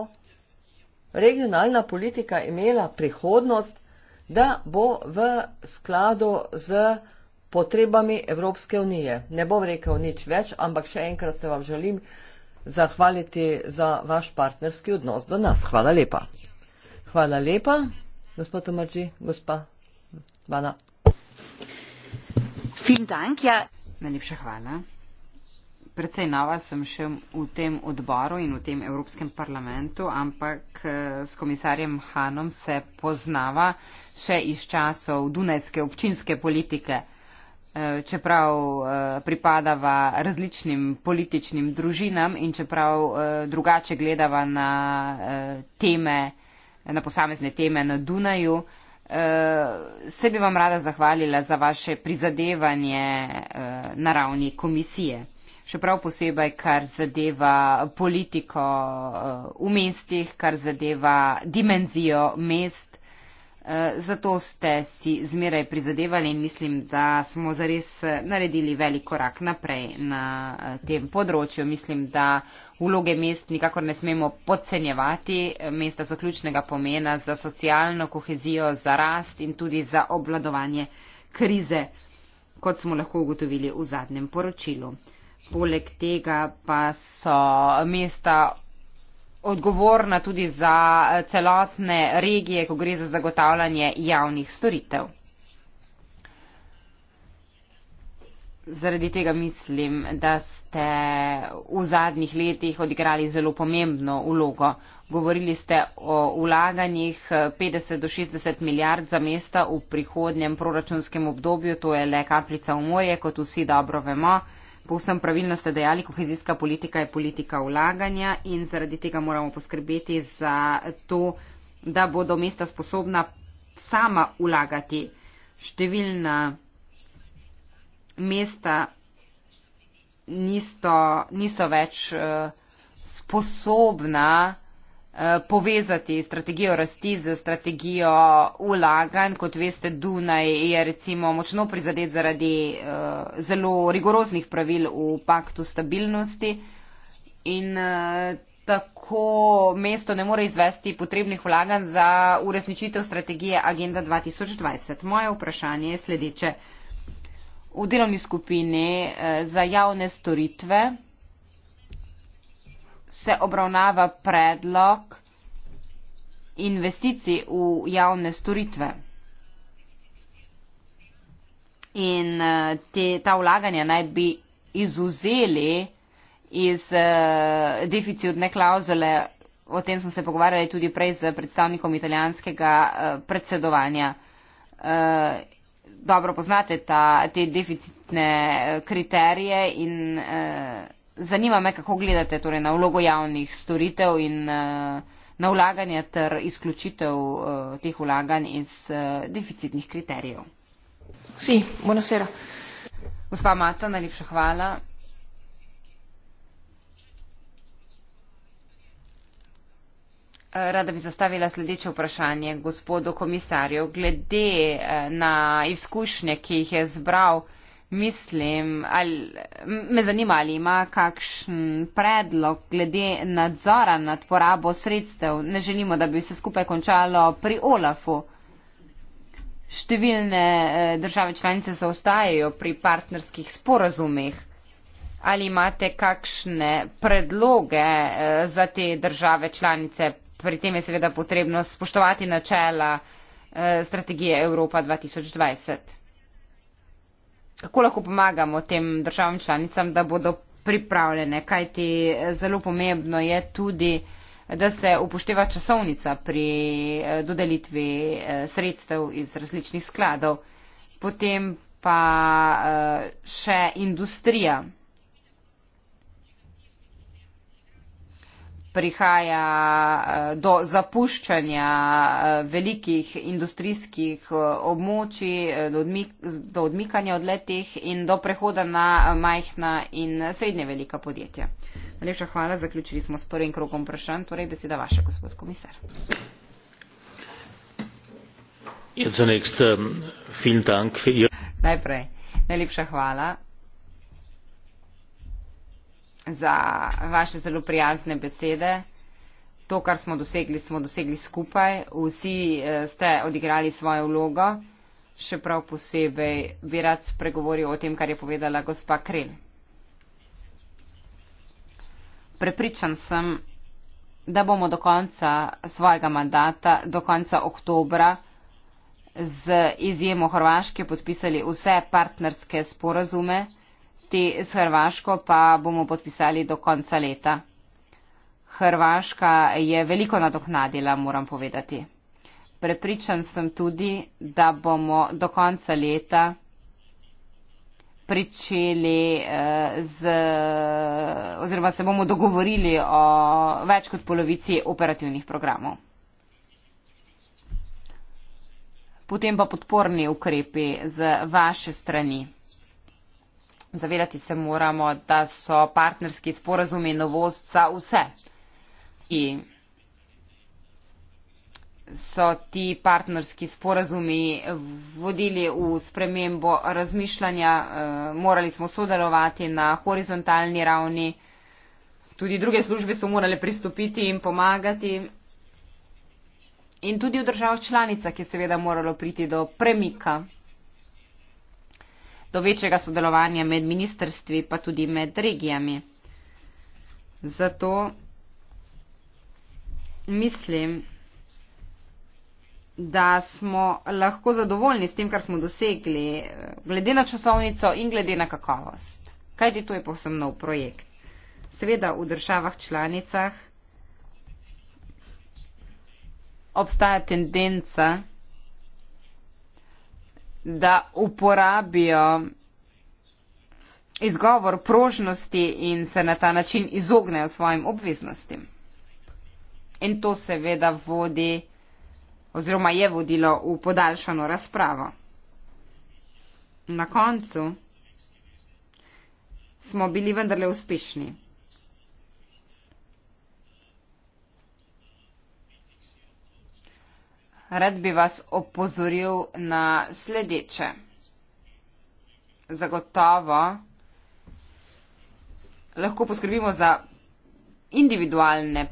Speaker 1: regionalna politika imela prihodnost da bo v skladu z potrebami Evropske unije. Ne bom rekel nič več, ampak še enkrat se vam želim zahvaliti za vaš partnerski odnos do nas. Hvala lepa. Hvala lepa, gospod Tomarđi, gospa Bana.
Speaker 2: Fin dank, ja. Najlepša hvala. Predvsej nava sem še v tem odboru in v tem Evropskem parlamentu, ampak eh, s komisarjem Hanom se poznava še iz časov Dunajske občinske politike, eh, čeprav eh, pripadava različnim političnim družinam in čeprav drugače gledava na, teme, na posamezne teme na Dunaju. Se bi vam rada zahvalila za vaše prizadevanje na ravni komisije še prav posebej, kar zadeva politiko eh, v mestih, kar zadeva dimenzijo mest. Eh, zato ste si zmeraj prizadevali in mislim, da smo zares eh, naredili velik korak naprej na tem področju. Mislim, da vloge mest nikakor ne smemo podcenjevati. Mesta so ključnega pomena za socialno kohezijo, za rast in tudi za obvladovanje krize kot smo lahko ugotovili v zadnjem poročilu poleg tega pa so mesta odgovorna tudi za celotne regije, ko gre za zagotavljanje javnih storitev. Zaradi tega mislim, da ste v zadnjih letih odigrali zelo pomembno ulogo. Govorili ste o ulaganjih 50 do 60 milijard za mesta v prihodnjem proračunskem obdobju, to je le kaplica v morje, kot vsi dobro vemo. Povsem pravilno ste dejali, kohezijska politika je politika vlaganja in zaradi tega moramo poskrbeti za to, da bodo mesta sposobna sama vlagati. Številna mesta nisto, niso več uh, sposobna Eh, povezati strategijo rasti z strategijo ulaganj. Kot veste, Dunaj je recimo močno prizadet zaradi uh, zelo rigoroznih pravil v paktu stabilnosti in uh, tako mesto ne more izvesti potrebnih ulaganj za uresničitev strategije Agenda 2020. Moje vprašanje je sledeče. V delovni skupini uh, za javne storitve se obravnava predlog investicij v javne storitve. In eh, te, ta vlaganja naj bi izuzeli iz uh, deficitne klauzule, o tem smo se pogovarjali tudi prej z predstavnikom italijanskega uh, predsedovanja. Uh, dobro poznate ta, te deficitne uh, kriterije in uh, zanima me, kako gledate torej, na vlogo javnih storitev in eh, na vlaganje ter izključitev eh, teh vlaganj iz eh, deficitnih kriterijev. Si, buonasera. Gospa Mata, najlepša hvala. Rada bi zastavila sledeče vprašanje gospodu komisarju. Glede na izkušnje, ki jih je zbral, Mislim, ali, me zanima, ali ima kakšen predlog glede nadzora nad porabo sredstev. Ne želimo, da bi se skupaj končalo pri Olafu. Številne eh, države članice zaostajajo pri partnerskih sporazumih. Ali imate kakšne predloge eh, za te države članice? Pri tem je seveda potrebno spoštovati načela eh, strategije Evropa 2020 kako lahko pomagamo tem državam članicam, da bodo pripravljene, kajti zelo pomembno je tudi, da se upošteva časovnica pri eh, dodelitvi eh, sredstev iz različnih skladov. Potem pa eh, še industrija, prihaja eh, do zapuščanja eh, velikih industrijskih eh, območij, do, odmik do odmikanja od letih in do prehoda na majhna in srednje velika podjetja. Najlepša hvala, zaključili smo s prvim krogom vprašanj, torej beseda vaša, gospod komisar. Ja, ehm, Najprej, najlepša hvala za vaše zelo prijazne besede. To, kar smo dosegli, smo dosegli skupaj. Vsi eh, ste odigrali svojo vlogo. Še prav posebej bi rad spregovoril o tem, kar je povedala gospa Krel. Prepričan sem, da bomo do konca svojega mandata, do konca oktobra, z izjemo Hrvaške podpisali vse partnerske sporazume skupnosti s Hrvaško pa bomo podpisali do konca leta. Hrvaška je veliko nadoknadila, moram povedati. Prepričan sem tudi, da bomo do konca leta pričeli eh, z, oziroma se bomo dogovorili o več kot polovici operativnih programov. Potem pa podporni ukrepi z vaše strani. Zavedati se moramo, da so partnerski sporazumi novost za vse. In so ti partnerski sporazumi vodili v spremembo razmišljanja, eh, morali smo sodelovati na horizontalni ravni, tudi druge službe so morale pristopiti in pomagati. In tudi v državah članica, ki je seveda moralo priti do premika do večjega sodelovanja med ministrstvi, pa tudi med regijami. Zato mislim, da smo lahko zadovoljni s tem, kar smo dosegli, glede na časovnico in glede na kakovost. Kaj ti to je povsem nov projekt? Seveda v državah članicah obstaja tendenca, da uporabijo izgovor prožnosti in se na ta način izognejo svojim obveznostim. In to seveda vodi oziroma je vodilo v podaljšano razpravo. Na koncu smo bili vendarle uspešni. rad bi vas opozoril na sledeče. Zagotovo lahko poskrbimo za individualne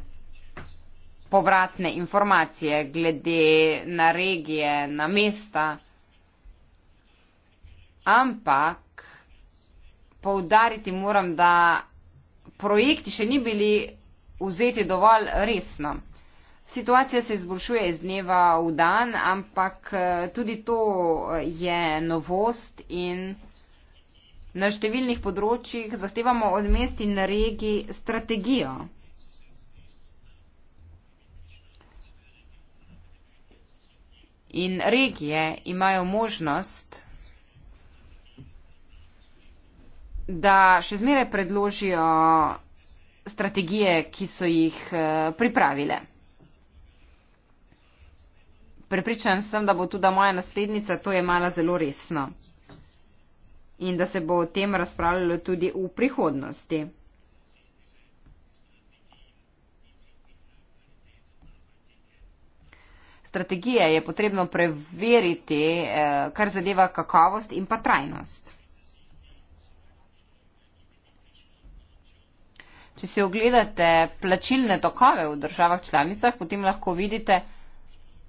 Speaker 2: povratne informacije glede na regije, na mesta, ampak poudariti moram, da projekti še ni bili vzeti dovolj resno. Situacija se izboljšuje iz dneva v dan, ampak eh, tudi to eh, je novost in na številnih področjih zahtevamo od mest in regij strategijo. In regije imajo možnost, da še zmeraj predložijo strategije, ki so jih eh, pripravile. Prepričan sem, da bo tudi moja naslednica to jemala zelo resno in da se bo o tem razpravljalo tudi v prihodnosti. Strategije je potrebno preveriti, eh, kar zadeva kakovost in pa trajnost. Če si ogledate plačilne tokove v državah članicah, potem lahko vidite, da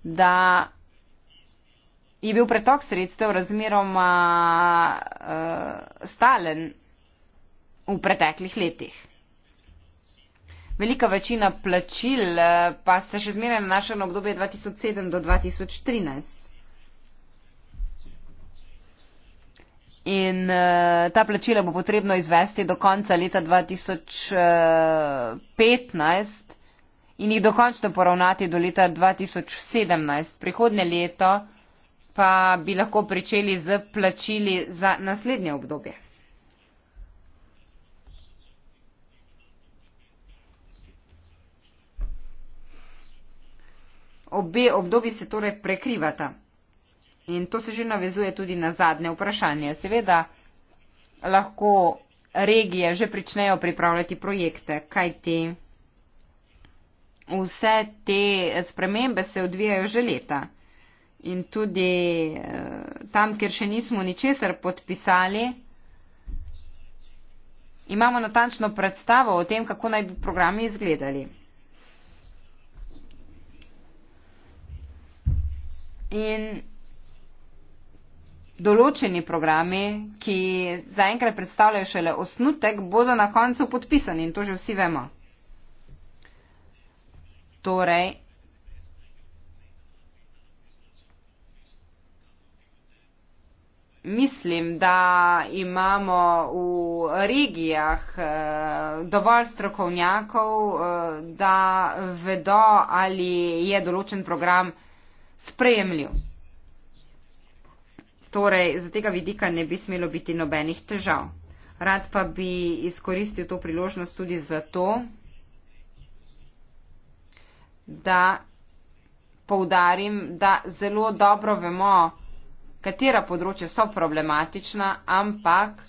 Speaker 2: da je bil pretok sredstev razmeroma uh, stalen v preteklih letih. Velika večina plačil uh, pa se še zmeraj nanaša na obdobje 2007 do 2013. In uh, ta plačila bo potrebno izvesti do konca leta 2015, in jih dokončno poravnati do leta 2017. Prihodne leto pa bi lahko pričeli z plačili za naslednje obdobje. Obe obdobji se torej prekrivata. In to se že navezuje tudi na zadnje vprašanje. Seveda lahko regije že pričnejo pripravljati projekte, kaj ti. Te vse te spremembe se odvijajo že leta. In tudi eh, tam, kjer še nismo ničesar podpisali, imamo natančno predstavo o tem, kako naj bi programi izgledali. In določeni programi, ki zaenkrat predstavljajo šele osnutek, bodo na koncu podpisani in to že vsi vemo. Torej, mislim, da imamo v regijah eh, dovolj strokovnjakov, eh, da vedo, ali je določen program sprejemljiv. Torej, z tega vidika ne bi smelo biti nobenih težav. Rad pa bi izkoristil to priložnost tudi za to, da poudarim, da zelo dobro vemo, katera področja so problematična, ampak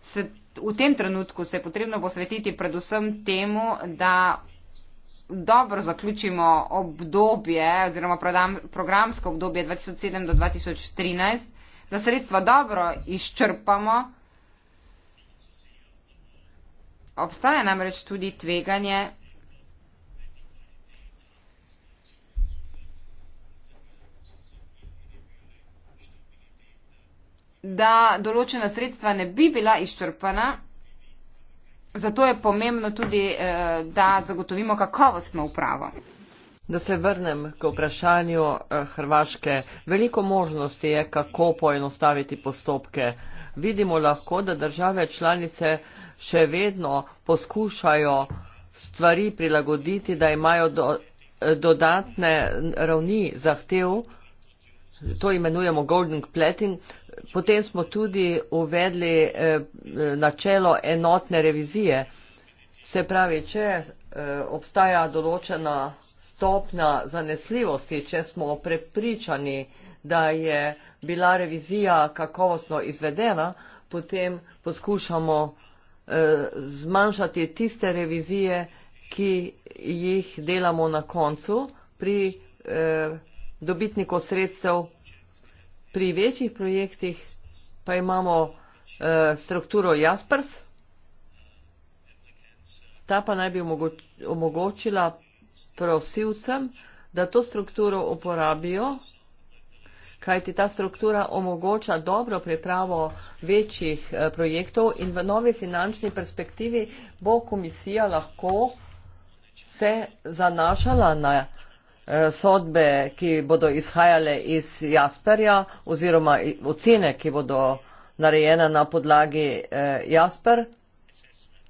Speaker 2: se, v tem trenutku se je potrebno posvetiti predvsem temu, da dobro zaključimo obdobje oziroma program, programsko obdobje 2007 do 2013, da sredstva dobro izčrpamo. Obstaja namreč tudi tveganje, da določena sredstva ne bi bila izčrpana. Zato je pomembno tudi, eh, da zagotovimo kakovostno upravo. Da
Speaker 1: se vrnem k vprašanju eh, Hrvaške. Veliko možnosti je, kako poenostaviti postopke. Vidimo lahko, da države članice še vedno poskušajo stvari prilagoditi, da imajo do, eh, dodatne ravni zahtev. To imenujemo golden plating, potem smo tudi uvedli eh, načelo enotne revizije. Se pravi, če eh, obstaja določena stopna zanesljivosti, če smo prepričani, da je bila revizija kakovostno izvedena, potem poskušamo eh, zmanjšati tiste revizije, ki jih delamo na koncu pri dobitniku sredstev pri večjih projektih pa imamo uh, strukturo Jaspers. Ta pa naj bi omogočila prosilcem, da to strukturo uporabijo, kajti ta struktura omogoča dobro pripravo večjih eh, projektov in v novi finančni perspektivi bo komisija lahko se zanašala na Eh, sodbe, ki bodo izhajale iz Jasperja oziroma ocene, ki bodo narejene na podlagi eh, Jasper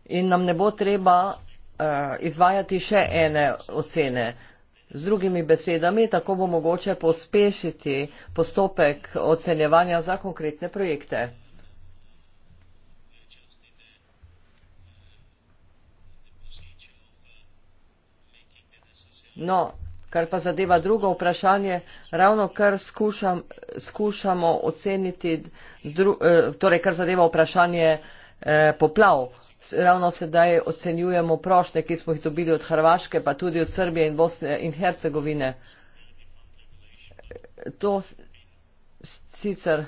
Speaker 1: in nam ne bo treba eh, izvajati še ene ocene. Z drugimi besedami, tako bo mogoče pospešiti postopek ocenjevanja za konkretne projekte. No, Kar pa zadeva drugo vprašanje, ravno kar skušam, skušamo oceniti, dru, eh, torej kar zadeva vprašanje eh, poplav, ravno sedaj ocenjujemo prošle, ki smo jih dobili od Hrvaške, pa tudi od Srbije in Bosne in Hercegovine. To sicer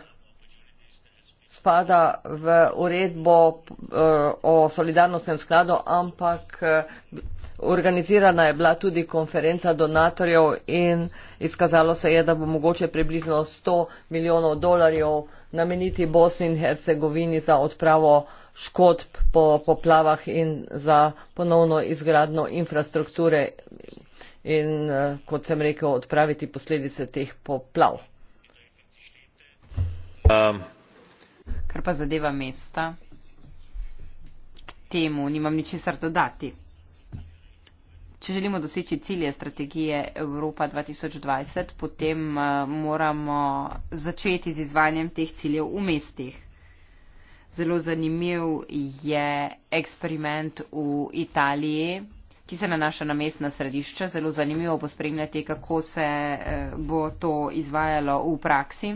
Speaker 1: spada v uredbo eh, o solidarnostnem skladu, ampak eh, Organizirana je bila tudi konferenca donatorjev in izkazalo se je, da bo mogoče približno 100 milijonov dolarjev nameniti Bosni in Hercegovini za odpravo škod po poplavah in za ponovno izgradno infrastrukture in, eh, kot sem rekel, odpraviti posledice teh poplav. Um.
Speaker 2: Kar pa zadeva mesta, k temu nimam ničesar dodati. Če želimo doseči cilje strategije Evropa 2020, potem eh, moramo začeti z izvanjem teh ciljev v mestih. Zelo zanimiv je eksperiment v Italiji, ki se nanaša na mestna središča. Zelo zanimivo bo spremljati, kako se eh, bo to izvajalo v praksi,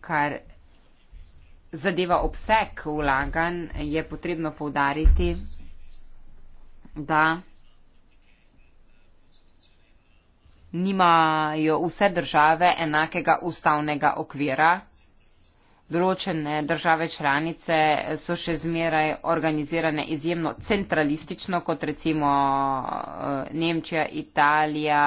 Speaker 2: kar zadeva obseg vlagan, je potrebno povdariti da nimajo vse države enakega ustavnega okvira. Določene države članice so še zmeraj organizirane izjemno centralistično, kot recimo eh, Nemčija, Italija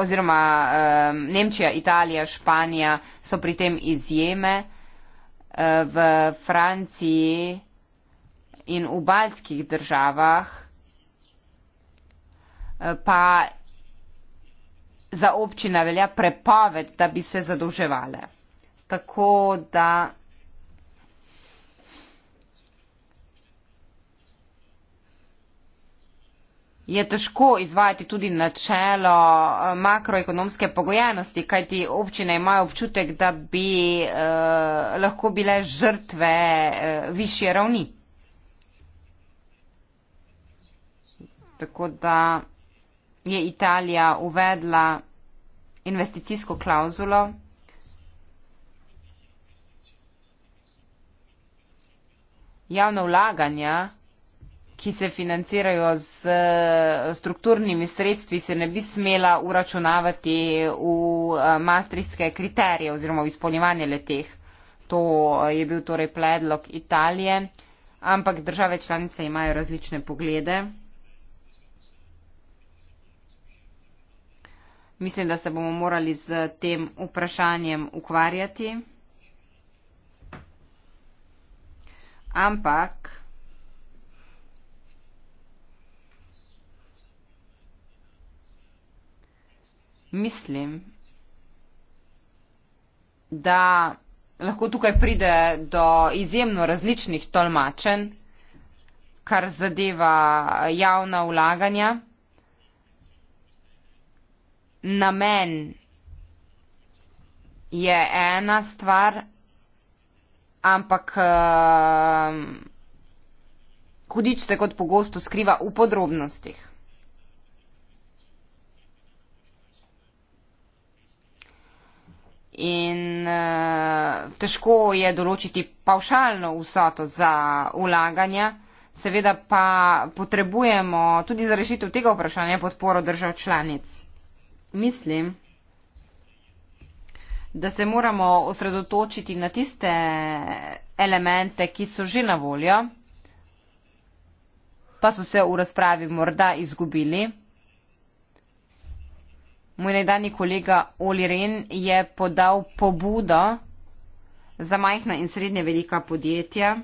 Speaker 2: oziroma eh, Nemčija, Italija, Španija so pri tem izjeme. Eh, v Franciji in v baltskih državah eh, pa za občine velja prepoved, da bi se zadolževale. Tako da je težko izvajati tudi načelo eh, makroekonomske pogojenosti, kajti občine imajo občutek, da bi eh, lahko bile žrtve eh, višje ravni. tako da je Italija uvedla investicijsko klauzulo. Javno vlaganja, ki se financirajo z eh, strukturnimi sredstvi, se ne bi smela uračunavati v eh, mastrijske kriterije oziroma v izpolnjevanje leteh. To je bil torej predlog Italije, ampak države članice imajo različne poglede. mislim, da se bomo morali z tem vprašanjem ukvarjati. Ampak mislim, da lahko tukaj pride do izjemno različnih tolmačen, kar zadeva javna vlaganja namen je ena stvar, ampak uh, hudič se kot pogosto skriva v podrobnostih. In uh, težko je določiti pavšalno vsoto za ulaganja. Seveda pa potrebujemo tudi za rešitev tega vprašanja podporo držav članic mislim, da se moramo osredotočiti na tiste elemente, ki so že na voljo, pa so se v razpravi morda izgubili. Moj najdani kolega Oli Ren je podal pobudo za majhna in srednje velika podjetja,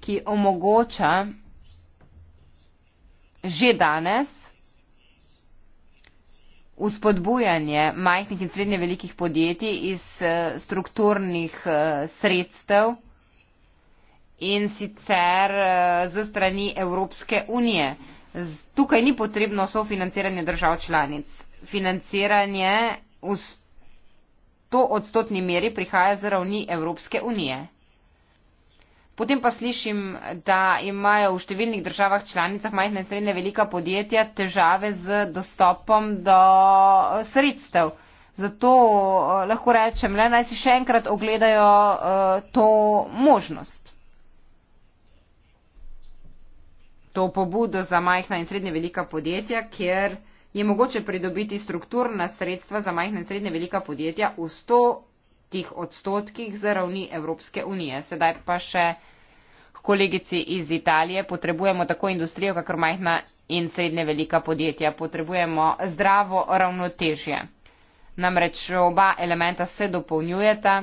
Speaker 2: ki omogoča že danes vzpodbujanje majhnih in srednje velikih podjetij iz eh, strukturnih eh, sredstev in sicer eh, z strani Evropske unije. Tukaj ni potrebno sofinanciranje držav članic. Financiranje v to odstotni meri prihaja z ravni Evropske unije. Potem pa slišim, da imajo v številnih državah članicah majhne in srednje velika podjetja težave z dostopom do eh, sredstev. Zato eh, lahko rečem, le naj si še enkrat ogledajo eh, to možnost. To pobudo za majhna in srednje velika podjetja, kjer je mogoče pridobiti strukturna sredstva za majhna in srednje velika podjetja v 100 desetih odstotkih za ravni Evropske unije. Sedaj pa še kolegici iz Italije. Potrebujemo tako industrijo, kakor majhna in srednje velika podjetja. Potrebujemo zdravo ravnotežje. Namreč oba elementa se dopolnjujeta.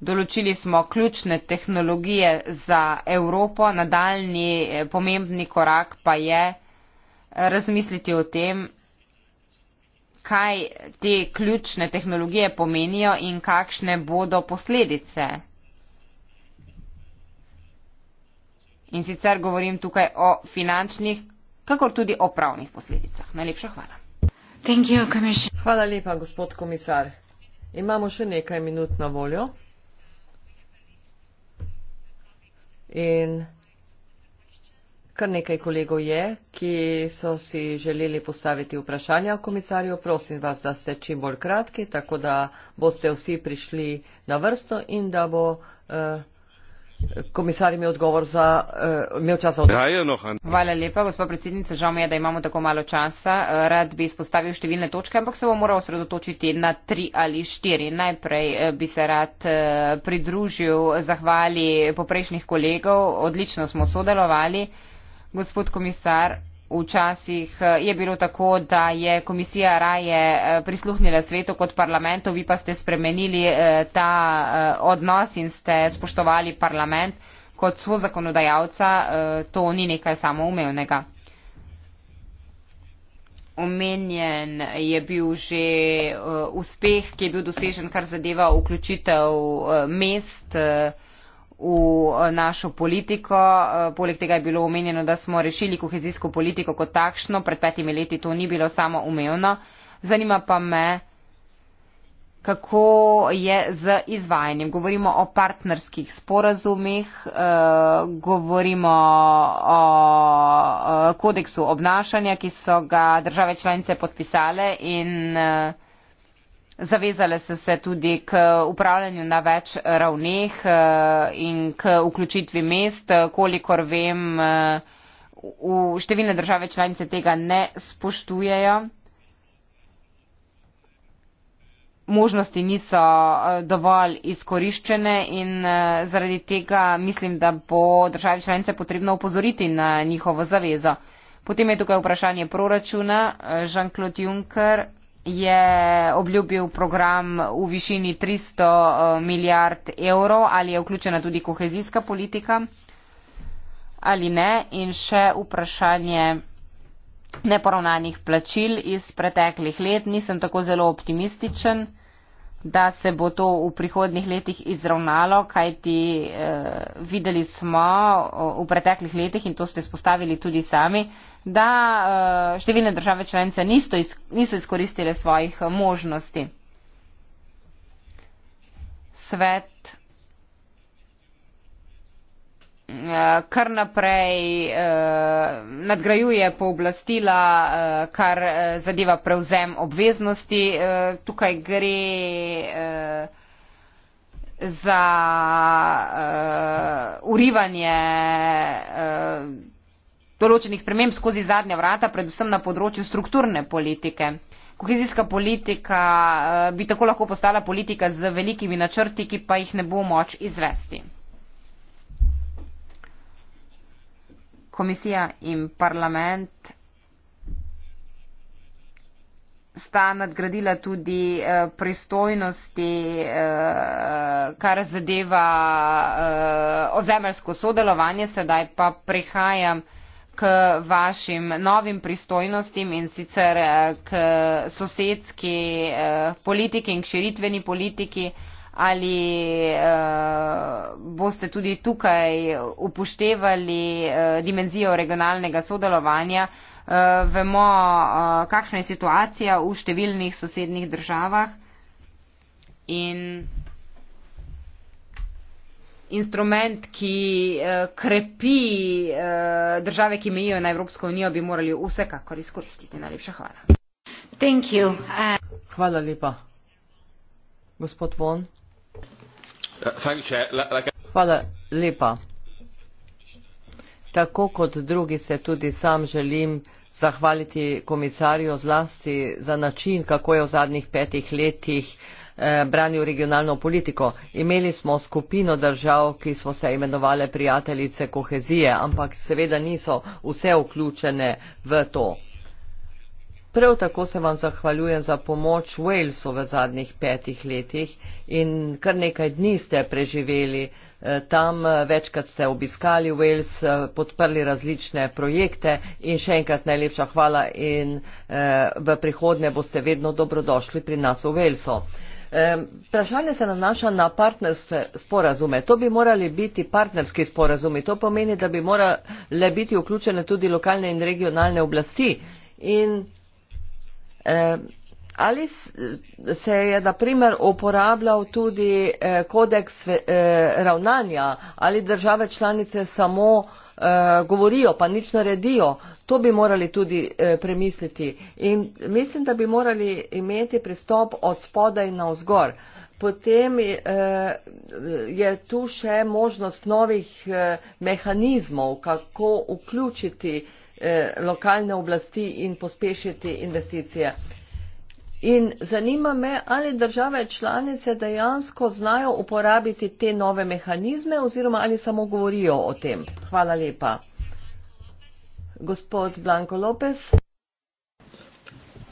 Speaker 2: Določili smo ključne tehnologije za Evropo, nadaljni pomembni korak pa je eh, razmisliti o tem, kaj te ključne tehnologije pomenijo in kakšne bodo posledice. In sicer govorim tukaj o finančnih, kakor tudi o pravnih posledicah. Najlepša hvala. You,
Speaker 1: hvala lepa, gospod komisar. Imamo še nekaj minut na voljo. In Kar nekaj kolegov je, ki so si želeli postaviti vprašanja o komisarju. Prosim vas, da ste čim bolj kratki, tako da boste vsi prišli na vrsto
Speaker 2: in da bo eh, komisar imel, odgovor za, eh, imel čas za odgovor. Ja, no, Hvala lepa, gospod predsednica. Žal mi je, da imamo tako malo časa. Eh, rad bi izpostavil številne točke, ampak se bom moral osredotočiti na tri ali štiri. Najprej eh, bi se rad eh, pridružil zahvali poprejšnjih kolegov. Odlično smo sodelovali gospod komisar. Včasih eh, je bilo tako, da je komisija raje eh, prisluhnila svetu kot parlamentu, vi pa ste spremenili eh, ta odnos in ste spoštovali parlament kot svo zakonodajalca. To ni nekaj samoumevnega. Omenjen je bil že uspeh, ki je bil dosežen, kar zadeva vključitev mest v eh, našo politiko. Eh, poleg tega je bilo omenjeno, da smo rešili kohezijsko politiko kot takšno. Pred petimi leti to ni bilo samo umevno. Zanima pa me, kako je z izvajanjem. Govorimo o partnerskih sporazumih, eh, govorimo o kodeksu obnašanja, ki so ga države članice podpisale in zavezale so se tudi k upravljanju na več ravneh eh, in k vključitvi mest. Kolikor vem, eh, v številne države članice tega ne spoštujejo. Možnosti niso eh, dovolj izkoriščene in zaradi tega mislim, da bo države članice potrebno upozoriti na njihovo zavezo. Potem je tukaj vprašanje proračuna. Jean-Claude Juncker je obljubil program v višini 300 eh, milijard evrov, ali je vključena tudi kohezijska politika ali ne. In še vprašanje neporavnanih plačil iz preteklih let. Nisem tako zelo optimističen, da se bo to v prihodnih letih izravnalo, kajti eh, videli smo v preteklih letih in to ste spostavili tudi sami, eh, da eh, številne države članice niso izkoristile svojih eh, možnosti. Svet eh, kar naprej nadgrajuje pooblastila, kar zadeva prevzem obveznosti. Tukaj gre za urivanje določenih sprememb skozi zadnja vrata, predvsem na področju strukturne politike. Kohezijska politika eh, bi tako lahko postala politika z velikimi načrti, ki pa jih ne bo moč izvesti. Komisija in parlament sta nadgradila tudi eh, pristojnosti, eh, kar zadeva ozemelsko sodelovanje, sedaj pa prihajam k vašim novim pristojnostim in sicer eh, k sosedski eh, politiki in k širitveni politiki. Ali eh, boste tudi tukaj upoštevali dimenzijo regionalnega sodelovanja? Vemo, kakšna je situacija v številnih sosednih državah. In instrument, ki uh, krepi uh, države, ki mejijo na Evropsko unijo, bi morali vsekakor izkoristiti. Najlepša hvala. Uh,
Speaker 1: hvala lepa. Gospod Von. Uh, hvala lepa. Tako kot drugi se tudi sam želim zahvaliti komisarju zlasti za način, kako je v zadnjih petih letih uh, Eh, branil regionalno politiko. Imeli smo skupino držav, ki smo se imenovali prijateljice kohezije, ampak seveda niso vse vključene v to. Prav tako se vam zahvaljujem za pomoč Walesu v zadnjih petih letih in kar nekaj dni ste preživeli eh, tam, eh, večkrat ste obiskali Wales, podprli različne projekte in še enkrat najlepša hvala in v prihodnje boste vedno dobrodošli pri nas v Walesu. Vprašanje se nanaša na partnerske sporazume. To bi morali biti partnerski sporazumi. To pomeni, da bi morale biti vključene tudi lokalne in regionalne oblasti. In eh, ali se je, na primer, uporabljal tudi eh, kodeks eh, ravnanja ali države članice samo eh, Eh, govorijo, pa nič naredijo. To bi morali tudi eh, premisliti. In mislim, da bi morali imeti pristop od spodaj na vzgor. Potem eh, je tu še možnost novih mehanizmov, kako vključiti lokalne oblasti in pospešiti investicije. In zanima me, ali države članice dejansko znajo uporabiti te nove mehanizme oziroma ali samo govorijo o tem. Hvala lepa. Gospod Blanko Lopes.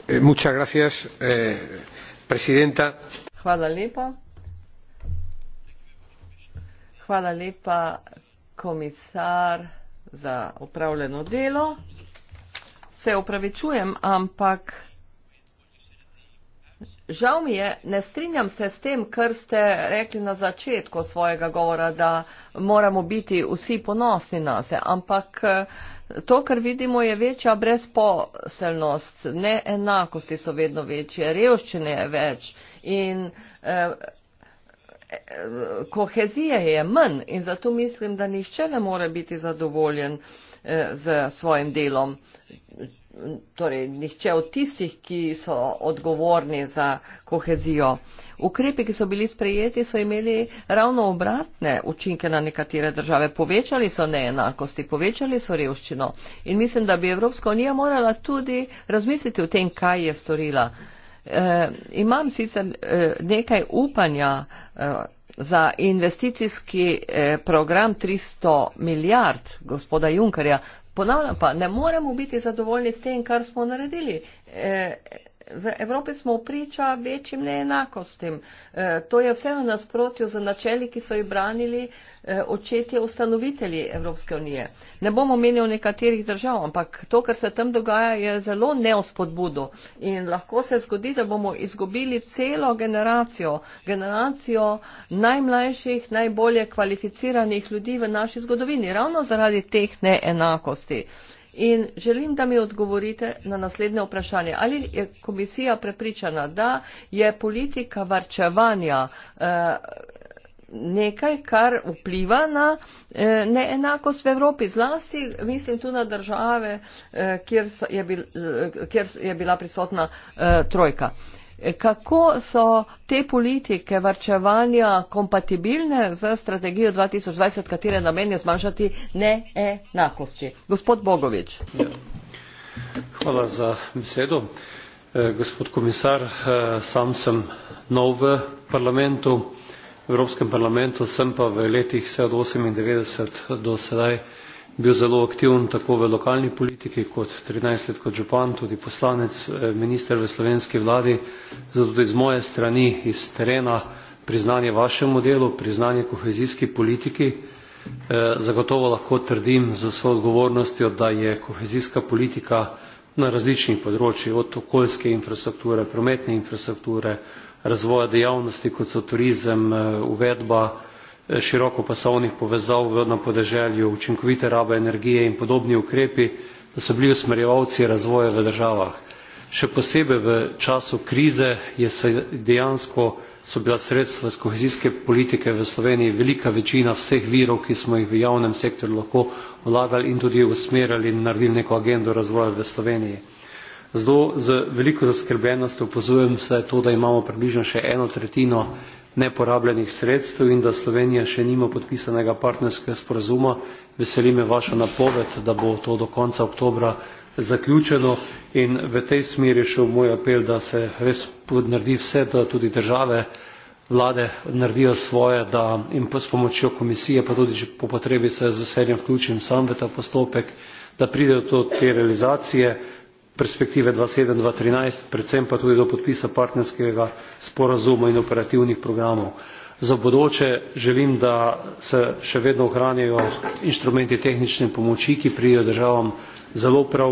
Speaker 4: Eh, muchas gracias, eh, presidenta.
Speaker 1: Hvala lepa. Hvala lepa, komisar, za upravljeno delo. Se opravičujem, ampak. Žal mi je, ne strinjam se s tem, kar ste rekli na začetku svojega govora, da moramo biti vsi ponosni na se, ampak eh, to, kar vidimo, je večja brezposelnost, neenakosti so vedno večje, revščine je več in eh, eh kohezije je mn in zato mislim, da nihče ne more biti zadovoljen eh, z svojim delom torej nihče od tistih, ki so odgovorni za kohezijo. Ukrepi, ki so bili sprejeti, so imeli ravno obratne učinke na nekatere države. Povečali so neenakosti, povečali so revščino. In mislim, da bi Evropska unija morala tudi razmisliti o tem, kaj je storila. E, imam sicer e, nekaj upanja e, za investicijski e, program 300 milijard gospoda Junkarja, Ponavljam pa, ne moremo biti zadovoljni s tem, kar smo naredili. E, V Evropi smo priča večjim neenakostim. E, to je vse v nasprotju z načeli, ki so jih branili e, očetje ustanovitelji Evropske unije. Ne bom omenil nekaterih držav, ampak to, kar se tam dogaja, je zelo neospodbudo. In lahko se zgodi, da bomo izgubili celo generacijo, generacijo najmlajših, najbolje kvalificiranih ljudi v naši zgodovini, ravno zaradi teh neenakosti. E, In želim, da mi odgovorite na naslednje vprašanje. Ali je komisija prepričana, da je politika varčevanja eh, nekaj, kar vpliva na eh, neenakost v Evropi, zlasti mislim tu na države, eh, kjer je bila prisotna trojka. Kako so te politike varčevanja kompatibilne z strategijo 2020, katere namen je zmanjšati neenakosti? Gospod Bogovič. Ja.
Speaker 4: Hvala za besedo. Eh, gospod komisar, eh, sam sem nov v parlamentu, v Evropskem parlamentu, sem pa v letih 1998 do sedaj bil zelo aktiven tako v lokalni politiki kot 13 let kot župan, tudi poslanec, eh, minister v slovenski vladi. Zato tudi z moje strani iz terena priznanje vašemu delu, priznanje kohezijski politiki. Eh, zagotovo lahko trdim z vso odgovornostjo, da je kohezijska politika na različnih področjih, od okoljske infrastrukture, prometne infrastrukture, razvoja dejavnosti, kot so turizem, eh, uvedba širokopasovnih povezav na podeželju učinkovite rabe energije in podobni ukrepi da so bili usmerjevalci razvoja v državah še posebej v času krize je se dejansko so bila sredstva iz kohezijske politike v sloveniji velika večina vseh virov ki smo jih v javnem sektorju lahko vlagali in tudi usmerjali in naredili neko agendo razvoja v sloveniji zato z veliko zaskrbljenostjo opazujem vse to da imamo približno še eno tretjino neporabljenih sredstev in da Slovenija še nima podpisanega partnerskega sporazuma. Veseli me vaša napoved, da bo to do konca oktobra zaključeno in v tej smeri šel moj apel, da se res naredi vse, da tudi države vlade naredijo svoje, da jim s pomočjo komisije, pa tudi po potrebi se z veseljem vključim sam v ta postopek, da pride do te realizacije perspektive dva tisoč sedem dva tisoč trinajst predvsem pa tudi do podpisa partnerskega sporazuma in operativnih programov. za bodoče želim da se še vedno ohranijo inštrumenti tehnične pomoči ki pridejo državam zelo prav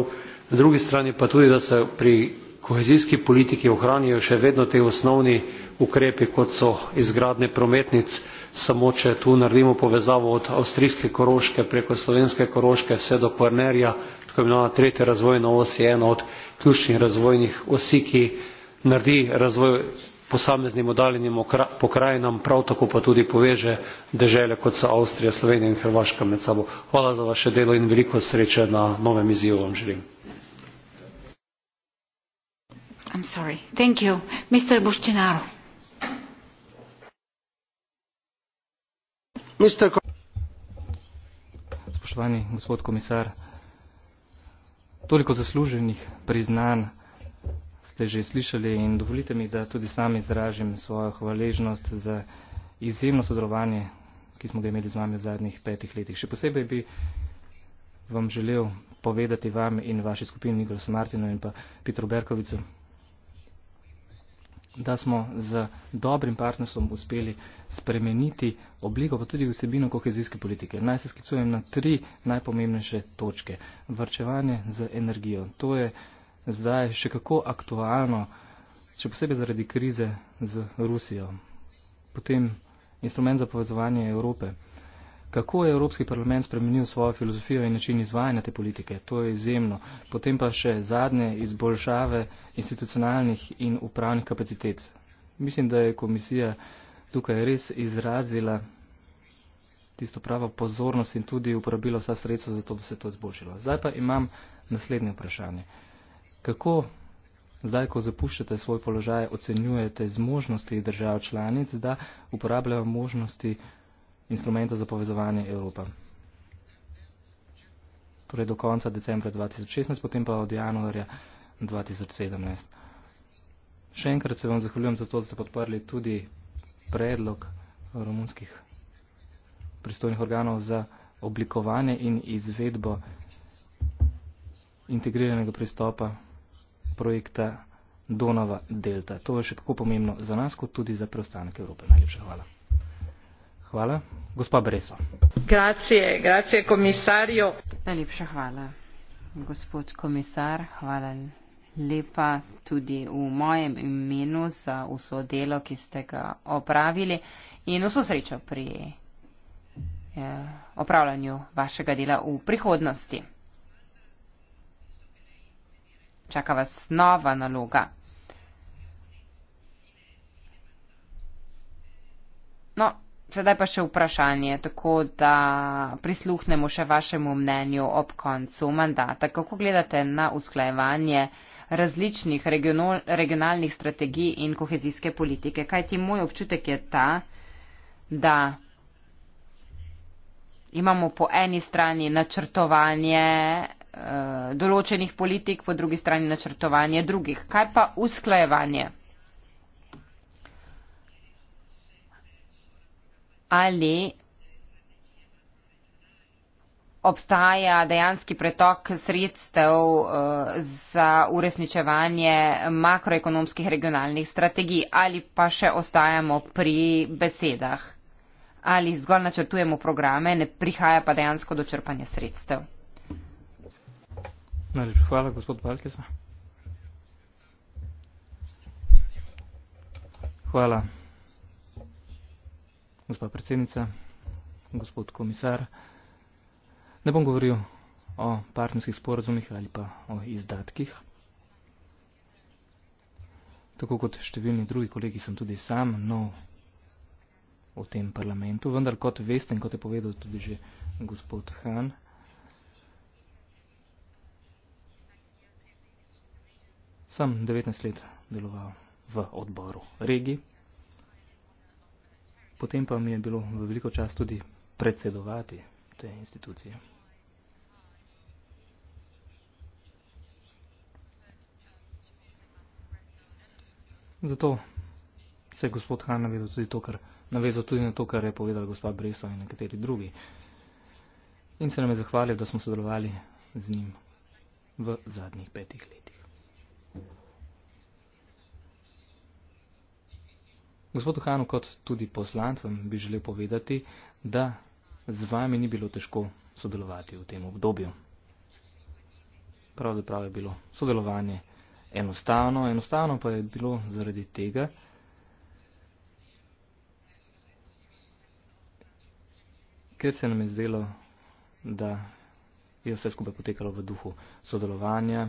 Speaker 4: na drugi strani pa tudi da se pri kohezijski politiki ohranijo še vedno ti osnovni ukrepi kot so izgradnje prometnic samo če tu naredimo povezavo od avstrijske koroške preko slovenske koroške vse do kvarnerja tako imenovana tretja razvojna os je ena od ključnih razvojnih osi, ki naredi razvoj posameznim oddaljenim pokrajinam, prav tako pa tudi poveže dežele, kot so Avstrija, Slovenija in Hrvaška med sabo. Hvala za vaše delo in veliko sreče na novem izzivu vam želim.
Speaker 2: I'm sorry. Thank you. Mr. Buščinaro.
Speaker 3: Spoštovani gospod komisar, Toliko zasluženih priznanj ste že slišali in dovolite mi, da tudi sam izražim svojo hvaležnost za izjemno sodelovanje, ki smo ga imeli z vami v zadnjih petih letih. Še posebej bi vam želel povedati vam in vaši skupini Igor Martino in pa Petru Berkovicu da smo z dobrim partnerstvom uspeli spremeniti obliko, pa tudi vsebino kohezijske politike. Naj se sklicujem na tri najpomembnejše točke. Vrčevanje z energijo. To je zdaj še kako aktualno, še posebej zaradi krize z Rusijo. Potem instrument za povezovanje Evrope kako je Evropski parlament spremenil svojo filozofijo in način izvajanja te politike. To je izjemno. Potem pa še zadnje izboljšave institucionalnih in upravnih kapacitet. Mislim, da je komisija tukaj res izrazila tisto pravo pozornost in tudi uporabila vsa sredstva za to, da se to izboljšilo. Zdaj pa imam naslednje vprašanje. Kako zdaj, ko zapuščate svoj položaj, ocenjujete zmožnosti držav članic, da uporabljajo možnosti instrumenta za povezovanje Evropa. Torej do konca decembra 2016, potem pa od januarja 2017. Še enkrat se vam zahvaljujem za to, da ste podprli tudi predlog romunskih pristojnih organov za oblikovanje in izvedbo integriranega pristopa projekta Donava Delta. To je še kako pomembno za nas, kot tudi za preostanek Evrope. Najlepša hvala. Hvala. Gospa Breso.
Speaker 2: Grazie, grazie komisarju. Najlepša hvala, gospod komisar. Hvala lepa tudi v mojem imenu za vso delo, ki ste ga opravili in vso srečo pri eh, opravljanju vašega dela v prihodnosti. Čaka vas nova naloga. No, Sedaj pa še vprašanje, tako da prisluhnemo še vašemu mnenju ob koncu mandata. Kako gledate na usklajevanje različnih regional, regionalnih strategij in kohezijske politike? Kaj ti moj občutek je ta, da imamo po eni strani načrtovanje eh, določenih politik, po drugi strani načrtovanje drugih. Kaj pa usklajevanje ali obstaja dejanski pretok sredstev eh, za uresničevanje makroekonomskih regionalnih strategij ali pa še ostajamo pri besedah ali zgolj načrtujemo programe, ne prihaja pa dejansko do črpanja sredstev.
Speaker 3: Najlepša hvala, gospod Balkesa. Hvala gospod predsednica, gospod komisar. Ne bom govoril o partnerskih sporozumih ali pa o izdatkih. Tako kot številni drugi kolegi sem tudi sam nov v tem parlamentu, vendar kot veste in kot je povedal tudi že gospod Han, sem 19 let deloval v odboru regij. Potem pa mi je bilo v veliko čas tudi predsedovati te institucije. Zato se je gospod Han navedel tudi to, kar navezal tudi na to, kar je povedal gospod Breso in nekateri drugi. In se nam je zahvalil, da smo sodelovali z njim v zadnjih petih letih. Gospodu Hanu kot tudi poslancem bi želel povedati, da z vami ni bilo težko sodelovati v tem obdobju. Pravzaprav je bilo sodelovanje enostavno, enostavno pa je bilo zaradi tega, ker se nam je zdelo, da je vse skupaj potekalo v duhu sodelovanja,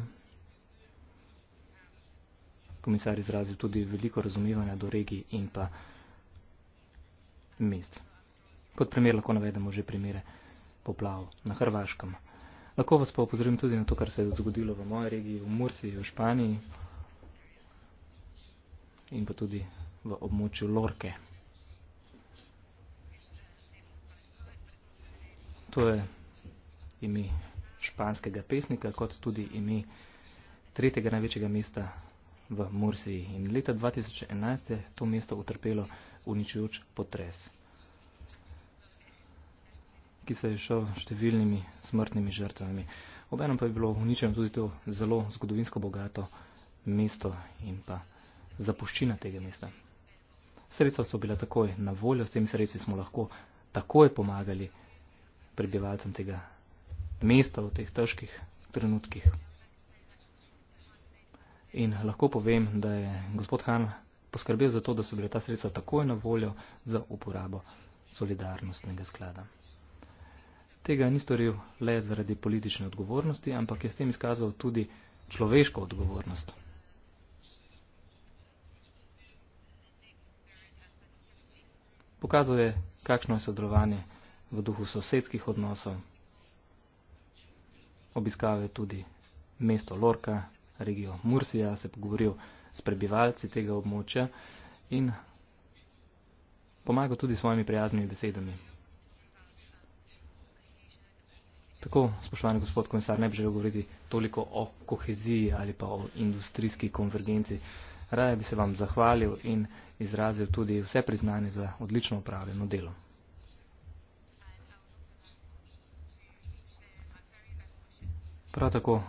Speaker 3: komisar izrazil tudi veliko razumevanja do regij in pa mest. Kot primer lahko navedemo že primere poplav na Hrvaškem. Lahko vas pa opozorim tudi na to, kar se je zgodilo v moji regiji, v Mursi, v Španiji in pa tudi v območju Lorke. To je ime španskega pesnika, kot tudi ime tretjega največjega mesta v Mursiji. In leta 2011 je to mesto utrpelo uničujoč potres, ki se je šel številnimi smrtnimi žrtvami. Obenem pa je bilo uničeno tudi to zelo zgodovinsko bogato mesto in pa zapuščina tega mesta. Sredstva so bila takoj na voljo, s temi sredstvi smo lahko takoj pomagali prebivalcem tega mesta v teh težkih trenutkih. In lahko povem, da je gospod Han poskrbel za to, da so bile ta sredstva takoj na voljo za uporabo solidarnostnega sklada. Tega ni storil le zaradi politične odgovornosti, ampak je s tem izkazal tudi človeško odgovornost. Pokazuje, kakšno je sodelovanje v duhu sosedskih odnosov. Obiskave tudi mesto Lorka, regijo Mursija, se pogovoril s prebivalci tega območja in pomagal tudi svojimi prijaznimi besedami. Tako, spoštovani gospod komisar, ne bi želel govoriti toliko o koheziji ali pa o industrijski konvergenci. Raje bi se vam zahvalil in izrazil tudi vse priznanje za odlično upravljeno delo. Prav tako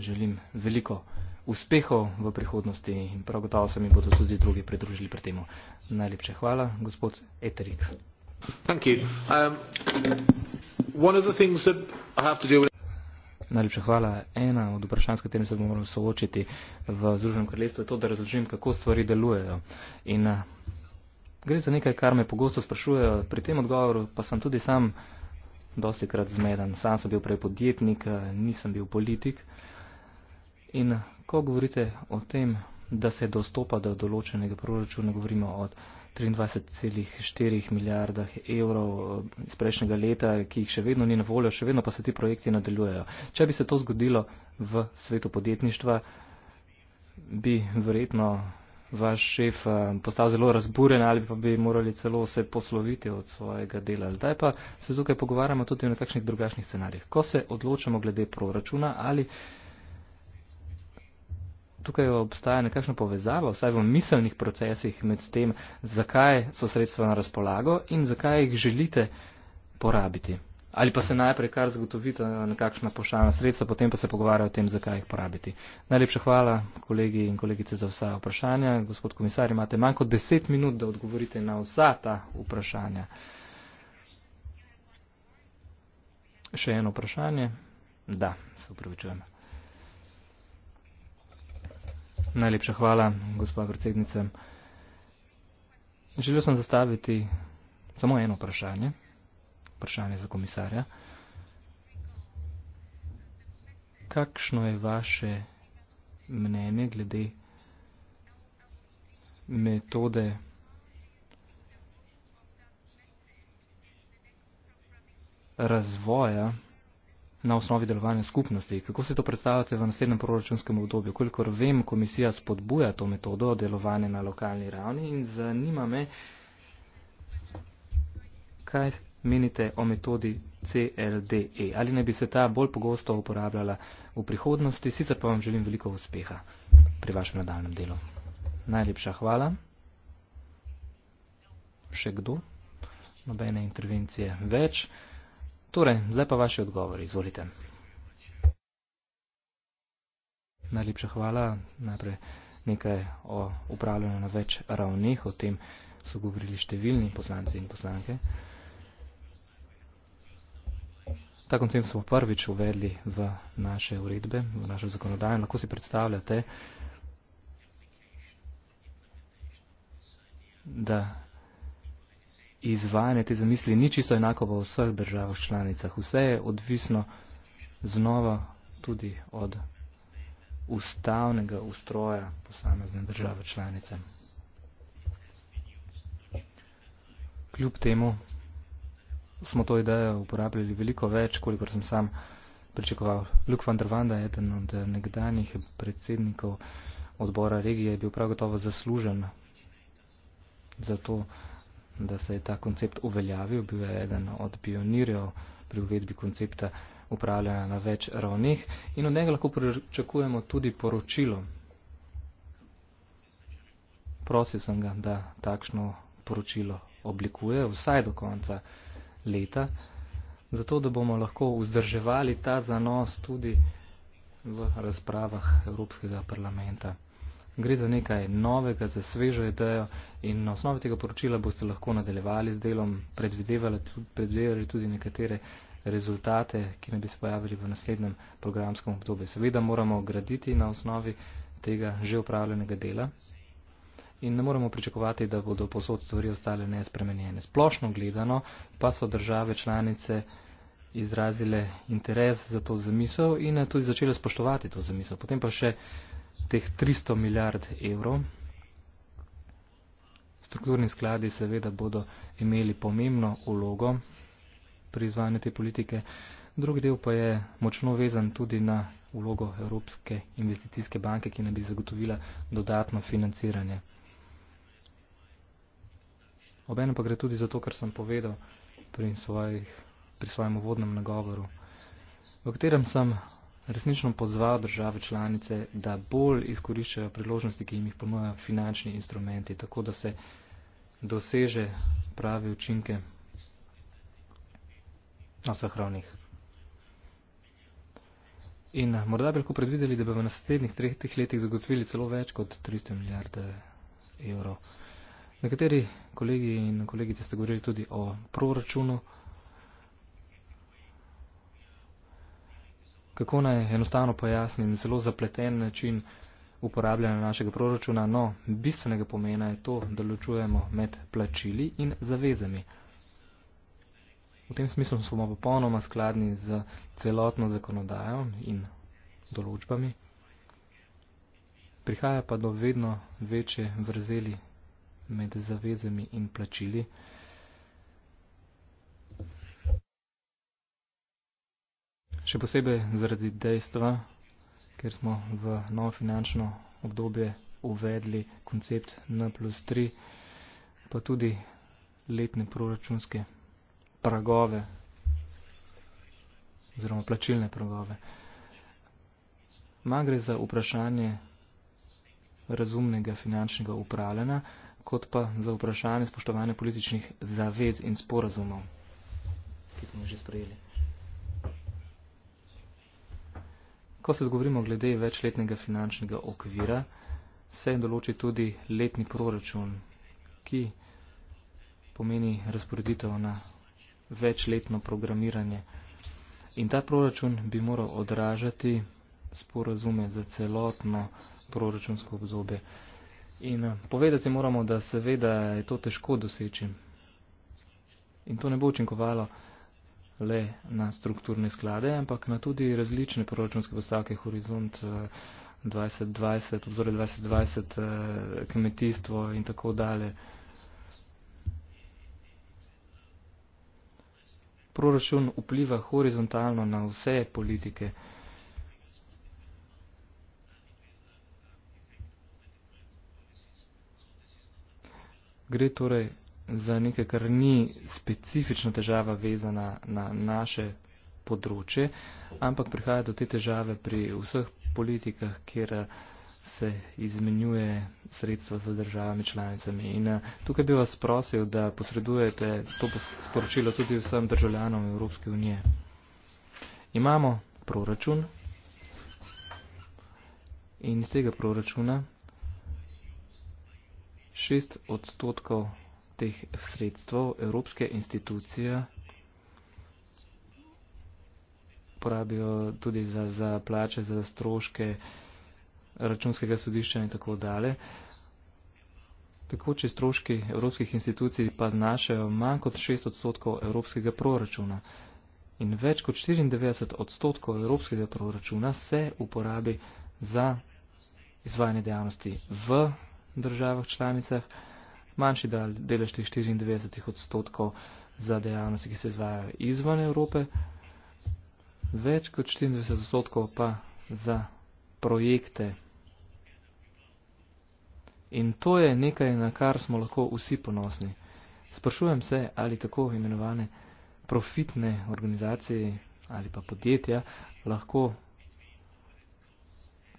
Speaker 3: želim veliko uspehov v prihodnosti in prav gotovo se mi bodo tudi drugi pridružili pri temu. Najlepše hvala, gospod Eterik. Um, Najlepša hvala. Ena od vprašanj, s katerim se bomo morali soočiti v Združenem kraljestvu, je to, da razložim, kako stvari delujejo. In eh, gre za nekaj, kar me pogosto sprašujejo. Pri tem odgovoru pa sem tudi sam uh, dosti krat zmeden. Sam sem bil prej podjetnik, eh, nisem bil politik. In ko govorite o tem, da se dostopa do določenega proračuna, govorimo o 23,4 milijardah evrov eh, iz prejšnjega leta, ki jih še vedno ni na voljo, še vedno pa se ti projekti nadaljujejo. Če bi se to zgodilo v svetu podjetništva, bi verjetno vaš šef eh, postal zelo razburen ali pa bi morali celo se posloviti od svojega dela. Zdaj pa se tukaj pogovarjamo tudi o nekakšnih drugačnih scenarijih. Ko se odločamo glede proračuna ali tukaj obstaja nekakšna povezava, vsaj v miselnih procesih med tem, zakaj so sredstva na razpolago in zakaj jih želite porabiti. Ali pa se najprej kar zagotovite nekakšna pošaljna sredstva, potem pa se pogovarjajo o tem, zakaj jih porabiti. Najlepša hvala, kolegi in kolegice, za vsa vprašanja. Gospod komisar, imate manj kot deset minut, da odgovorite na vsa ta vprašanja. Še eno vprašanje? Da, se upravičujem. Najlepša hvala, gospod predsednice. Želel sem zastaviti samo eno vprašanje vprašanje za komisarja. Kakšno je vaše mnenje glede metode razvoja na osnovi delovanja skupnosti? Kako se to predstavljate v naslednjem proračunskem obdobju? Kolikor vem, komisija spodbuja to metodo delovanja na lokalni ravni in zanima me, kaj, menite o metodi CLDE? Ali naj bi se ta bolj pogosto uporabljala v prihodnosti? Sicer pa vam želim veliko uspeha pri vašem nadaljem delu. Najlepša hvala. Še kdo? Nobene intervencije več. Torej, zdaj pa vaši odgovori. Izvolite. Najlepša hvala. Najprej nekaj o upravljanju na več ravneh. O tem so govorili številni poslanci in poslanke. Ta koncept smo prvič uvedli v naše uredbe, v naše zakonodaje. Lahko si predstavljate, da izvajanje te zamisli ni čisto enako v vseh državah članicah. Vse je odvisno znova tudi od ustavnega ustroja posamezne države članice. Kljub temu, smo to idejo uporabljali veliko več, kolikor sem sam pričakoval. Luke van der Wanda, eden od eh, nekdanjih predsednikov odbora regije, je bil prav gotovo zaslužen za to, da se je ta koncept uveljavil. Bil je eden od pionirjev pri uvedbi koncepta upravljanja na več ravnih in od njega lahko pričakujemo tudi poročilo. Prosil sem ga, da takšno poročilo oblikuje vsaj do konca leta, zato da bomo lahko vzdrževali ta zanos tudi v razpravah Evropskega parlamenta. Gre za nekaj novega, za svežo idejo in na osnovi tega poročila boste lahko nadaljevali z delom, predvidevali, predvidevali tudi nekatere rezultate, ki ne bi se pojavili v naslednjem programskem obdobju. Seveda moramo graditi na osnovi tega že upravljenega dela in ne moremo pričakovati, da bodo posod stvari ostale nespremenjene. Splošno gledano pa so države članice izrazile interes za to zamisel in tudi začele spoštovati to zamisel. Potem pa še teh 300 milijard evrov. Strukturni skladi seveda bodo imeli pomembno ulogo pri izvajanju te politike. Drugi del pa je močno vezan tudi na ulogo Evropske investicijske banke, ki ne bi zagotovila dodatno financiranje obenem pa gre tudi za to, kar sem povedal pri, svojih, pri svojem uvodnem nagovoru, v katerem sem resnično pozval države članice, da bolj izkoriščajo priložnosti, ki jim jih ponujajo finančni instrumenti, tako da se doseže prave učinke na vseh ravnih. In eh, morda bi lahko predvideli, da bi v naslednjih treh letih zagotovili celo več kot 300 milijarde eh, evrov. Nekateri kolegi in kolegice ste govorili tudi o proračunu. Kako naj enostavno pojasnim zelo zapleten način uporabljanja našega proračuna, no bistvenega pomena je to, da ločujemo med plačili in zavezami. V tem smislu smo popolnoma skladni z celotno zakonodajo in določbami. Prihaja pa do vedno večje vrzeli med zavezami in plačili. Še posebej zaradi dejstva, ker smo v novo finančno obdobje uvedli koncept N plus 3, pa tudi letne proračunske pragove oziroma plačilne pragove. Ma gre za vprašanje razumnega finančnega upravljanja, kot pa za vprašanje spoštovanja političnih zavez in sporazumov, ki smo že sprejeli. Ko se zgovorimo glede večletnega finančnega okvira, se določi tudi letni proračun, ki pomeni razporeditev na večletno programiranje. In ta proračun bi moral odražati sporazume za celotno proračunsko obzobje. In eh, povedati moramo, da seveda je to težko doseči. In to ne bo učinkovalo le na strukturne sklade, ampak na tudi različne proračunske postavke, horizont 2020, obzore 2020, kmetijstvo in tako dalje. Proračun vpliva horizontalno na vse politike. Gre torej za nekaj, kar ni specifična težava vezana na naše področje, ampak prihaja do te težave pri vseh politikah, kjer se izmenjuje sredstva za državami članicami. In eh, tukaj bi vas prosil, da posredujete to sporočilo tudi vsem državljanom Evropske unije. Imamo proračun in iz tega proračuna šest odstotkov teh sredstev evropske institucije porabijo tudi za, za plače, za stroške računskega sodišča in tako dalje. Tekoči stroški evropskih institucij pa znašajo manj kot 6 odstotkov evropskega proračuna. In več kot 94 odstotkov evropskega proračuna se uporabi za izvajanje dejavnosti v državah članicah manjši del, delež teh 94 odstotkov za dejavnosti, ki se izvajajo izvan Evrope, več kot 24 odstotkov pa za projekte. In to je nekaj, na kar smo lahko vsi ponosni. Sprašujem se, ali tako imenovane profitne organizacije ali pa podjetja lahko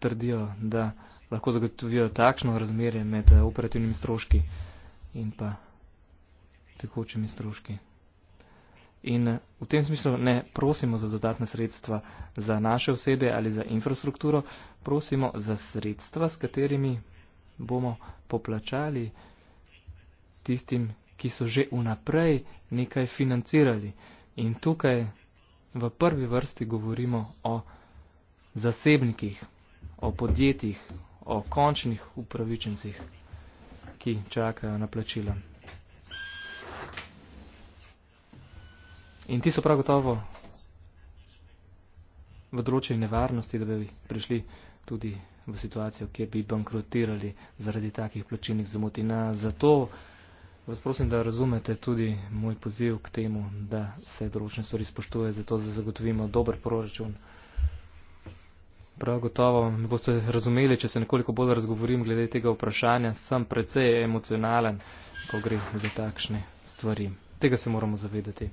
Speaker 3: trdijo, da lahko zagotovijo takšno razmerje med eh, operativnimi stroški in pa tekočimi stroški. In eh, v tem smislu ne prosimo za dodatne sredstva za naše osebe ali za infrastrukturo, prosimo za sredstva, s katerimi bomo poplačali tistim, ki so že vnaprej nekaj financirali. In tukaj v prvi vrsti govorimo o zasebnikih o podjetjih, o končnih upravičencih, ki čakajo na plačila. In ti so prav gotovo v določeni nevarnosti, da bi prišli tudi v situacijo, kjer bi bankrotirali zaradi takih plačilnih zamotina. Zato vas prosim, da razumete tudi moj poziv k temu, da se določene stvari spoštuje, zato da zagotovimo dober proračun. Prav gotovo me boste razumeli, če se nekoliko bolj razgovorim glede tega vprašanja. Sem precej emocionalen, ko gre za takšne stvari. Tega se moramo zavedati.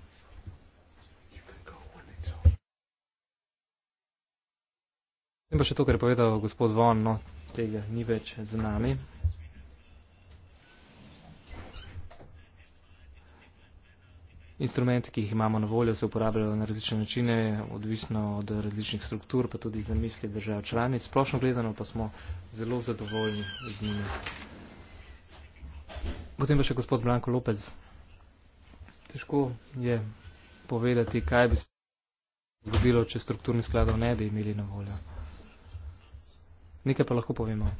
Speaker 3: In pa še to, kar je povedal gospod Von, no, tega ni več z nami. instrumenti, ki jih imamo na voljo, se uporabljajo na različne načine, odvisno od različnih struktur, pa tudi zamisli držav članic. Splošno gledano pa smo zelo zadovoljni z njimi. Potem pa še gospod Blanko Lopez. Težko je povedati, kaj bi se zgodilo, če strukturni skladov ne bi imeli na voljo. Nekaj pa lahko povemo.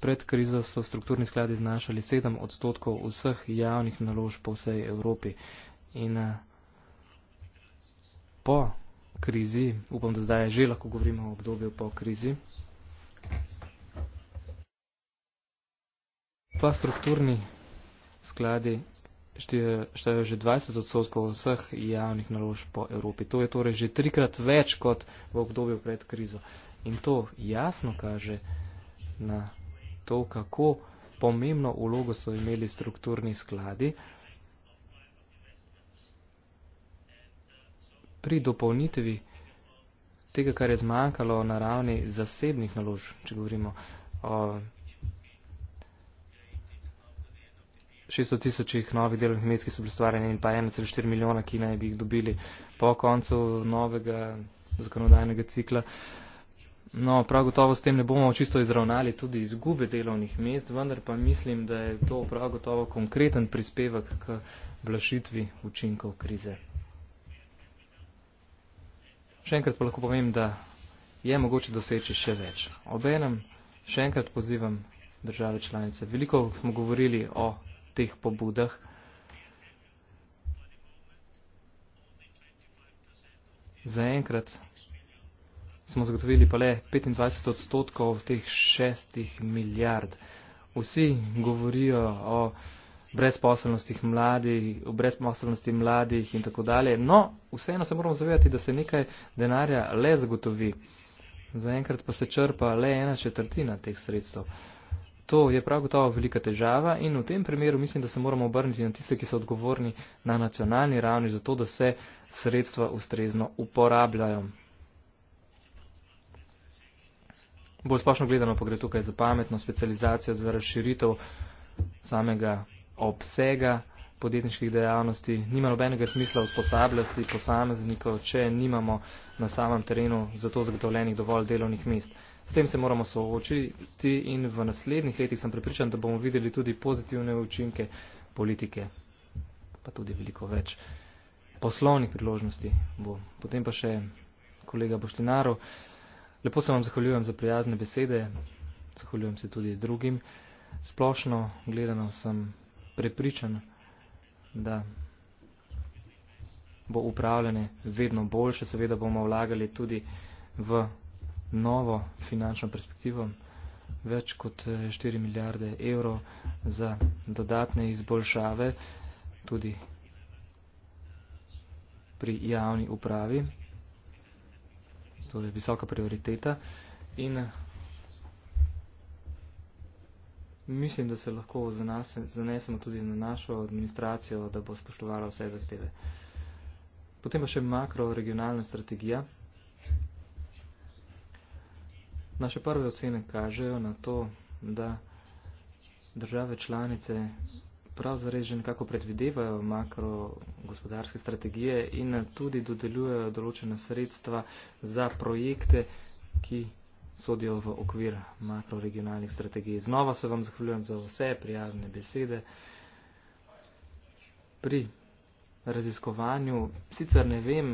Speaker 3: Pred krizo so strukturni skladi znašali 7 odstotkov vseh javnih naložb po vsej Evropi. In eh, po krizi, upam, da zdaj že lahko govorimo o obdobju po krizi, pa strukturni skladi štejo že 20 odstotkov vseh javnih naložb po Evropi. To je torej že trikrat več kot v obdobju pred krizo. In to jasno kaže na to, kako pomembno ulogo so imeli strukturni skladi. pri dopolnitvi tega, kar je zmanjkalo na ravni zasebnih nalož, če govorimo o 600 tisočih novih delovnih mest, ki so bili stvarjeni in pa 1,4 milijona, ki naj bi jih dobili po koncu novega zakonodajnega cikla. No, prav gotovo s tem ne bomo čisto izravnali tudi izgube delovnih mest, vendar pa mislim, da je to prav gotovo konkreten prispevek k blašitvi učinkov krize. Še enkrat pa lahko povem, da je mogoče doseči še več. Obenem še enkrat pozivam države članice. Veliko smo govorili o teh pobudah. Za enkrat smo zagotovili pa le 25 odstotkov teh šestih milijard. Vsi govorijo o brezposelnostih mladih, o brezposelnosti mladih in tako dalje. No, vseeno se moramo zavedati, da se nekaj denarja le zagotovi. Zaenkrat pa se črpa le ena četrtina teh sredstev. To je prav gotovo velika težava in v tem primeru mislim, da se moramo obrniti na tiste, ki so odgovorni na nacionalni ravni za to, da se sredstva ustrezno uporabljajo. Bolj splošno gledano pa gre tukaj za pametno specializacijo, za razširitev samega obsega podjetniških dejavnosti. Nima nobenega smisla usposabljati posameznikov, če nimamo na samem terenu za to zagotovljenih dovolj delovnih mest. S tem se moramo soočiti in v naslednjih letih sem pripričan, da bomo videli tudi pozitivne učinke politike, pa tudi veliko več poslovnih priložnosti. Bo. Potem pa še kolega Boštinaru. Lepo se vam zahvaljujem za prijazne besede, zahvaljujem se tudi drugim. Splošno gledano sem prepričan, da bo upravljanje vedno boljše, seveda bomo vlagali tudi v novo finančno perspektivo, več kot 4 eh, milijarde evrov za dodatne izboljšave, tudi pri javni upravi. To torej je visoka prioriteta in Mislim, da se lahko zanesemo tudi na našo administracijo, da bo spoštovala vse zahteve. Potem pa še makroregionalna strategija. Naše prve ocene kažejo na to, da države članice prav zarežen, kako predvidevajo makrogospodarske strategije in tudi dodeljujejo določena sredstva za projekte, ki sodijo v okvir makroregionalnih strategij. Znova se vam zahvaljujem za vse prijazne besede. Pri raziskovanju sicer ne vem,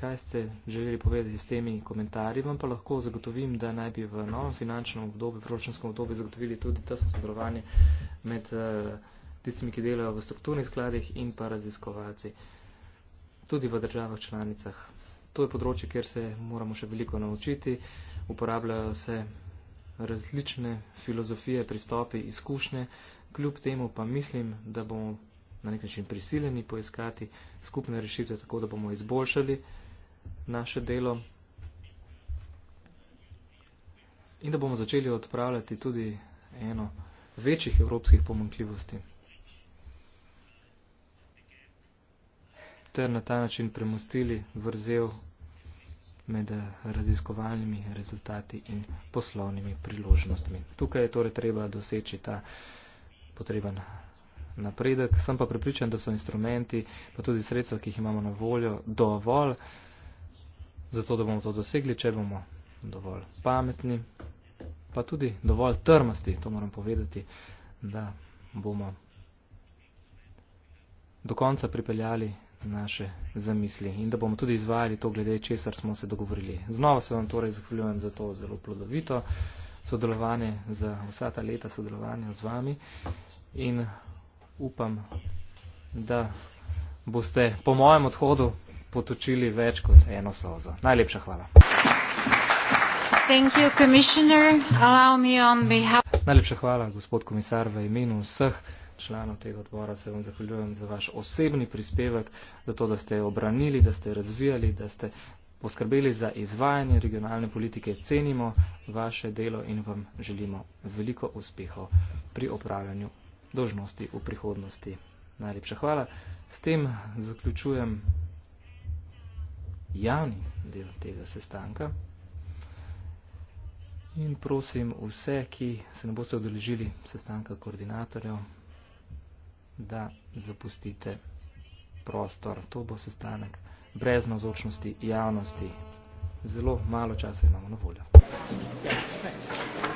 Speaker 3: kaj ste želeli povedati s temi komentarji, vam pa lahko zagotovim, da naj bi v novem finančnem obdobju, proračunskem obdobju zagotovili tudi tesno sodelovanje med eh, tistimi, ki delajo v strukturnih skladih in pa raziskovalci tudi v državah članicah to je področje, kjer se moramo še veliko naučiti. Uporabljajo se različne filozofije, pristopi, izkušnje. Kljub temu pa mislim, da bomo na nek način prisiljeni poiskati skupne rešitve, tako da bomo izboljšali naše delo in da bomo začeli odpravljati tudi eno večjih evropskih pomankljivosti. ter na ta način premostili vrzel med raziskovalnimi rezultati in poslovnimi priložnostmi. Tukaj je torej treba doseči ta potreben napredek, sem pa pripričan, da so instrumenti, pa tudi sredstva, ki jih imamo na voljo, dovolj, zato da bomo to dosegli, če bomo dovolj pametni, pa tudi dovolj trmasti, to moram povedati, da bomo do konca pripeljali naše zamisli in da bomo tudi izvajali to glede, česar smo se dogovorili. Znova se vam torej zahvaljujem za to zelo plodovito sodelovanje, za vsa ta leta sodelovanja z vami in upam, da boste po mojem odhodu potočili več kot eno sozo. Najlepša hvala.
Speaker 2: Thank you, Commissioner. Allow me on behalf...
Speaker 3: Najlepša hvala, gospod komisar, v imenu vseh članov tega odbora, se vam zahvaljujem za vaš osebni prispevek, za to, da ste obranili, da ste razvijali, da ste poskrbeli za izvajanje regionalne politike. Cenimo vaše delo in vam želimo veliko uspehov pri opravljanju dožnosti v prihodnosti. Najlepša hvala. S tem zaključujem javni del tega sestanka. In prosim vse, ki se ne boste odeležili sestanka koordinatorjev, da zapustite prostor. To bo sestanek brez navzočnosti javnosti. Zelo malo časa imamo na voljo. Ja,